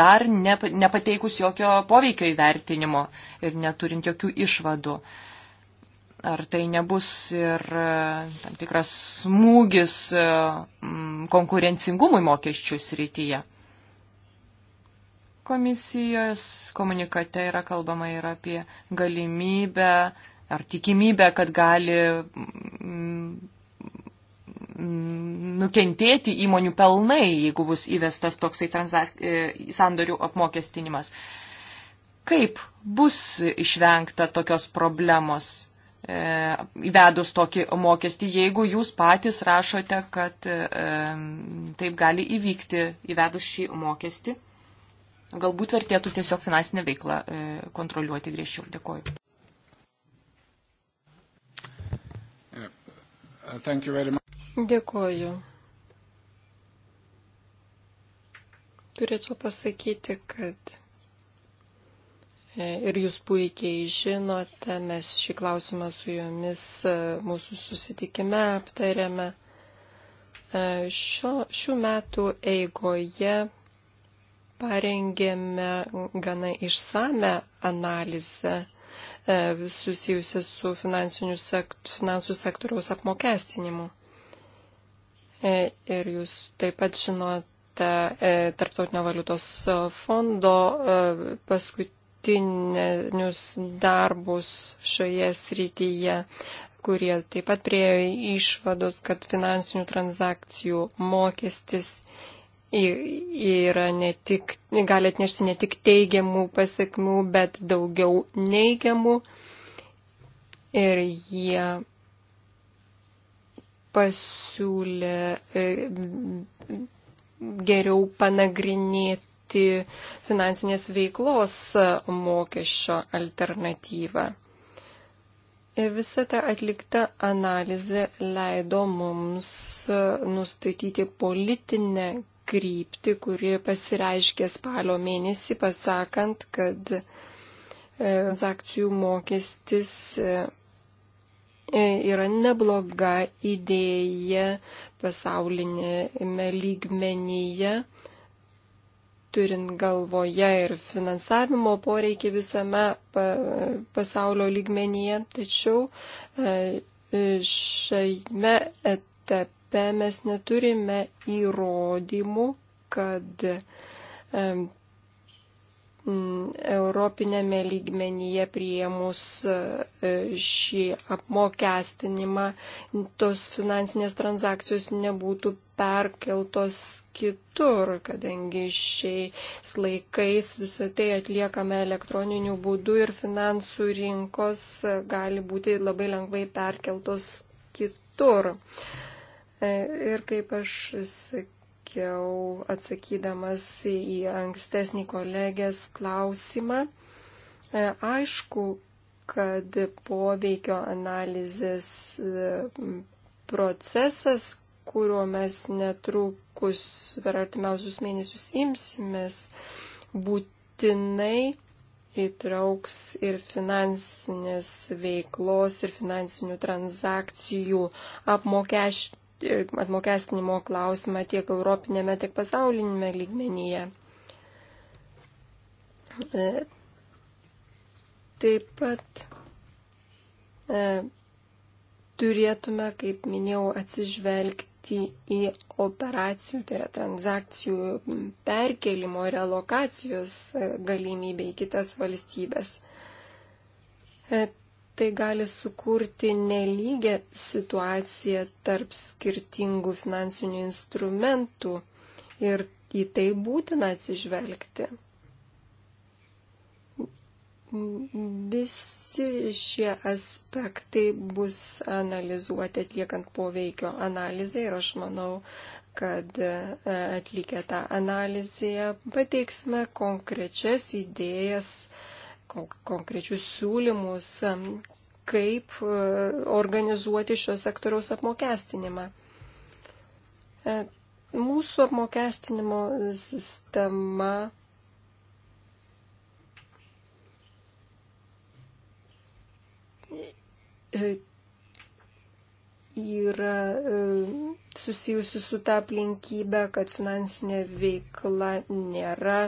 dar nepa, nepateikus jokio poveikio įvertinimo ir neturint jokių išvadų. E, ar tai nebus ir e, tam tikras smūgis e, konkurencingumui mokesčių srityje. Komisijos komunikate yra kalbama ir apie galimybę ar tikimybę, kad gali nukentėti įmonių pelnai, jeigu bus įvestas toksai transak... E, sandorių apmokestinimas. Kaip bus išvengta tokios problemos? E, įvedus tokį mokestį, jeigu jūs patys rašote, kad e, taip gali įvykti įvedus šį mokestį. Galbūt vertėtų tiesiog finansinę veiklą e, kontroliuoti griežčiau. Dėkoju. Uh, Dėkoju. Turėčiau pasakyti, kad E, ir jūs puikiai žinote, mes šį klausimą su jumis e, mūsų susitikime aptarėme. E, šio, šių metų eigoje parengėme gana išsame analizę susijusią su sekt, finansų sektoriaus apmokestinimu. Ir jūs taip pat žinote Tarptautinio valiutos fondo paskutinį tarptautinius darbus šioje srityje, kurie taip pat priejo išvados, kad finansinių transakcijų mokestis yra ne tik, gali atnešti ne tik teigiamų pasiekmių, bet daugiau neigiamų. Ir jie pasiūlė e, geriau panagrinėti siūlyti finansinės veiklos mokesčio alternatyvą. Ir visa ta atlikta analizė leido mums nustatyti politinę kryptį, kuri pasireiškė spalio mėnesį, pasakant, kad e, transakcijų mokestis e, e, yra nebloga idėja pasaulinėme lygmenyje, turint galvoje ir finansavimo poreikį visame pasaulio lygmenyje. Tačiau e, e, šiame etape mes neturime įrodymų, kad Mm, Europinėme lygmenyje prieimus e, šį apmokestinimą, tos finansinės transakcijos nebūtų perkeltos kitur, kadangi šiais laikais visą tai atliekame elektroniniu būdu ir finansų rinkos gali būti labai lengvai perkeltos kitur. E, ir kaip aš sakiau, sakiau, atsakydamas į ankstesnį kolegės klausimą. E, aišku, kad poveikio analizės e, procesas, kuriuo mes netrukus per artimiausius mėnesius imsimės, būtinai įtrauks ir finansinės veiklos, ir finansinių transakcijų apmokeš, apmokestinimo klausimą tiek europinėme, tiek pasaulinėme lygmenyje. E, taip pat e, turėtume, kaip minėjau, atsižvelgti į operacijų, tai yra transakcijų perkelimo ir relokacijos e, galimybę į kitas valstybės tai gali sukurti nelygę situaciją tarp skirtingų finansinių instrumentų ir į tai būtina atsižvelgti. Visi šie aspektai bus analizuoti atliekant poveikio analizę ir aš manau, kad e, atlikę tą analizę pateiksime konkrečias idėjas, konkrečius siūlymus, kaip e, organizuoti šio sektoriaus apmokestinimą. E, mūsų apmokestinimo sistema e, yra susijusi su tą aplinkybę, kad finansinė veikla nėra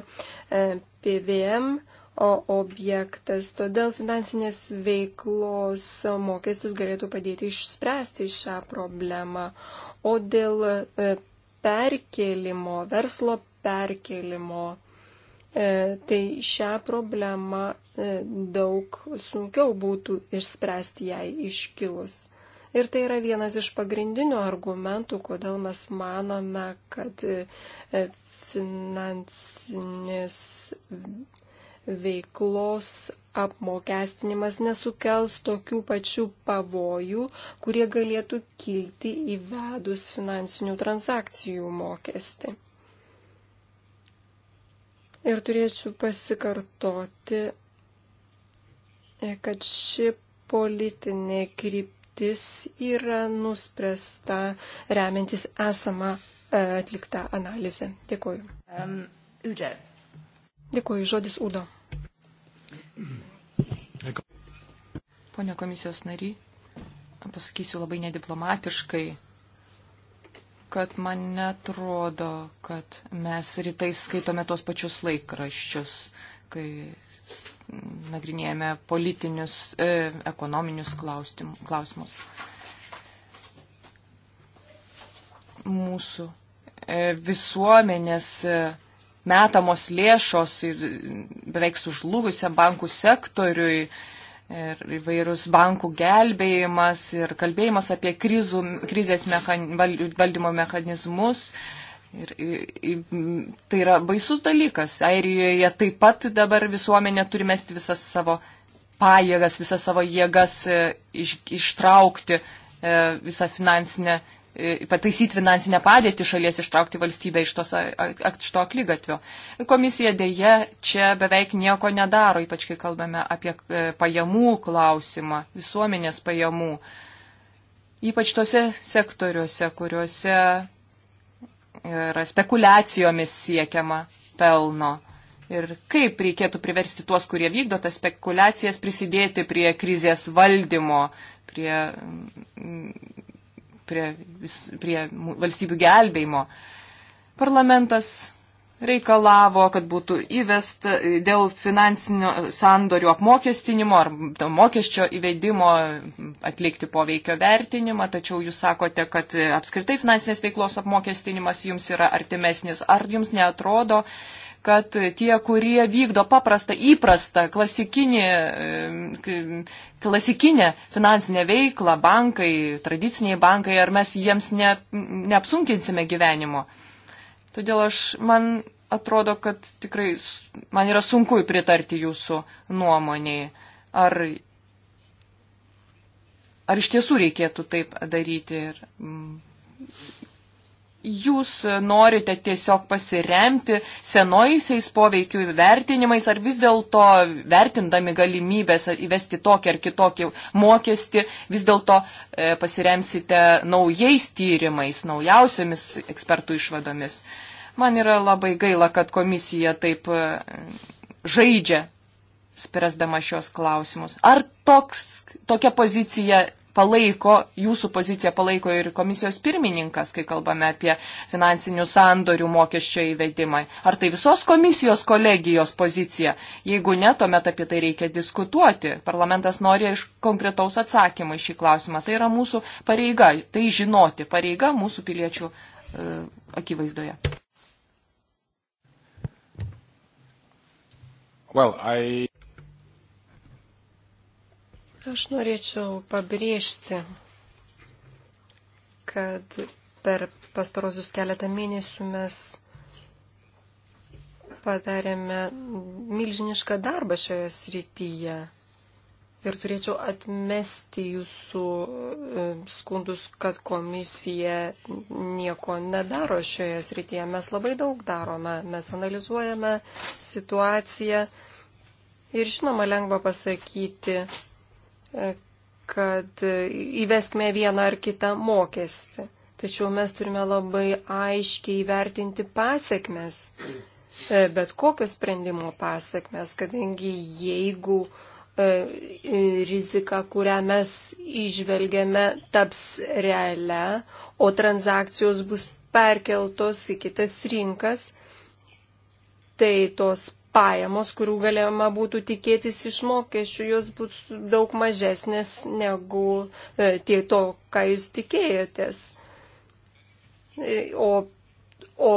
PVM objektas. Todėl finansinės veiklos mokestis galėtų padėti išspręsti šią problemą. O dėl e, perkelimo, verslo perkelimo, e, tai šią problemą e, daug sunkiau būtų išspręsti jai iškilus. Ir tai yra vienas iš pagrindinių argumentų, kodėl mes manome, kad finansinės veiklos apmokestinimas nesukels tokių pačių pavojų, kurie galėtų kilti įvedus finansinių transakcijų mokestį. Ir turėčiau pasikartoti, kad ši politinė kryptis yra nuspręsta remiantis esamą e, atliktą analizę. Dėkuoju. Um, Ude. Dėkuoju, žodis Udo. Pone komisijos nary, pasakysiu labai nediplomatiškai, kad man netrodo, kad mes rytais skaitome tos pačius laikraščius, kai nagrinėjame politinius, e, ekonominius klausimus. Mūsų e, visuomenės. E, metamos lėšos ir beveik sužlugusiam bankų sektoriui ir įvairūs bankų gelbėjimas ir kalbėjimas apie krizų, krizės mechan, valdymo mechanizmus. Ir, ir, tai yra baisus dalykas. Airijoje taip pat dabar visuomenė turi mesti visas savo pajėgas, visas savo jėgas e, iš, ištraukti e, visą finansinę E, pataisyti finansinę padėtį šalies, ištraukti valstybę iš, tos, iš to aklygatvio. Komisija dėje čia beveik nieko nedaro, ypač kai kalbame apie e, pajamų klausimą, visuomenės pajamų. Ypač tose sektoriuose, kuriuose yra spekulacijomis siekiama pelno. Ir kaip reikėtų priversti tuos, kurie vykdo tas spekulacijas, prisidėti prie krizės valdymo, prie prie, vis, prie valstybių gelbėjimo. Parlamentas reikalavo, kad būtų įvesta e, dėl finansinio sandorių apmokestinimo ar mokesčio įvedimo atlikti poveikio vertinimą, tačiau jūs sakote, kad e, apskritai finansinės veiklos apmokestinimas jums yra artimesnis. Ar jums neatrodo, kad tie, kurie vykdo paprastą, įprastą, klasikinį, e, klasikinę finansinę veiklą, bankai, tradiciniai bankai, ar mes jiems ne, neapsunkinsime gyvenimo. Todėl aš, man atrodo, kad tikrai man yra sunku pritarti jūsų nuomoniai. Ar, ar iš tiesų reikėtų taip daryti? Ir, mm, jūs norite tiesiog pasiremti senoisiais poveikių vertinimais, ar vis dėlto vertindami galimybės įvesti tokį ar kitokį mokestį, vis dėlto e, pasiremsite naujais tyrimais, naujausiamis ekspertų išvadomis. Man yra labai gaila, kad komisija taip e, žaidžia, spręsdama šios klausimus. Ar toks, tokia pozicija palaiko, jūsų poziciją palaiko ir komisijos pirmininkas, kai kalbame apie finansinių sandorių mokesčio įvedimą. Ar tai visos komisijos kolegijos pozicija? Jeigu ne, tuomet apie tai reikia diskutuoti. Parlamentas nori iš konkretaus atsakymą į šį klausimą. Tai yra mūsų pareiga, tai žinoti, pareiga mūsų piliečių e, akivaizdoje. Well, I... Aš norėčiau pabrėžti, kad per pastarosius keletą mėnesių mes padarėme milžinišką darbą šioje srityje. Ir turėčiau atmesti jūsų e, skundus, kad komisija nieko nedaro šioje srityje. Mes labai daug darome, mes analizuojame situaciją. Ir žinoma, lengva pasakyti, kad įveskime vieną ar kitą mokestį. Tačiau mes turime labai aiškiai įvertinti pasiekmes, e, bet kokio sprendimo pasiekmes, kadangi jeigu e, rizika, kurią mes išvelgiame, taps realia, o transakcijos bus perkeltos į kitas rinkas, tai tos pajamos, kurių galima būtų tikėtis iš mokesčių, jos bus daug mažesnės negu e, tie to, ką jūs tikėjotės. E, o, o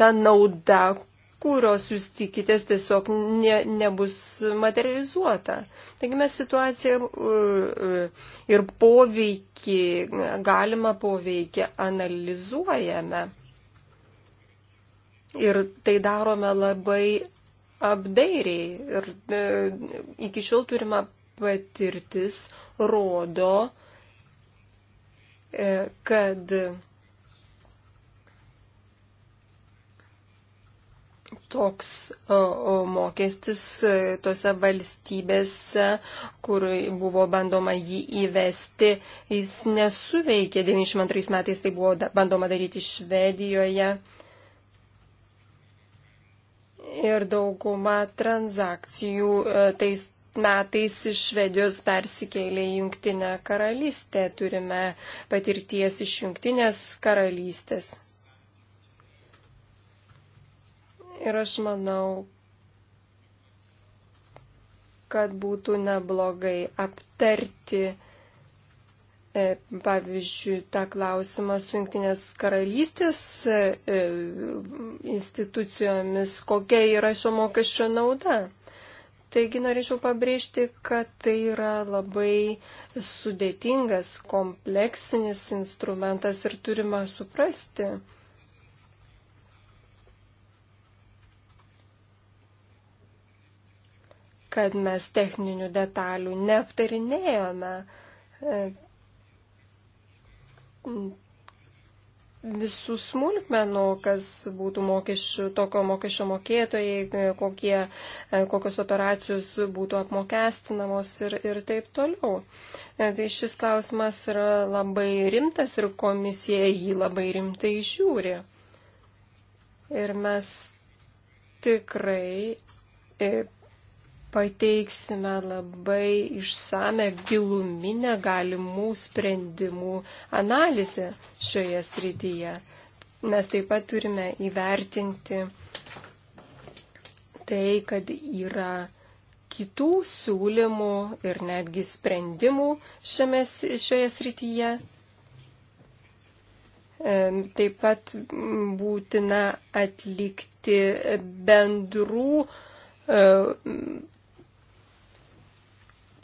ta nauda, kurios jūs tikitės, tiesiog ne, nebus materializuota. Taigi mes situaciją e, ir poveikį, galima poveikį analizuojame. Ir tai darome labai apdairiai ir e, iki šiol turima patirtis rodo, e, kad toks o, o, mokestis e, tose valstybėse, kur buvo bandoma jį įvesti, jis nesuveikė. 92 metais tai buvo bandoma daryti Švedijoje ir dauguma transakcijų e, tais metais iš Švedijos persikėlė į Junktinę karalystę. Turime patirties iš Junktinės karalystės. Ir aš manau, kad būtų neblogai aptarti E, pavyzdžiui, tą klausimą su Junktinės karalystės e, e, institucijomis, kokia yra šio mokesčio nauda. Taigi norėčiau pabrėžti, kad tai yra labai sudėtingas, kompleksinis instrumentas ir turime suprasti, kad mes techninių detalių neaptarinėjome visų smulkmenų, kas būtų mokesčių, tokio mokesčio mokėtojai, kokie, kokios operacijos būtų apmokestinamos ir, ir taip toliau. E, tai šis klausimas yra labai rimtas ir komisija jį labai rimtai žiūri. Ir mes tikrai e, pateiksime labai išsame giluminę galimų sprendimų analizę šioje srityje. Mes taip pat turime įvertinti tai, kad yra kitų siūlymų ir netgi sprendimų šiame, šioje srityje. E, taip pat būtina atlikti bendrų e,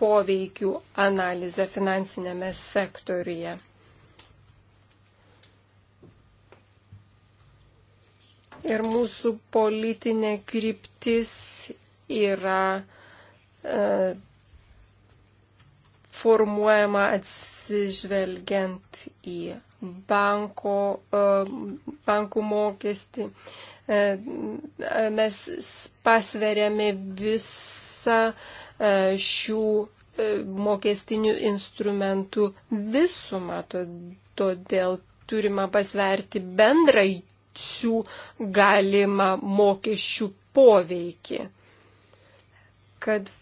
poveikių analizę finansinėme sektoriuje. Ir mūsų politinė kryptis yra e, formuojama atsižvelgiant į banko, e, bankų mokestį. E, mes pasveriame visą e, E, šių e, mokestinių instrumentų visumą, todėl turima pasverti bendrai šių galimą mokesčių poveikį, kad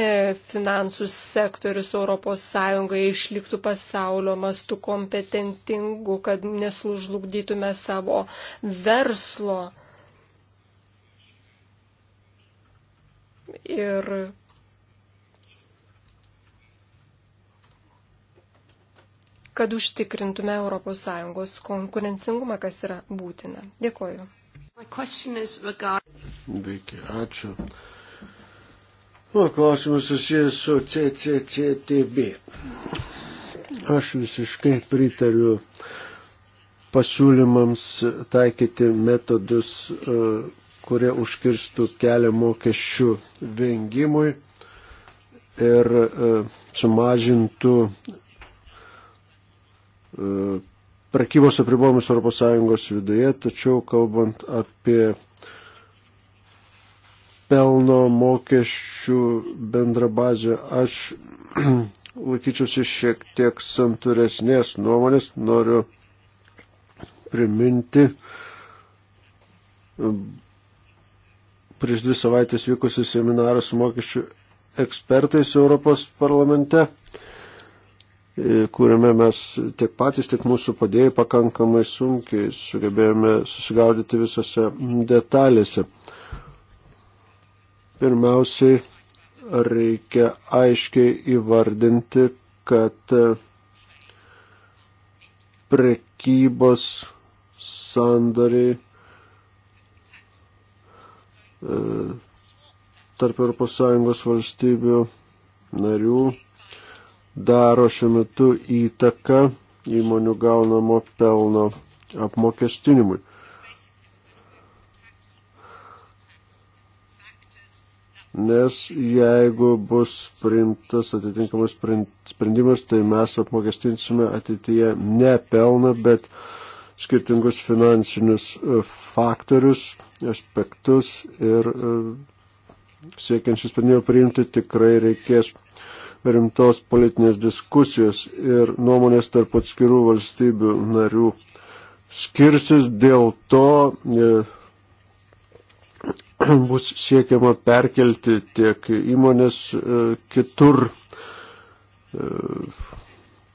e, finansų sektorius ES išliktų pasaulio mastu kompetentingu, kad neslūžlugdytume savo verslo ir kad užtikrintume ES konkurencingumą, kas yra būtina. Dėkoju. Veikia, ačiū. O klausimas susijęs su CCCTB. Aš visiškai pritariu pasiūlymams taikyti metodus e, kurie užkirstų kelią mokesčių vengimui ir e, sumažintų e, prekybos apribojimus ES viduje, tačiau kalbant apie pelno mokesčių bendrą bazę, aš [clears throat] laikyčiausi šiek tiek santūresnės nuomonės, noriu priminti prieš dvi savaitės vykusi seminarą su mokesčių ekspertais Europos parlamente, e, kuriame mes tiek patys, tiek mūsų padėjai pakankamai sunkiai sugebėjome susigaudyti visose detalėse. Pirmiausiai reikia aiškiai įvardinti, kad e, prekybos sandariai E, tarp ES valstybių narių daro šiuo metu įtaką įmonių gaunamo pelno apmokestinimui. Nes jeigu bus priimtas atitinkamas sprendimas, tai mes apmokestinsime ateityje ne pelną, bet uh, skirtingus finansinius e, faktorius, aspektus ir e, siekiančius sprendimą priimti tikrai reikės rimtos politinės diskusijos ir nuomonės tarp atskirų valstybių narių skirsis, dėl to e, [clears throat] bus siekiama perkelti tiek įmonės kitur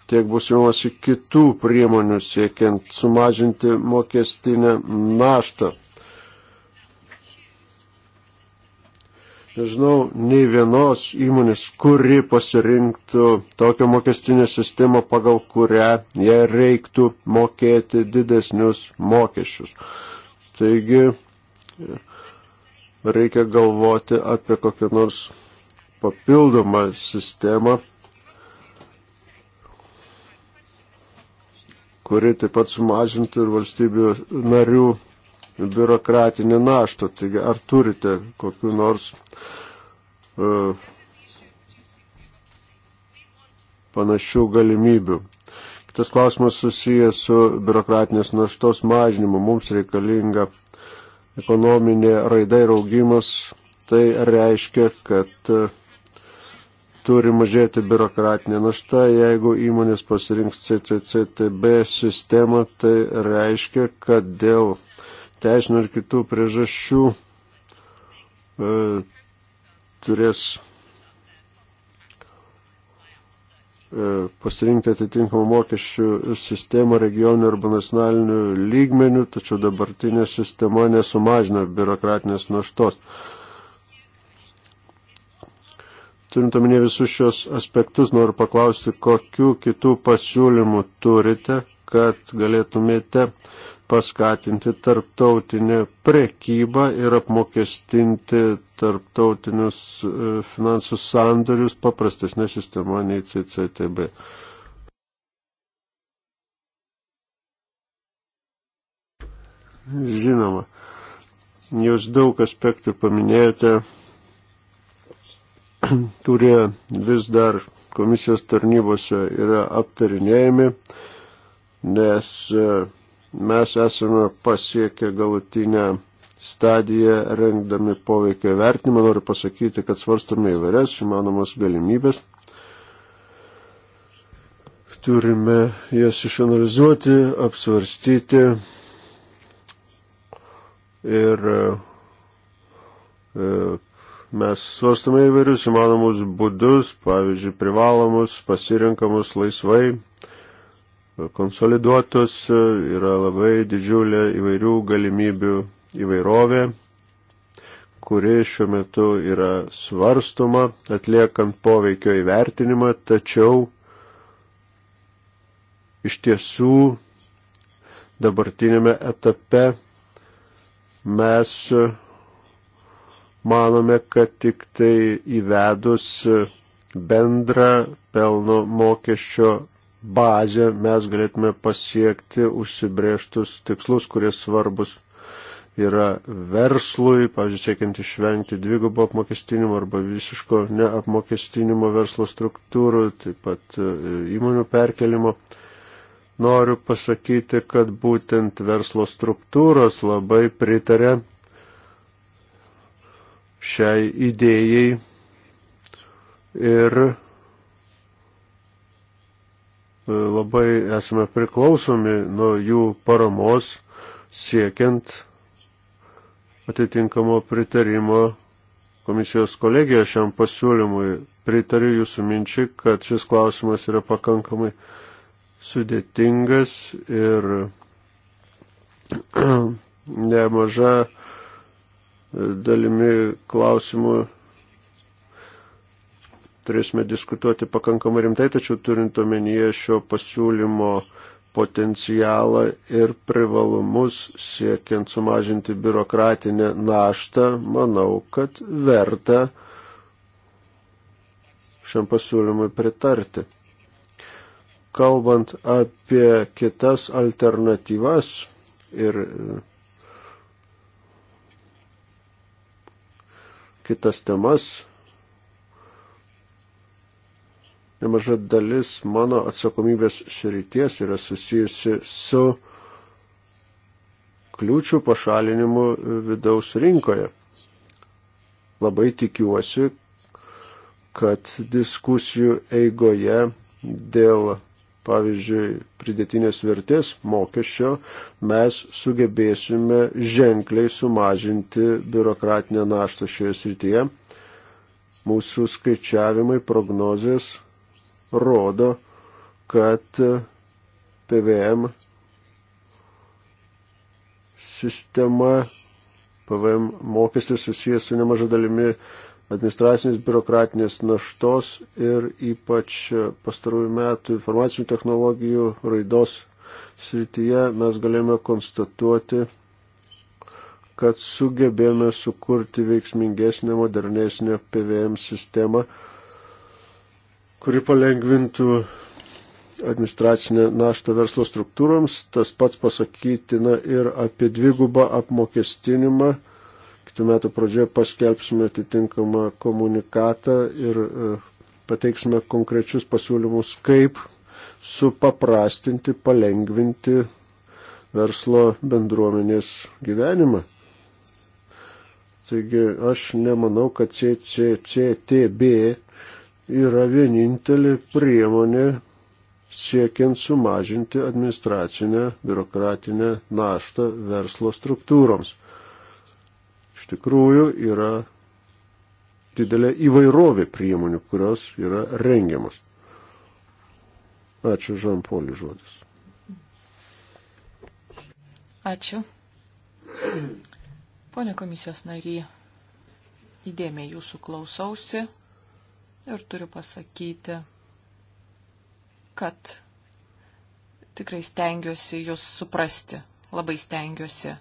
tiek bus jomasi kitų priemonių siekiant sumažinti mokestinę naštą. Nežinau, nei vienos įmonės, kuri pasirinktų tokią mokestinę sistemą, pagal kurią jai reiktų mokėti didesnius mokesčius. Taigi, reikia galvoti apie kokią nors papildomą sistemą, kuri taip pat sumažintų ir valstybių narių biurokratinį naštą. Taigi, ar turite kokiu nors uh, panašių galimybių? Kitas klausimas susijęs su biurokratinės naštos mažinimu. Mums reikalinga ekonominė raida ir augimas. Tai reiškia, kad uh, turi mažėti biurokratinė našta. Jeigu įmonės pasirinks CCCTB sistemą, tai reiškia, kad dėl teisinių ir kitų priežasčių e, turės e, pasirinkti atitinkamą mokesčių sistemą regioninių arba nacionalinių lygmenių, tačiau dabartinė sistema nesumažina biurokratinės naštos. Turint omenyje visus šios aspektus, noriu paklausti, kokiu kitų pasiūlymų turite, kad galėtumėte paskatinti tarptautinę prekybą ir apmokestinti tarptautinius e, finansų sandorius paprastesnė sistema nei CCTB. Žinoma, jūs daug aspektų paminėjote [clears throat] kurie vis dar komisijos tarnybose yra aptarinėjami, nes e, mes esame pasiekę galutinę stadiją rengdami poveikio vertinimą. Noriu pasakyti, kad svarstome įvairias įmanomas galimybės. Turime jas išanalizuoti, apsvarstyti ir e, Mes svarstame įvairius įmanomus būdus, pavyzdžiui, privalomus, pasirinkamus laisvai, konsoliduotus, yra labai didžiulė įvairių galimybių įvairovė, kuri šiuo metu yra svarstoma, atliekant poveikio įvertinimą, tačiau iš tiesų dabartinėme etape mes manome, kad tik tai įvedus bendrą pelno mokesčio bazę mes galėtume pasiekti užsibrėžtus tikslus, kurie svarbus yra verslui, pavyzdžiui, siekiant išvengti dvigubo apmokestinimo arba visiško neapmokestinimo verslo struktūrų, taip pat e, įmonių perkelimo. Noriu pasakyti, kad būtent verslo struktūros labai pritarė šiai idėjai ir e, labai esame priklausomi nuo jų paramos siekiant atitinkamo pritarimo komisijos kolegija šiam pasiūlymui. Pritariu jūsų minčiai, kad šis klausimas yra pakankamai sudėtingas ir [clears throat] nemaža dalimi klausimų turėsime diskutuoti pakankamai rimtai, tačiau turint omenyje šio pasiūlymo potencialą ir privalumus siekiant sumažinti biurokratinę naštą, manau, kad verta šiam pasiūlymui pritarti. Kalbant apie kitas alternatyvas ir kitas temas. Nemaža dalis mano atsakomybės srities yra susijusi su kliūčių pašalinimu vidaus rinkoje. Labai tikiuosi, kad diskusijų eigoje dėl pavyzdžiui, pridėtinės vertės mokesčio, mes sugebėsime ženkliai sumažinti biurokratinę naštą šioje srityje. Mūsų skaičiavimai, prognozijas rodo, kad PVM sistema, PVM mokestis susijęs su nemaža dalimi administracinės biurokratinės naštos ir ypač pastarųjų metų informacinių technologijų raidos srityje mes galėjome konstatuoti, kad sugebėjome sukurti veiksmingesnę, modernesnę PVM sistemą, kuri palengvintų administracinę naštą verslo struktūroms. Tas pats pasakytina ir apie dvigubą apmokestinimą kitų metų pradžioje paskelbsime atitinkamą komunikatą ir e, pateiksime konkrečius pasiūlymus, kaip supaprastinti, palengvinti verslo bendruomenės gyvenimą. Taigi aš nemanau, kad CCCTB yra vienintelė priemonė siekiant sumažinti administracinę biurokratinę naštą verslo struktūroms. Iš tikrųjų yra didelė įvairovė priemonių, kurios yra rengiamas. Ačiū Žampolį žodis. Ačiū. Pone komisijos nary, įdėmiai jūsų klausausi ir turiu pasakyti, kad tikrai stengiuosi jūs suprasti, labai stengiuosi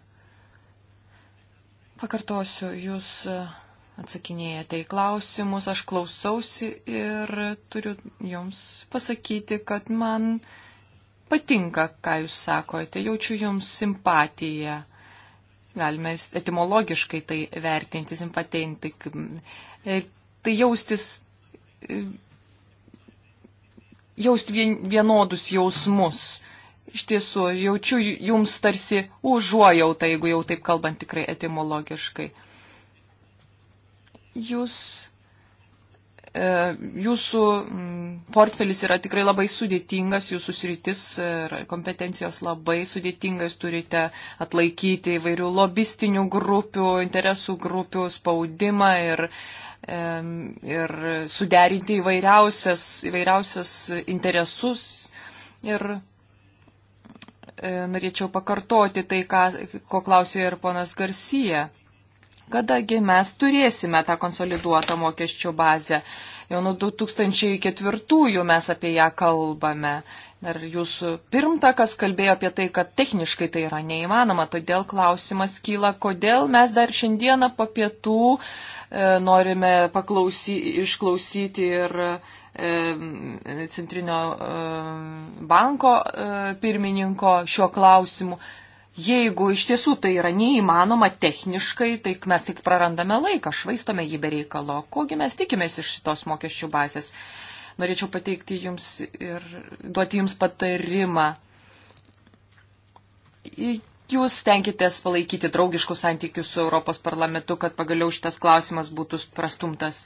Pakartosiu, jūs e, atsakinėjate į klausimus, aš klausausi ir turiu jums pasakyti, kad man patinka, ką jūs sakote, jaučiu jums simpatiją. Galime etimologiškai tai vertinti, simpatinti, e, tai jaustis, e, jausti vienodus jausmus iš tiesų jaučiu jums tarsi užuojautą, jeigu jau taip kalbant tikrai etimologiškai. Jūs, e, jūsų mm, portfelis yra tikrai labai sudėtingas, jūsų sritis ir e, kompetencijos labai sudėtingas, turite atlaikyti įvairių lobistinių grupių, interesų grupių spaudimą ir, e, ir suderinti įvairiausias, įvairiausias interesus ir E, norėčiau pakartoti tai, ką, ko klausė ir ponas Garcija. Kadagi mes turėsime tą konsoliduotą mokesčių bazę. Jau nuo 2004 mes apie ją kalbame Dar jūsų pirmtakas kalbėjo apie tai, kad techniškai tai yra neįmanoma, todėl klausimas kyla, kodėl mes dar šiandieną po pietų e, norime paklausy, išklausyti ir e, Centrinio e, banko e, pirmininko šiuo klausimu. Jeigu iš tiesų tai yra neįmanoma techniškai, tai mes tik prarandame laiką, švaistome jį be reikalo. Kogi mes tikimės iš šitos mokesčių bazės? E, norėčiau pateikti jums ir duoti jums patarimą. Jūs tenkitės palaikyti draugiškus santykius su Europos parlamentu, kad pagaliau šitas klausimas būtų prastumtas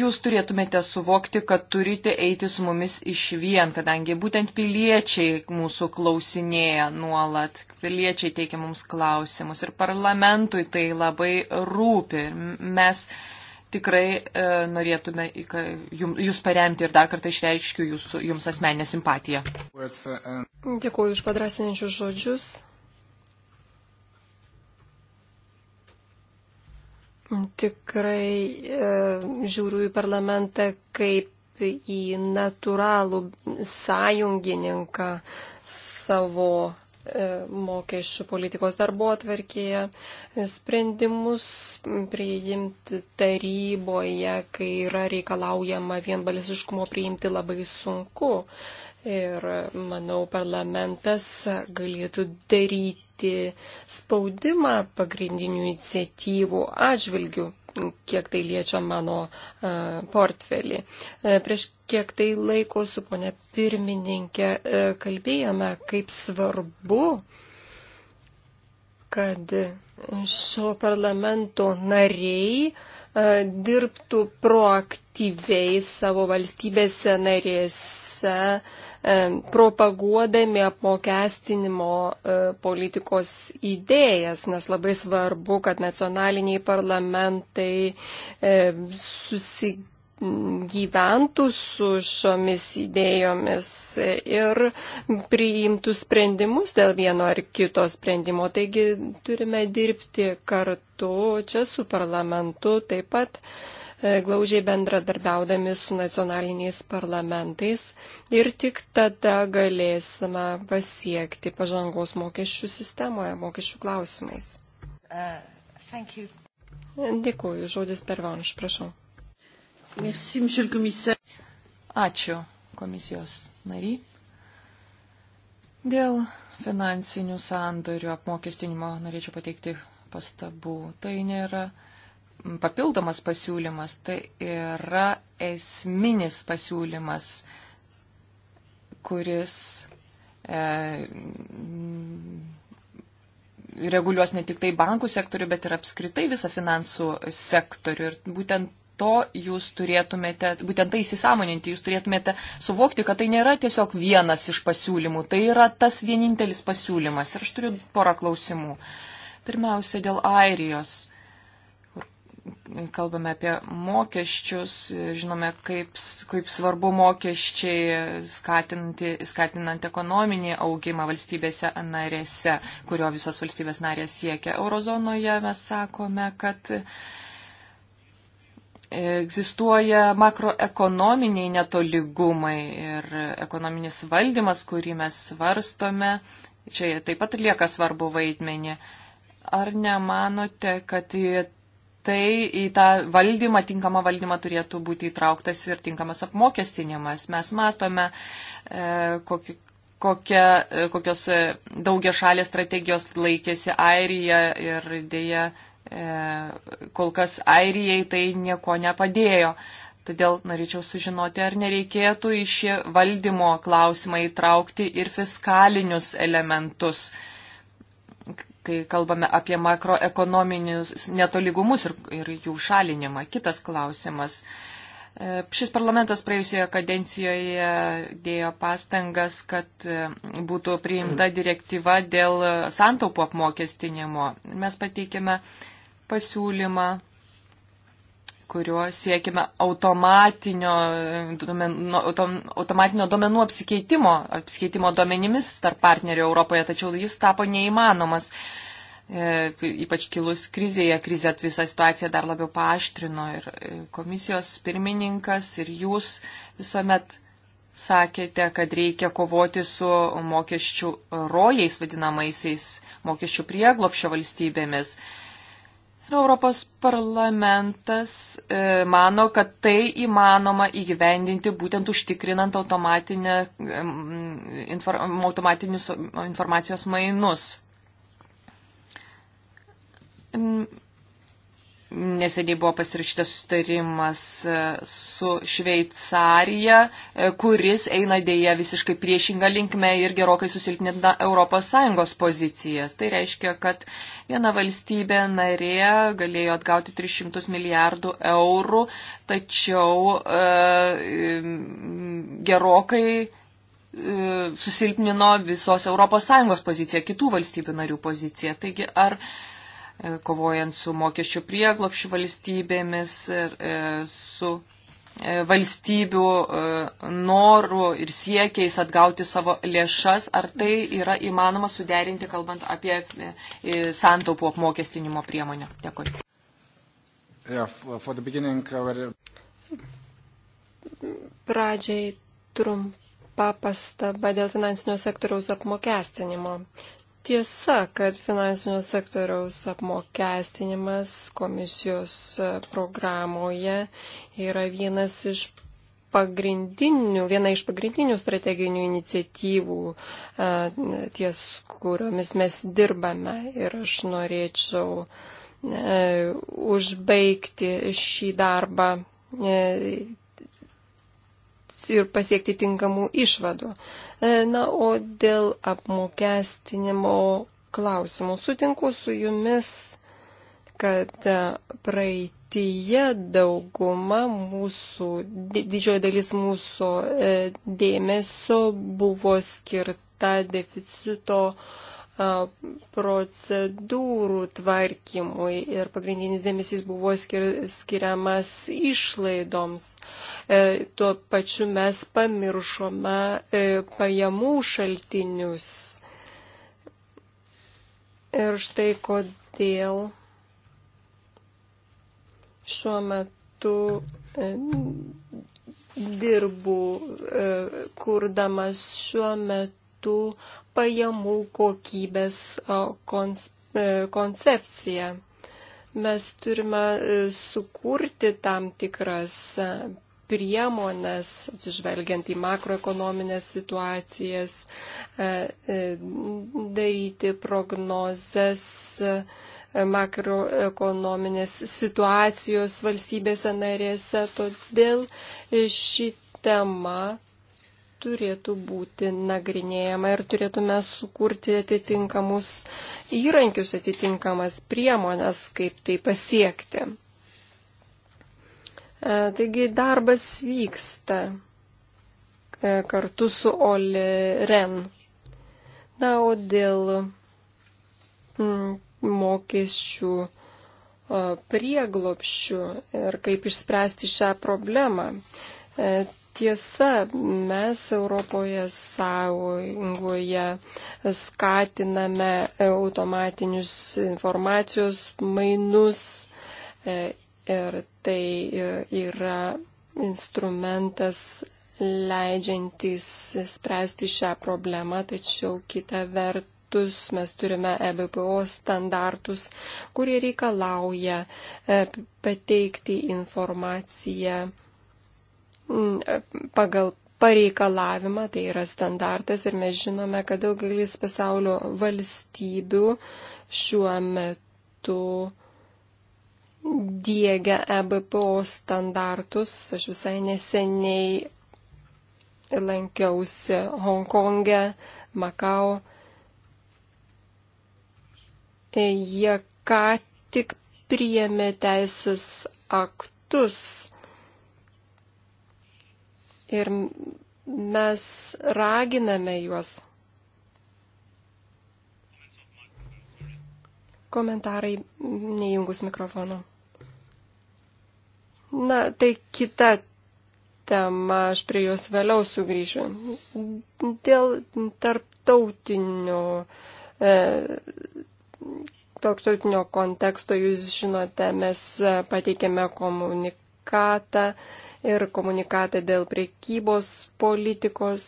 jūs turėtumėte suvokti, kad turite eiti su mumis iš vien, kadangi būtent piliečiai mūsų klausinėja nuolat, piliečiai teikia mums klausimus ir parlamentui tai labai rūpi. Mes tikrai e, norėtume jūs paremti ir dar kartą išreikškiu jūs, jums asmeninę simpatiją. Dėkuoju už padrasinančius žodžius. Tikrai e, žiūriu į parlamentą kaip į natūralų sąjungininką savo E, mokesčių politikos darbo atverkėje, e, sprendimus priimti taryboje, kai yra reikalaujama vienbalisiškumo priimti labai sunku. Ir manau, parlamentas galėtų daryti spaudimą pagrindinių iniciatyvų atžvilgių kiek tai liečia mano e, portfelį. E, prieš kiek tai laiko su ponė pirmininkė e, kalbėjome, kaip svarbu, kad šio parlamento nariai dirbtų proaktyviai savo valstybėse narėse E, propaguodami apmokestinimo e, politikos idėjas, nes labai svarbu, kad nacionaliniai parlamentai e, susigyventų gyventų su šiomis idėjomis ir priimtų sprendimus dėl vieno ar kito sprendimo. Taigi turime dirbti kartu čia su parlamentu taip pat. Uh, E, glaužiai bendradarbiaudami su nacionaliniais parlamentais ir tik tada galėsime pasiekti pažangos mokesčių sistemoje, mokesčių klausimais. Uh, Dėkuoju, žodis per vanš, prašau. Merci, Ačiū komisijos nary. Dėl finansinių sandorių apmokestinimo norėčiau pateikti pastabų. Tai nėra papildomas pasiūlymas, tai yra esminis pasiūlymas, kuris e, reguliuos ne tik tai bankų sektorių, bet ir apskritai visą finansų sektorių. Ir būtent to jūs turėtumėte, būtent tai įsisamoninti, jūs turėtumėte suvokti, kad tai nėra tiesiog vienas iš pasiūlymų, tai yra tas vienintelis pasiūlymas. Ir aš turiu porą klausimų. Pirmiausia, dėl Airijos kalbame apie mokesčius, žinome, kaip, kaip svarbu mokesčiai skatinant ekonominį augimą valstybėse narėse, kurio visos valstybės narės siekia. Eurozonoje mes sakome, kad egzistuoja makroekonominiai netoligumai ir ekonominis valdymas, kurį mes svarstome, čia taip pat lieka svarbu vaidmenį. Ar nemanote, kad tai į tą valdymą, tinkamą valdymą turėtų būti įtrauktas ir tinkamas apmokestinimas. Mes matome, e, kokį, kokia, e, kokios e, daugia šalės strategijos laikėsi Airija ir dėja e, kol kas Airijai tai nieko nepadėjo. Todėl norėčiau sužinoti, ar nereikėtų į šį valdymo klausimą įtraukti ir fiskalinius elementus. E, kai kalbame apie makroekonominius netoligumus ir, ir jų šalinimą. Kitas klausimas. E, šis parlamentas praėjusioje kadencijoje dėjo pastangas, kad e, būtų priimta direktyva dėl santaupų apmokestinimo. Mes pateikėme pasiūlymą kuriuo siekime automatinio, duomenų, nu, automatinio duomenų apsikeitimo, apsikeitimo duomenimis tarp partnerių Europoje, tačiau jis tapo neįmanomas. E, ypač kilus krizėje, krizė visą situaciją dar labiau paaštrino ir e, komisijos pirmininkas ir jūs visuomet sakėte, kad reikia kovoti su mokesčių rojais vadinamaisiais, mokesčių prieglopšio valstybėmis. E, Ir Europos parlamentas e, mano, kad tai įmanoma įgyvendinti būtent užtikrinant automatinę, infor, automatinius informacijos mainus. Neseniai buvo pasirašytas sustarimas e, su Šveicarija, e, kuris eina dėja visiškai priešingą linkmę ir gerokai susilpnina ES pozicijas. Tai reiškia, kad viena valstybė narė galėjo atgauti 300 milijardų eurų, tačiau e, gerokai e, susilpnino visos ES poziciją, kitų valstybių narių poziciją. Taigi, ar uh, E, kovojant su mokesčių prieglopšių valstybėmis ir e, su e, valstybių norų ir siekiais atgauti savo lėšas, ar tai yra įmanoma suderinti, kalbant apie santaupų apmokestinimo priemonę. Dėkui. Yeah, our... Pradžiai trumpa pastaba dėl finansinio sektoriaus apmokestinimo tiesa, kad finansinio sektoriaus apmokestinimas komisijos e, programoje yra vienas iš pagrindinių, viena iš pagrindinių strateginių iniciatyvų, e, ties kuriomis mes dirbame. Ir aš norėčiau e, užbaigti šį darbą ir pasiekti tinkamų išvadų. E, na, o dėl apmokestinimo klausimų sutinku su jumis, kad e, praeitįje dauguma mūsų, didžioji dalis mūsų e, dėmesio buvo skirta deficito uh, procedūrų tvarkymui ir pagrindinis dėmesys buvo skir skiriamas išlaidoms. E, tuo pačiu mes pamiršome e, pajamų šaltinius. Ir štai kodėl šiuo metu e, dirbu, e, kurdamas šiuo metu tų pajamų kokybės e, koncepciją. Mes turime e, sukurti tam tikras e, priemonės, atsižvelgiant į makroekonominės situacijas, daryti prognozes makroekonominės situacijos valstybėse narėse. Todėl ši tema turėtų būti nagrinėjama ir turėtume sukurti atitinkamus įrankius, atitinkamas priemonės, kaip tai pasiekti. E, taigi darbas vyksta e, kartu su Oli Ren. Na, o dėl mm, mokesčių e, prieglopščių ir kaip išspręsti šią problemą. Tiesa, mes Europoje sąjungoje skatiname automatinius informacijos mainus e, ir tai e, yra instrumentas leidžiantis spręsti šią problemą, tačiau kita vertus standartus, mes turime EBPO standartus, kurie reikalauja e, pateikti informaciją Mm, pagal pareikalavimą, tai yra standartas ir mes žinome, kad daugelis pasaulio valstybių šiuo metu dėgia EBPO standartus. Aš visai neseniai lankiausi Hongkonge, Makao. Jie ką tik priėmė teisės aktus Ir mes raginame juos. Komentarai neįjungus mikrofonu. Na, tai kita tema, aš prie jos vėliau sugrįšiu. Dėl tarptautinio, e, tarptautinio konteksto, jūs žinote, mes pateikėme komunikatą. E, ir komunikatą dėl priekybos politikos.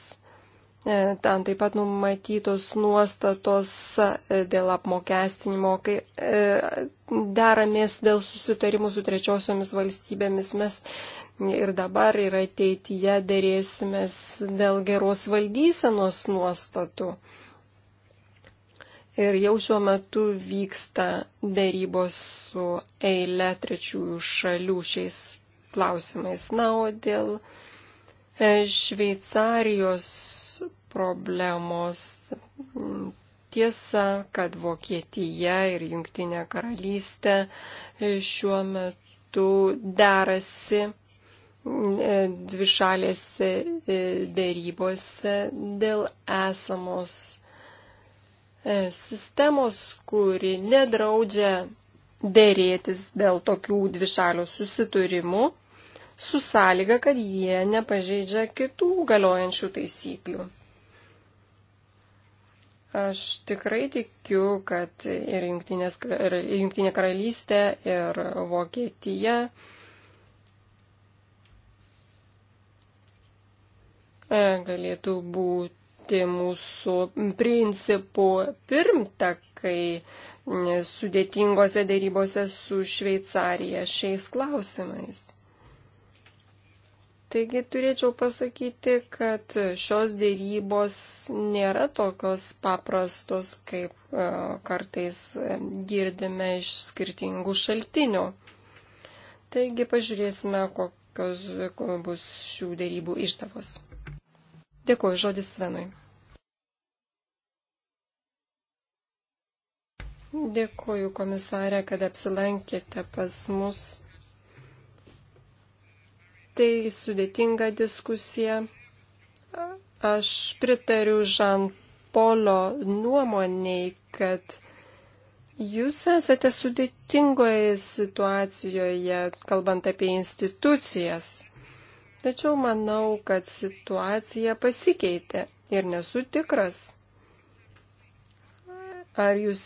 E, ten taip pat numatytos nuostatos e, dėl apmokestinimo, kai e, deramės dėl susitarimų su trečiosiomis valstybėmis mes ir dabar ir ateityje dėrėsimės dėl geros valdysenos nuostatų. Ir jau šiuo metu vyksta dėrybos su eile trečiųjų šalių šiais klausimais. Na, o dėl e, Šveicarijos problemos. Tiesa, kad Vokietija ir Junktinė karalystė e, šiuo metu derasi e, dvišalėse dėrybose dėl esamos sistemos, kuri nedraudžia dėrėtis dėl tokių dvišalių susiturimų su sąlyga, kad jie nepažeidžia kitų galiojančių taisyklių. Aš tikrai tikiu, kad ir, ir Junktinė karalystė, ir Vokietija galėtų būti mūsų principų pirmtak kai sudėtingose dėrybose su Šveicarija šiais klausimais. Taigi turėčiau pasakyti, kad šios dėrybos nėra tokios paprastos, kaip e, kartais girdime iš skirtingų šaltinių. Taigi pažiūrėsime, kokios bus šių dėrybų išdavos. Dėkuoju, žodis Svenui. Dėkuoju komisarė, kad apsilankėte pas mus. Tai sudėtinga diskusija. Aš pritariu Žan Polo nuomoniai, kad jūs esate sudėtingoje situacijoje, kalbant apie institucijas. Tačiau manau, kad situacija pasikeitė ir nesu tikras, Ar jūs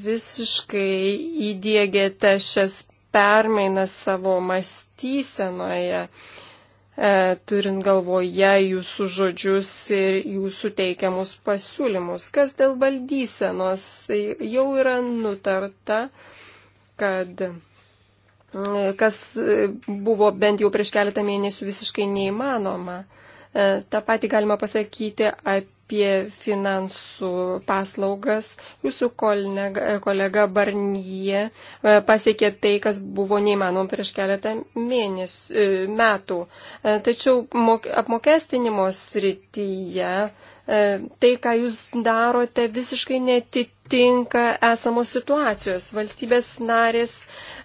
visiškai įdėgėte šias permainas savo mąstysenoje, e, turint galvoje jūsų žodžius ir jūsų teikiamus pasiūlymus? Kas dėl valdysenos tai jau yra nutarta, kad e, kas buvo bent jau prieš keletą mėnesių visiškai neįmanoma. E, Ta pati galima pasakyti apie apie finansų paslaugas. Jūsų kolega, kolega Barnyje e, pasiekė tai, kas buvo neįmanoma prieš keletą mėnes, e, metų. E, tačiau mok, apmokestinimo srityje tai, ką jūs darote, visiškai netitinka atitinka esamos situacijos. Valstybės narės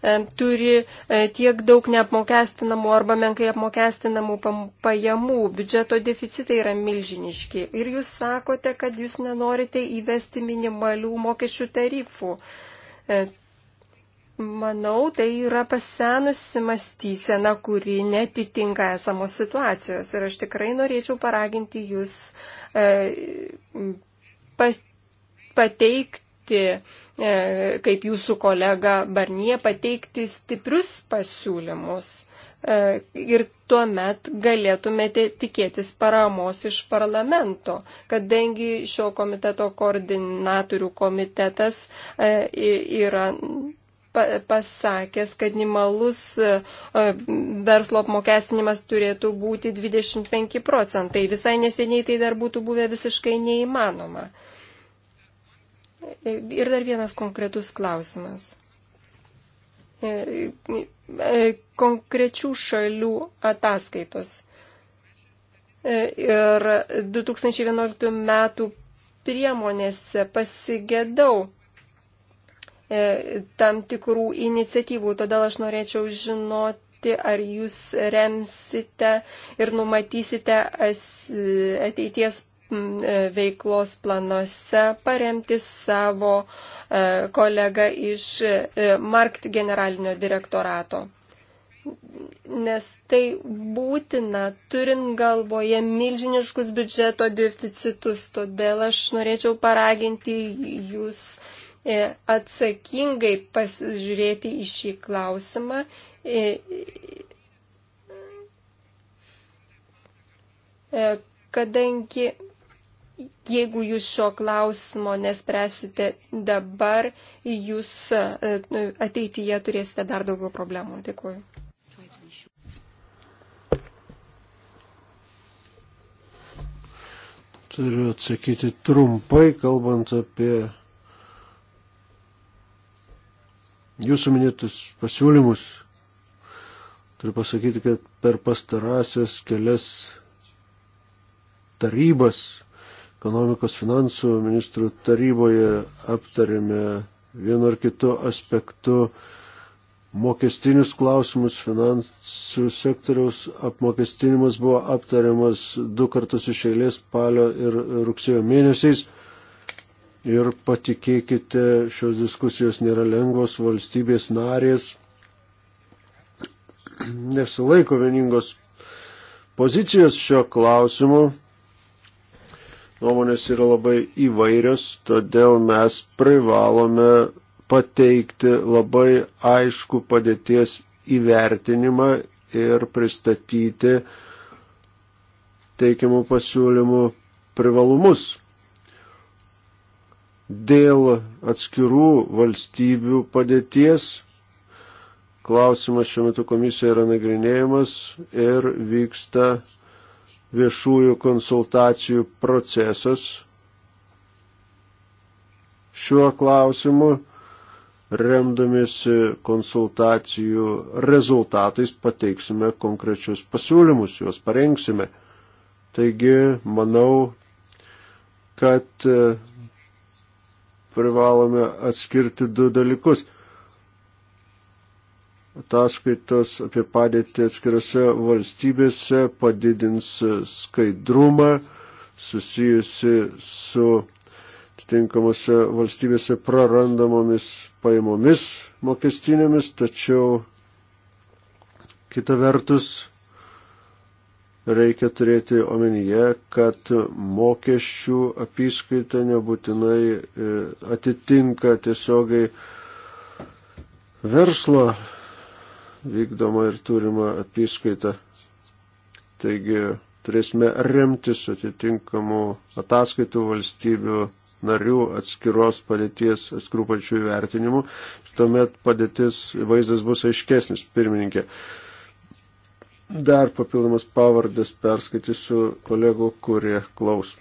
e, turi e, tiek daug neapmokestinamų arba menkai apmokestinamų pajamų. Biudžeto deficitai yra milžiniški. Ir jūs sakote, kad jūs nenorite įvesti minimalių mokesčių tarifų. E, Manau, tai yra pasenusi mąstysena, kuri netitinka esamos situacijos. Ir aš tikrai norėčiau paraginti jūs e, pas, pateikti, e, kaip jūsų kolega Barnie, pateikti stiprius pasiūlymus. E, ir tuomet galėtumėte tikėtis paramos iš parlamento, kadangi šio komiteto koordinatorių komitetas e, yra pasakęs, kad minimalus verslo apmokestinimas turėtų būti 25 procentai. Visai neseniai tai dar būtų buvę visiškai neįmanoma. Ir dar vienas konkretus klausimas. E, e, konkrečių šalių ataskaitos. E, ir 2011 metų priemonėse pasigėdau tam tikrų iniciatyvų, todėl aš norėčiau žinoti, ar jūs remsite ir numatysite ateities E, veiklos planuose paremti savo e, kolegą iš e, Markt generalinio direktorato. Nes tai būtina, turint galvoje milžiniškus biudžeto deficitus. Todėl aš norėčiau paraginti jūs atsakingai pasižiūrėti į šį klausimą. Kadangi jeigu jūs šio klausimo nespręsite dabar, jūs e, e, ateityje turėsite dar daugiau problemų. Dėkuoju. Turiu atsakyti trumpai, kalbant apie jūsų minėtus pasiūlymus. Turiu pasakyti, kad per pastarąsias kelias tarybas ekonomikos finansų ministrų taryboje aptarėme vienu ar kitu aspektu mokestinius klausimus, finansų sektoriaus apmokestinimas buvo aptariamas du kartus iš eilės spalio ir rugsėjo mėnesiais. Ir patikėkite, šios diskusijos nėra lengvos, valstybės narės nesilaiko vieningos pozicijos šio klausimu nuomonės yra labai įvairios, todėl mes privalome pateikti labai aišku padėties įvertinimą ir pristatyti teikiamų pasiūlymų privalumus. Dėl atskirų valstybių padėties klausimas šiuo metu komisijoje yra nagrinėjamas ir vyksta viešųjų konsultacijų procesas šiuo klausimu, remdamiesi konsultacijų rezultatais pateiksime konkrečius pasiūlymus, juos parengsime. Taigi, manau, kad e, privalome atskirti du dalykus – ataskaitos apie padėtį atskirose valstybėse padidins skaidrumą susijusi su atitinkamose valstybėse prarandamomis pajamomis mokestinėmis, tačiau kita vertus reikia turėti omenyje, kad mokesčių apyskaita nebūtinai e, atitinka tiesiogiai verslo vykdomą ir turimą apyskaitą. Taigi turėsime remtis atitinkamų ataskaitų valstybių narių atskiros padėties atskirų pačių įvertinimų. Tuomet padėtis vaizdas bus aiškesnis, pirmininkė. Dar papildomas pavardės perskaitysiu kolegų, kurie klaus.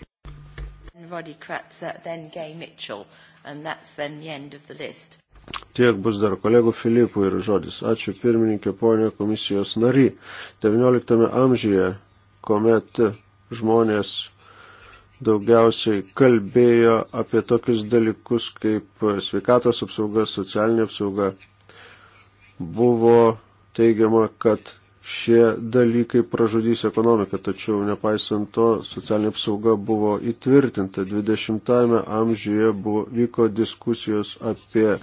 Roddy Kratzer, then Gay Mitchell, and that's then the end of the list. Tiek bus dar kolegų Filipų ir žodis. Ačiū pirmininkė ponė komisijos nary. 19 amžiuje, kuomet žmonės daugiausiai kalbėjo apie tokius dalykus kaip sveikatos apsauga, socialinė apsauga, buvo teigiama, kad šie dalykai pražudys ekonomiką, tačiau nepaisant to socialinė apsauga buvo įtvirtinta. 20-ame amžiuje buvo, vyko diskusijos apie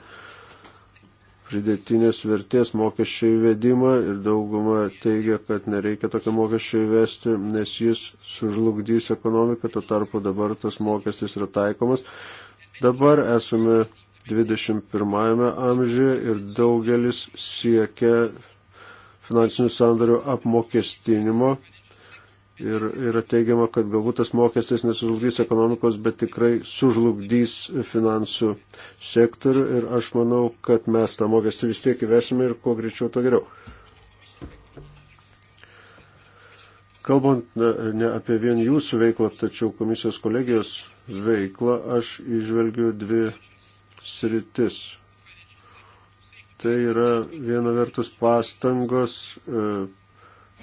pridėtinės vertės mokesčio įvedimą ir dauguma teigia, kad nereikia tokio mokesčio įvesti, nes jis sužlugdys ekonomiką, tuo tarpu dabar tas mokestis yra taikomas. Dabar esame 21 amžiuje ir daugelis siekia finansinių sandarių apmokestinimo Ir yra teigiama, kad galbūt tas mokestis nesužlugdys ekonomikos, bet tikrai sužlugdys finansų sektorių. Ir aš manau, kad mes tą mokestį vis tiek įvesime ir kuo greičiau, to geriau. Kalbant ne, ne apie vien jūsų veiklą, tačiau komisijos kolegijos veiklą, aš išvelgiu dvi sritis. Tai yra viena vertus pastangos. E,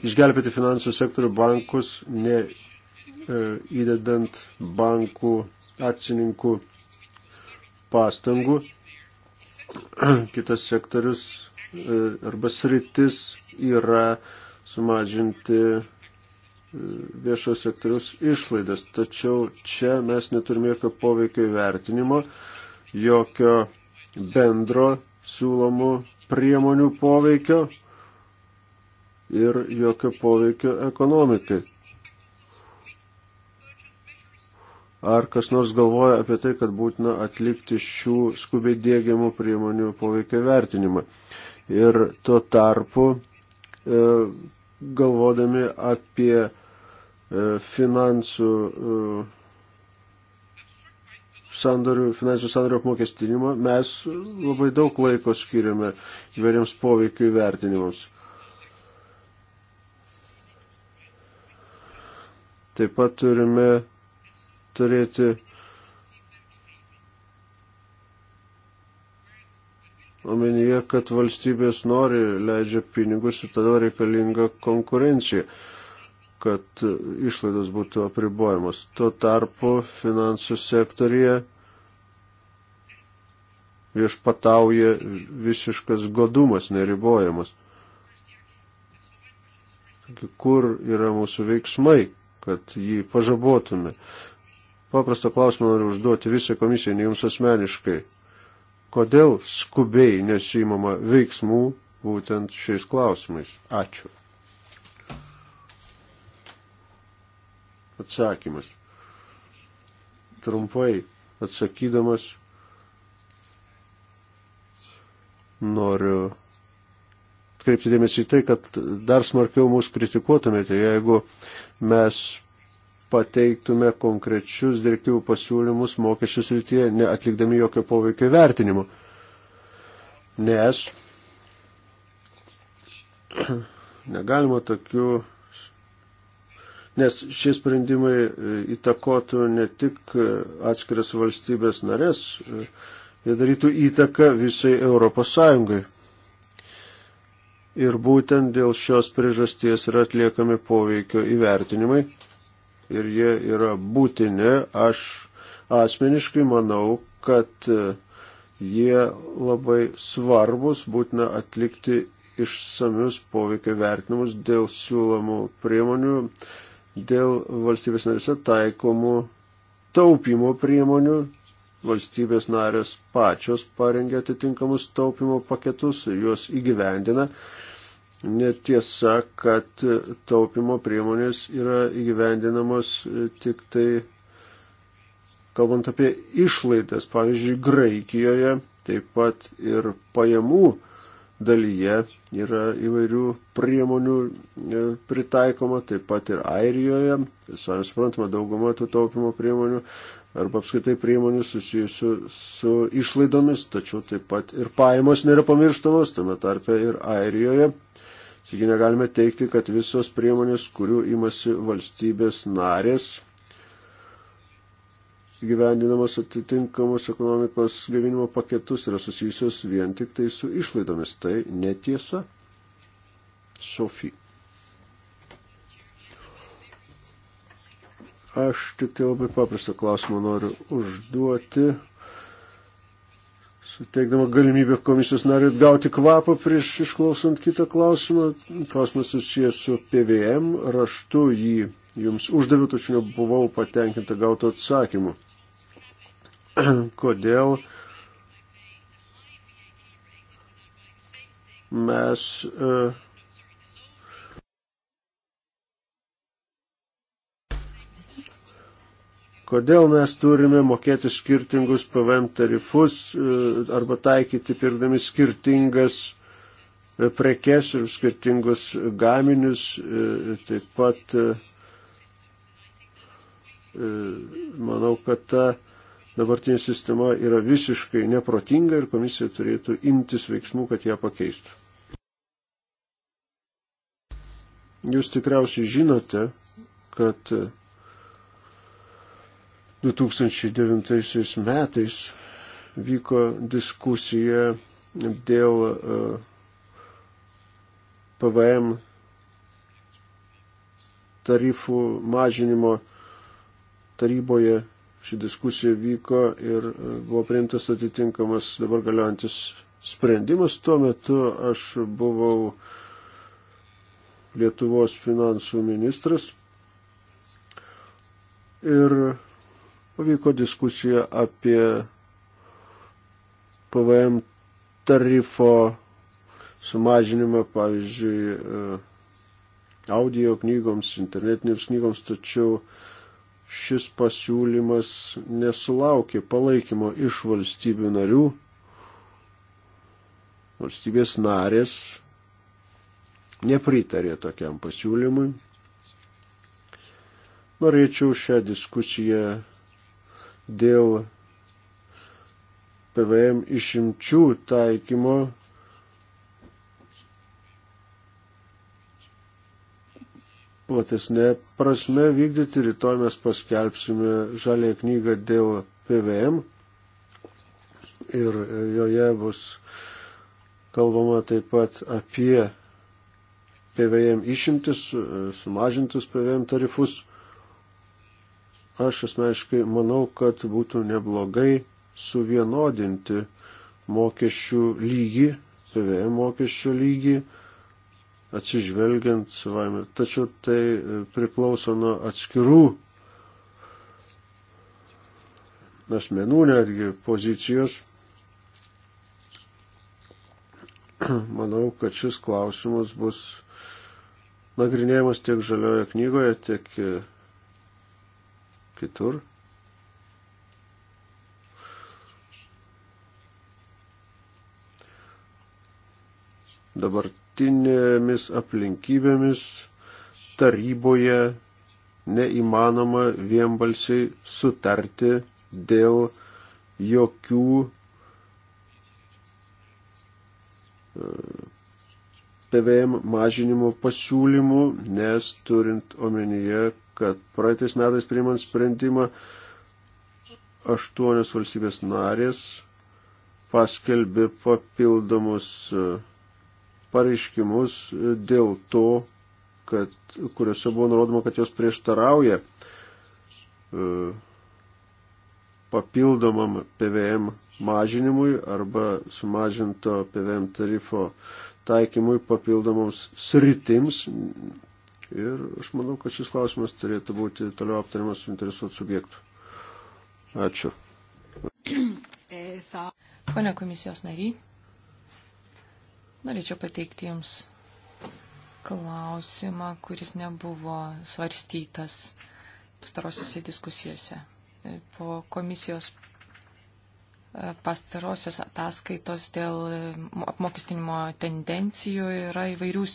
išgelbėti finansų sektorių bankus, ne e, įdedant bankų akcininkų pastangų. [clears throat] Kitas sektorius e, arba sritis yra sumažinti e, viešo sektoriaus išlaidas. Tačiau čia mes neturime jokio poveikio įvertinimo, jokio bendro siūlomų priemonių poveikio, ir jokio poveikio ekonomikai. Ar kas nors galvoja apie tai, kad būtina atlikti šių skubiai dėgiamų priemonių poveikio vertinimą. Ir tuo tarpu, e, galvodami apie e, finansų e, sandorių, finansų sandorių apmokestinimą, mes labai daug laiko skiriame įvairiams poveikio įvertinimams. Taip pat turime turėti omenyje, kad valstybės nori leidžia pinigus ir todėl reikalinga konkurencija, kad išlaidos būtų apribojamos. Tuo tarpu finansų sektorija viešpatauja visiškas godumas, neribojamas. Kur yra mūsų veiksmai? kad jį pažabotume. Paprastą klausimą noriu užduoti visai komisijai, ne jums asmeniškai. Kodėl skubiai nesimama veiksmų būtent šiais klausimais? Ačiū. Atsakymas. Trumpai atsakydamas noriu atkreipti dėmesį į tai, kad dar smarkiau mūsų kritikuotumėte, jeigu mes pateiktume konkrečius direktyvų pasiūlymus mokesčių srityje, neatlikdami jokio poveikio vertinimo. Nes [clears throat] negalima tokių, nes šie sprendimai įtakotų ne tik atskiras valstybės narės, jie darytų įtaką visai Europos Sąjungai ir būtent dėl šios priežasties yra atliekami poveikio įvertinimai ir jie yra būtini. Aš asmeniškai manau, kad e, jie labai svarbus, būtina atlikti išsamius poveikio vertinimus dėl siūlomų priemonių, dėl valstybės narise taikomų taupimo priemonių valstybės narės pačios parengia atitinkamus taupimo paketus ir juos įgyvendina. Netiesa, kad taupimo priemonės yra įgyvendinamos tik tai, kalbant apie išlaidas, pavyzdžiui, Graikijoje, taip pat ir pajamų dalyje yra įvairių priemonių e, pritaikoma, taip pat ir Airijoje. Visai suprantama, dauguma tų taupimo priemonių arba apskaitai priemonių susijusių su išlaidomis, tačiau taip pat ir pajamos nėra pamirštamos, tame tarpe ir Airijoje. Taigi negalime teikti, kad visos priemonės, kurių imasi valstybės narės, gyvendinamos atitinkamos ekonomikos gyvenimo paketus yra susijusios vien tik tai su išlaidomis. Tai netiesa. Sofija. Aš tik tai labai paprastą klausimą noriu užduoti, suteikdama galimybę komisijos nariui gauti kvapą prieš išklausant kitą klausimą. Klausimas susijęs su PVM, raštu jį jums uždaviau, tačiau nebuvau patenkinta gauti atsakymu. [clears throat] Kodėl? mes e, Kodėl mes turime mokėti skirtingus PVM tarifus e, arba taikyti pirkdami skirtingas e, prekes ir skirtingus gaminius, e, taip pat manau, kad ta dabartinė sistema yra visiškai neprotinga ir komisija turėtų imtis veiksmų, kad ją pakeistų. Jūs tikriausiai žinote, kad 2009 metais vyko diskusija dėl e, PVM tarifų mažinimo taryboje. Ši diskusija vyko ir e, buvo priimtas atitinkamas dabar galiojantis sprendimas. Tuo metu aš buvau Lietuvos finansų ministras ir Pavyko diskusija apie PVM tarifo sumažinimą, pavyzdžiui, e, audio knygoms, internetinėms knygoms, tačiau šis pasiūlymas nesulaukė palaikymo iš valstybių narių. Valstybės narės nepritarė tokiam pasiūlymui. Norėčiau šią diskusiją dėl PVM išimčių taikymo platesnė prasme vykdyti. Rytoj mes paskelbsime žalę knygą dėl PVM ir joje bus kalbama taip pat apie PVM išimtis, sumažintus PVM tarifus. Aš asmeniškai manau, kad būtų neblogai suvienodinti mokesčių lygį, PVM mokesčių lygį, atsižvelgiant savaime. Tačiau tai e, priklauso nuo atskirų asmenų netgi pozicijos. [clears throat] Manau, kad šis klausimas bus nagrinėjamas tiek žalioje knygoje, tiek e, kitur. Dabartinėmis aplinkybėmis taryboje neįmanoma vienbalsiai sutarti dėl jokių e, PVM mažinimo pasiūlymų, nes turint omenyje, kad praeitais metais priimant sprendimą aštuonios valstybės narės paskelbė papildomus e, pareiškimus e, dėl to, kad, kuriuose buvo nurodoma, kad jos prieštarauja e, papildomam PVM mažinimui arba sumažinto PVM tarifo taikymui papildomoms sritims, Ir aš manau, kad šis klausimas turėtų būti toliau aptariamas suinteresuotų subjektų. Ačiū. Pone komisijos nariai, norėčiau pateikti Jums klausimą, kuris nebuvo svarstytas pastarosiuose diskusijose. Po komisijos pastarosios ataskaitos dėl apmokestinimo tendencijų yra įvairius,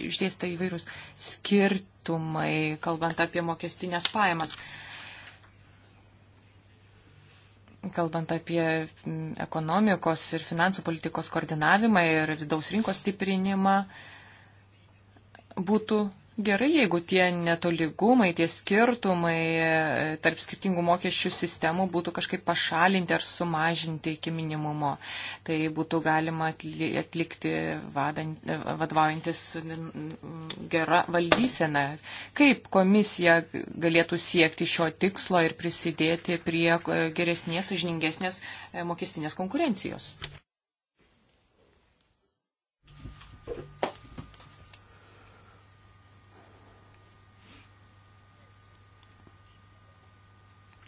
išdėsta įvairūs skirtumai, kalbant apie mokestinės pajamas. Kalbant apie ekonomikos ir finansų politikos koordinavimą ir vidaus rinkos stiprinimą, būtų Gerai, jeigu tie netoligumai, tie skirtumai e, tarp skirtingų mokesčių sistemų būtų kažkaip pašalinti ar sumažinti iki minimumo, tai būtų galima atlikti vadant, vadovaujantis gera valdysena. Kaip komisija galėtų siekti šio tikslo ir prisidėti prie e, geresnės, žningesnės e, mokestinės konkurencijos?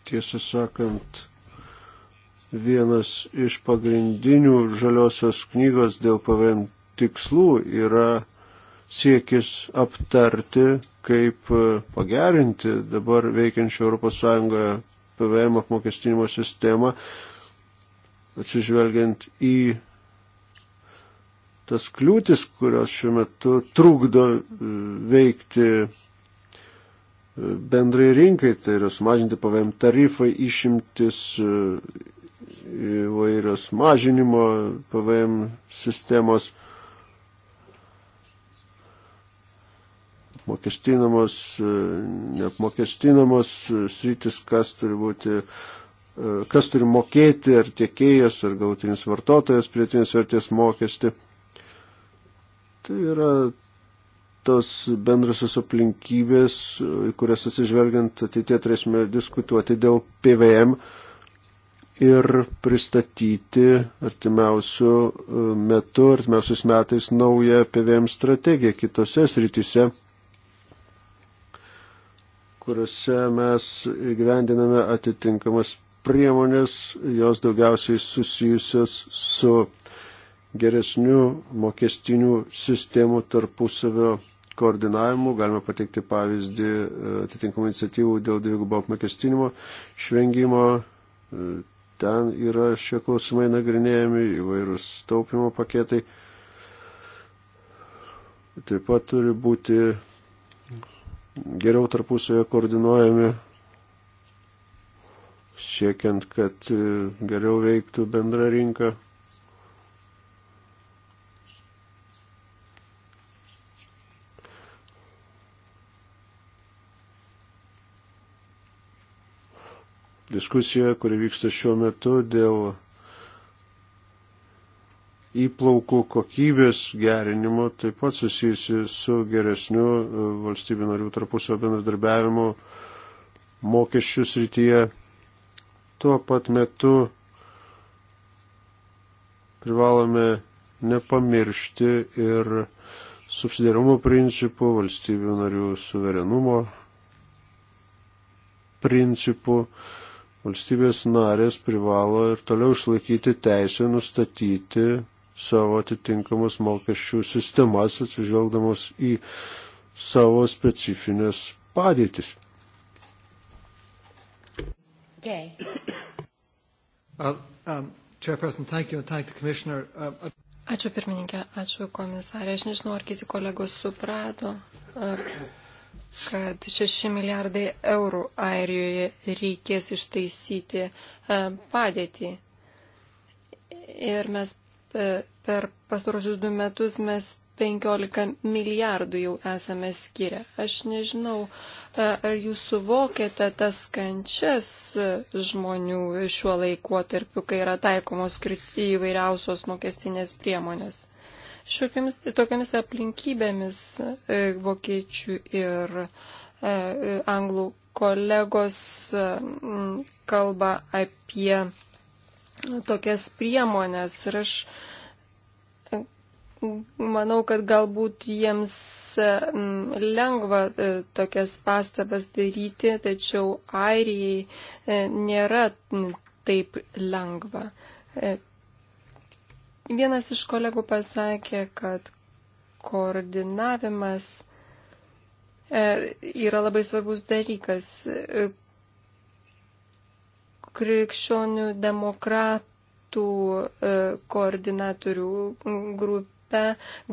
tiesą sakant, vienas iš pagrindinių žaliosios knygos dėl PVM tikslų yra siekis aptarti, kaip pagerinti dabar veikiančią ES PVM apmokestinimo sistemą, atsižvelgiant į tas kliūtis, kurios šiuo metu trukdo veikti bendrai rinkai, tai yra sumažinti PVM tarifai, išimtis e, įvairios mažinimo PVM sistemos, apmokestinamos, e, neapmokestinamos e, sritis, kas turi būti kas turi mokėti, ar tiekėjas, ar galutinis vartotojas prietinės vertės mokesti. Tai yra tos bendrasios aplinkybės, į kurias atsižvelgiant ateitie turėsime diskutuoti dėl PVM ir pristatyti artimiausių e, metų, artimiausiais metais naują PVM strategiją kitose srityse, kuriuose mes gyvendiname atitinkamas priemonės, jos daugiausiai susijusios su geresnių mokestinių sistemų tarpusavio koordinavimu. Galime pateikti pavyzdį e, atitinkamų iniciatyvų dėl dvigubo apmokestinimo, švengimo. E, ten yra šie klausimai nagrinėjami, įvairūs taupimo paketai. Taip pat turi būti geriau tarpusavėje koordinuojami, siekiant, kad e, geriau veiktų bendra rinka. diskusiją, kuri vyksta šiuo metu dėl įplaukų kokybės gerinimo, taip pat susijusi su geresniu e, valstybių narių tarpusio bendradarbiavimu mokesčių srityje. Tuo pat metu privalome nepamiršti ir subsidiarumo principų, valstybių narių suverenumo principų, Valstybės narės privalo ir toliau išlaikyti teisę nustatyti savo atitinkamas mokesčių sistemas, atsižvelgdamos į savo specifinės padėtis. Okay. Well, um, Chairperson, thank you and thank the Commissioner. Uh, Ačiū pirmininkė, ačiū komisarė. Aš nežinau, ar kiti kolegos suprato, ar kad 6 milijardai eurų Airijoje reikės ištaisyti e, padėtį. Ir mes e, per pastarosius du metus mes 15 milijardų jau esame skiria. Aš nežinau, e, ar jūs suvokėte tas kančias žmonių šiuo laikotarpiu, kai yra taikomos įvairiausios mokestinės priemonės. Šiokiamis, tokiamis aplinkybėmis e, vokiečių ir e, e, anglų kolegos kalba apie tokias priemonės ir aš manau, kad galbūt jiems lengva tokias pastabas daryti, tačiau Airijai nėra taip lengva. Vienas iš kolegų pasakė, kad koordinavimas e, yra labai svarbus dalykas. E, krikščionių demokratų e, koordinatorių grupė,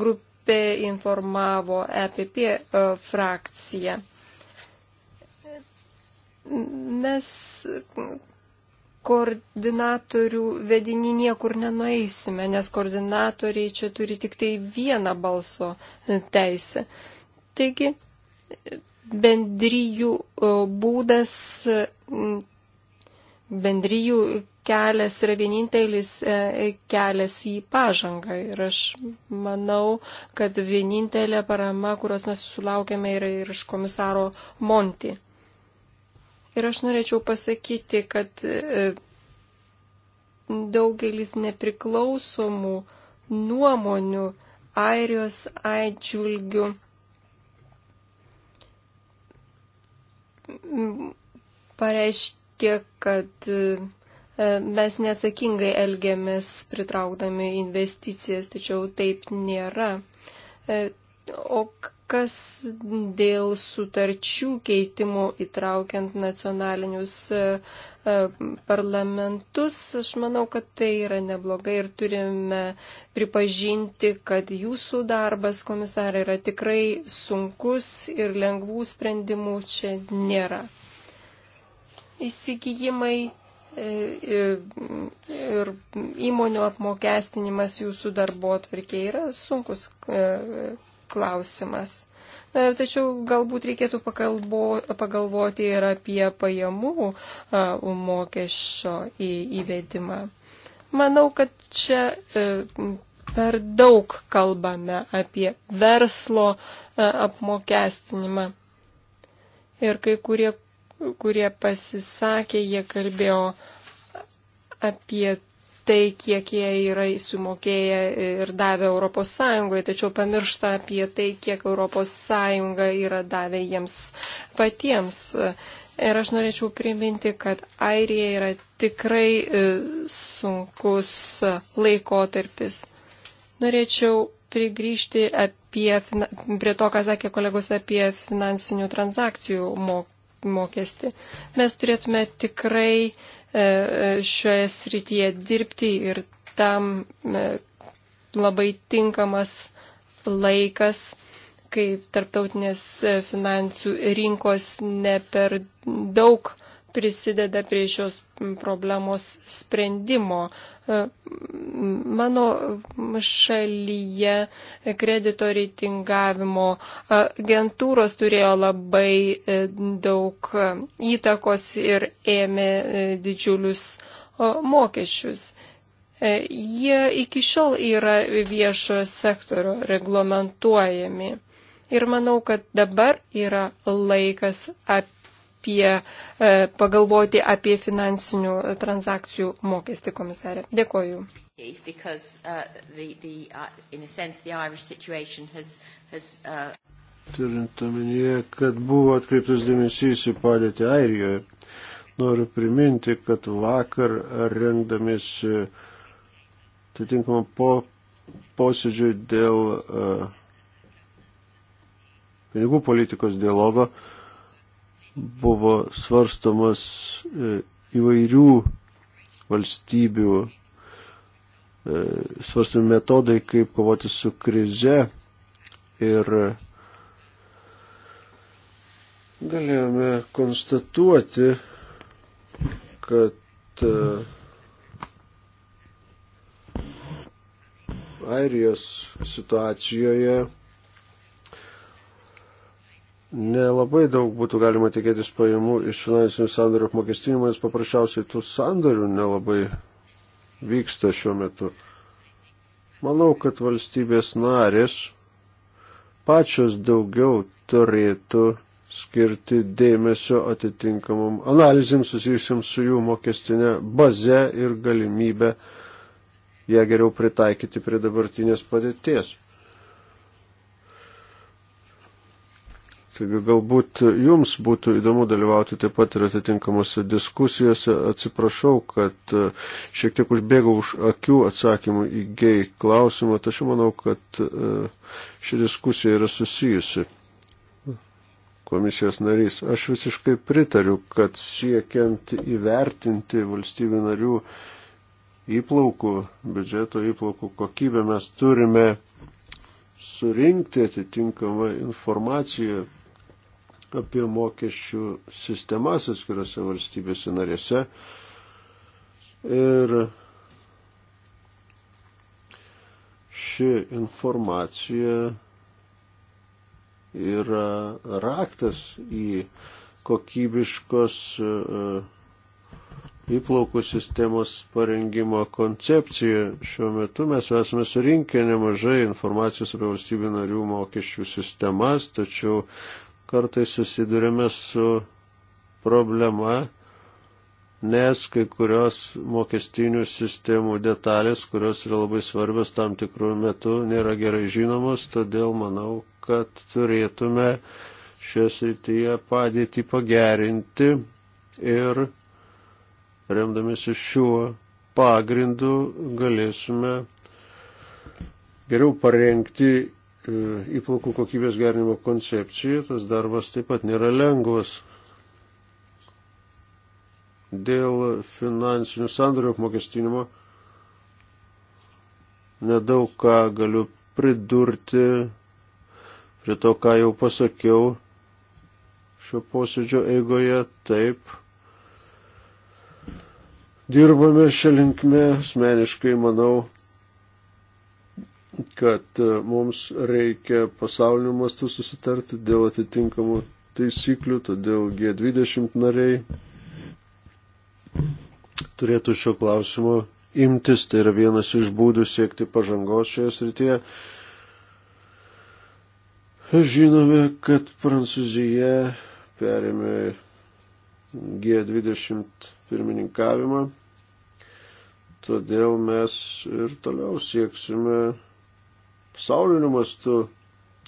grupė informavo EPP frakciją. Mes koordinatorių vedini niekur nenueisime, nes koordinatoriai čia turi tik tai vieną balso e, teisę. Taigi, bendryjų e, būdas, bendryjų kelias yra vienintelis e, kelias į pažangą. Ir aš manau, kad vienintelė parama, kurios mes sulaukėme, yra ir iš komisaro Monti. Ir aš norėčiau pasakyti, kad e, daugelis nepriklausomų nuomonių Airijos atžvilgių pareiškė, kad e, mes neatsakingai elgiamės pritraukdami investicijas, tačiau taip nėra. E, o kas dėl sutarčių keitimo įtraukiant nacionalinius e, e, parlamentus, aš manau, kad tai yra neblogai ir turime pripažinti, kad jūsų darbas, komisarai, yra tikrai sunkus ir lengvų sprendimų čia nėra. Įsigijimai e, ir įmonių apmokestinimas jūsų darbo atvarkiai yra sunkus klausimas. Tačiau galbūt reikėtų pakalbo, pagalvoti ir apie pajamų mokesčio įvedimą. Manau, kad čia e, per daug kalbame apie verslo e, apmokestinimą. Ir kai kurie, kurie pasisakė, jie kalbėjo apie tai, kiek jie yra įsumokėję ir davę ES, tačiau pamiršta apie tai, kiek ES yra davę jiems patiems. Ir aš norėčiau priminti, kad Airija yra tikrai e, sunkus laikotarpis. Norėčiau prigrįžti apie, prie to, ką sakė kolegos apie finansinių transakcijų mokestį. Mes turėtume tikrai E, e, šioje srityje dirbti ir tam e, labai tinkamas laikas, kai tarptautinės finansų rinkos ne per daug prisideda prie šios problemos sprendimo. E, mano šalyje kredito reitingavimo agentūros turėjo labai e, daug įtakos ir ėmė e, didžiulius mokesčius. Jie iki šiol yra viešo sektorio reglamentuojami. Ir manau, kad dabar yra laikas apie apie, e, pagalvoti apie finansinių transakcijų mokestį, komisarė. Dėkoju. Uh, uh, uh, Turint omenyje, kad buvo atkreiptas dėmesys į padėtį Airijoje, noriu priminti, kad vakar rengdamėsi atitinkamą po, posėdžiui dėl uh, pinigų politikos dialogo uh, buvo svarstomas e, įvairių valstybių e, svarstami metodai, kaip kovoti su krize ir galėjome konstatuoti, kad e, Airijos situacijoje nelabai daug būtų galima tikėtis pajamų iš finansinių sandorių apmokestinimo, nes paprasčiausiai tų sandorių nelabai vyksta šiuo metu. Manau, kad valstybės narės pačios daugiau turėtų skirti dėmesio atitinkamam analizėm susijusiam su jų mokestinė baze ir galimybė ją geriau pritaikyti prie dabartinės padėties. Taigi galbūt jums būtų įdomu dalyvauti taip pat ir atitinkamose diskusijose. Atsiprašau, kad e, šiek tiek užbėgau už akių atsakymų į gei klausimą, tačiau manau, kad e, ši diskusija yra susijusi. Komisijos narys, aš visiškai pritariu, kad siekiant įvertinti valstybių narių įplaukų, biudžeto įplaukų kokybę mes turime surinkti atitinkamą informaciją apie mokesčių sistemas atskirose valstybėse narėse. Ir ši informacija yra raktas į kokybiškos e, įplaukų sistemos parengimo koncepciją. Šiuo metu mes esame surinkę nemažai informacijos apie valstybių narių mokesčių sistemas, tačiau kartais susidurime su problema, nes kai kurios mokestinių sistemų detalės, kurios yra labai svarbios tam tikrų metų, nėra gerai žinomos, todėl manau, kad turėtume šios rytyje padėtį pagerinti ir remdamėsi šiuo pagrindu galėsime geriau parengti E, įplaukų kokybės gerinimo koncepcijai, tas darbas taip pat nėra lengvas. Dėl finansinių sandorių apmokestinimo nedaug ką galiu pridurti prie to, ką jau pasakiau šio posėdžio eigoje. Taip, dirbame šią linkmę, asmeniškai manau, kad e, mums reikia pasauliniu mastu susitarti dėl atitinkamų taisyklių, todėl G20 nariai turėtų šio klausimo imtis, tai yra vienas iš būdų siekti pažangos šioje srityje. Žinome, kad Prancūzija perėmė G20 pirmininkavimą, todėl mes ir toliau sieksime pasauliniu mastu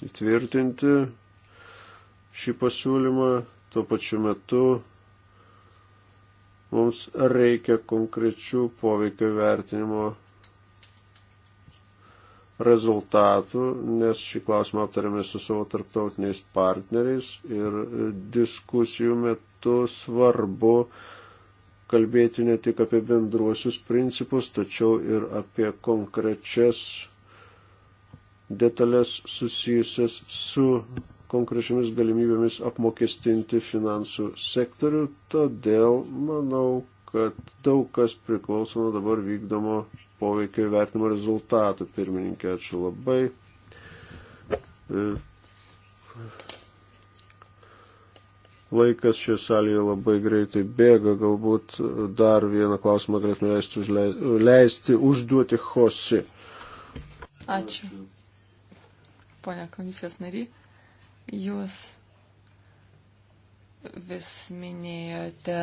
įtvirtinti šį pasiūlymą, tuo pačiu metu mums reikia konkrečių poveikio vertinimo rezultatų, nes šį klausimą aptarėme su savo tarptautiniais partneriais ir diskusijų metu svarbu kalbėti ne tik apie bendruosius principus, tačiau ir apie konkrečias detalės susijusias su konkrečiamis galimybėmis apmokestinti finansų sektorių, todėl manau, kad daug kas priklauso nuo dabar vykdomo poveikio įvertinimo rezultatų. Pirmininkė, ačiū labai. E, laikas šioje salėje labai greitai bėga, galbūt dar vieną klausimą galėtume leisti, užleisti, užduoti Hosi. Ačiū ponia komisijos nary, jūs vis minėjote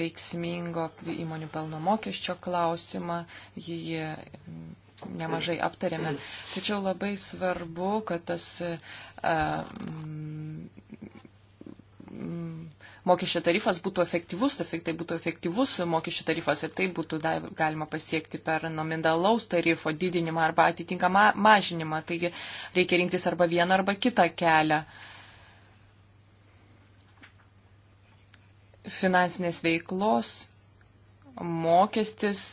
veiksmingo įmonių pelno mokesčio klausimą, jį nemažai aptarėme. Tačiau labai svarbu, kad tas uh, mm, mokesčio tarifas būtų efektyvus, tai būtų efektyvus mokesčio tarifas ir tai būtų da, galima pasiekti per nominalaus tarifo didinimą arba atitinkamą mažinimą. Taigi reikia rinktis arba vieną arba kitą kelią. Finansinės veiklos mokestis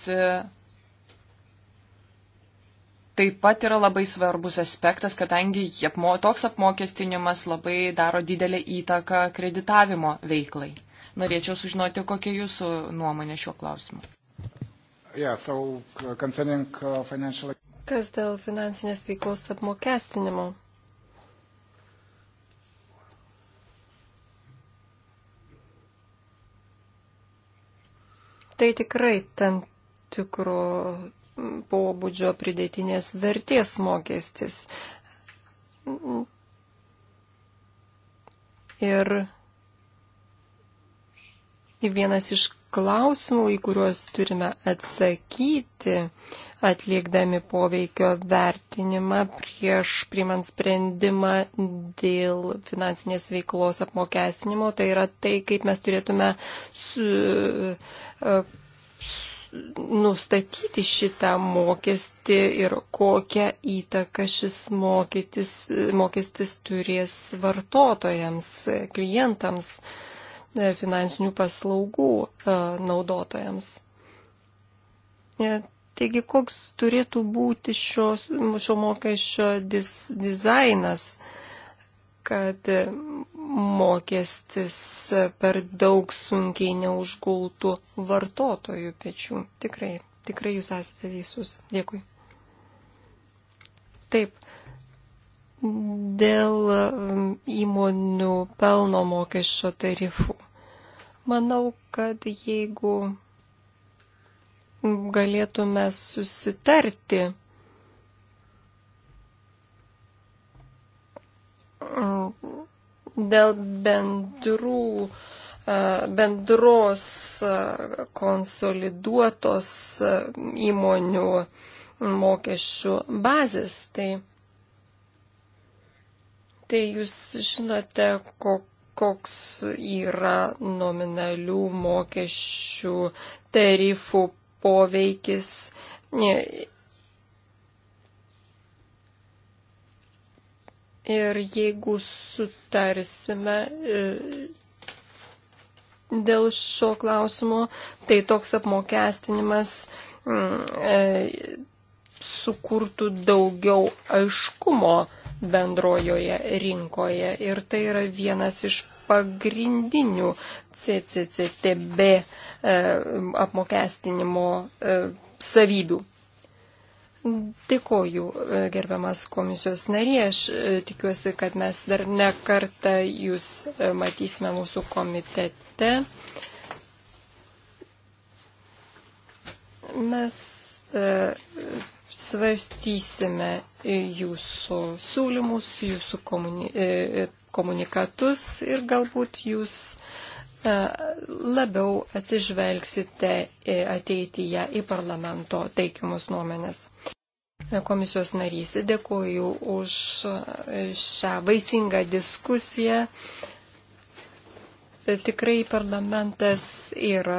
taip pat yra labai svarbus aspektas, kadangi apmo, toks apmokestinimas labai daro didelę įtaką kreditavimo veiklai. Norėčiau sužinoti, kokia jūsų nuomonė šiuo klausimu. Yeah, so uh, uh, financial... Kas dėl finansinės veiklos apmokestinimo? Tai tikrai tam tikro pobūdžio pridėtinės vertės mokestis. Ir vienas iš klausimų, į kuriuos turime atsakyti, atliekdami poveikio vertinimą prieš primant sprendimą dėl finansinės veiklos apmokestinimo, tai yra tai, kaip mes turėtume su, nustatyti šitą mokestį ir kokią įtaką šis mokytis, mokestis turės vartotojams, klientams, finansinių paslaugų e, naudotojams. E, taigi, koks turėtų būti šio, šio mokesčio diz, dizainas? kad mokestis per daug sunkiai neužgultų vartotojų pečių. Tikrai, tikrai jūs esate teisus. Dėkui. Taip. Dėl um, įmonių pelno mokesčio tarifų. Manau, kad jeigu galėtume susitarti dėl bendrų, e, bendros e, konsoliduotos e, įmonių mokesčių bazės. Tai, tai jūs žinote, koks yra nominalių mokesčių tarifų poveikis Ir jeigu sutarsime e, dėl šio klausimo, tai toks apmokestinimas mm, e, sukurtų daugiau aiškumo bendrojoje rinkoje. Ir tai yra vienas iš pagrindinių CCCTB e, apmokestinimo savybių. Dėkoju, e, gerbiamas komisijos narė. Aš e, tikiuosi, kad mes dar ne kartą jūs e, matysime mūsų komitete. Mes svarstysime jūsų siūlymus, jūsų komuni komunikatus ir galbūt jūs labiau atsižvelgsite ateityje į parlamento teikiamus nuomenės. Komisijos narys, dėkuoju už šią vaisingą diskusiją. Tikrai parlamentas yra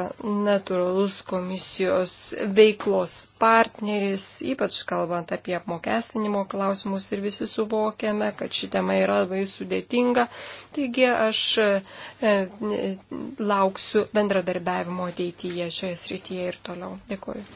natūralus komisijos veiklos partneris, ypač kalbant apie apmokestinimo klausimus ir visi suvokiame, kad ši tema yra labai sudėtinga. Taigi aš e, lauksiu bendradarbiavimo ateityje šioje srityje ir toliau. Dėkuoju.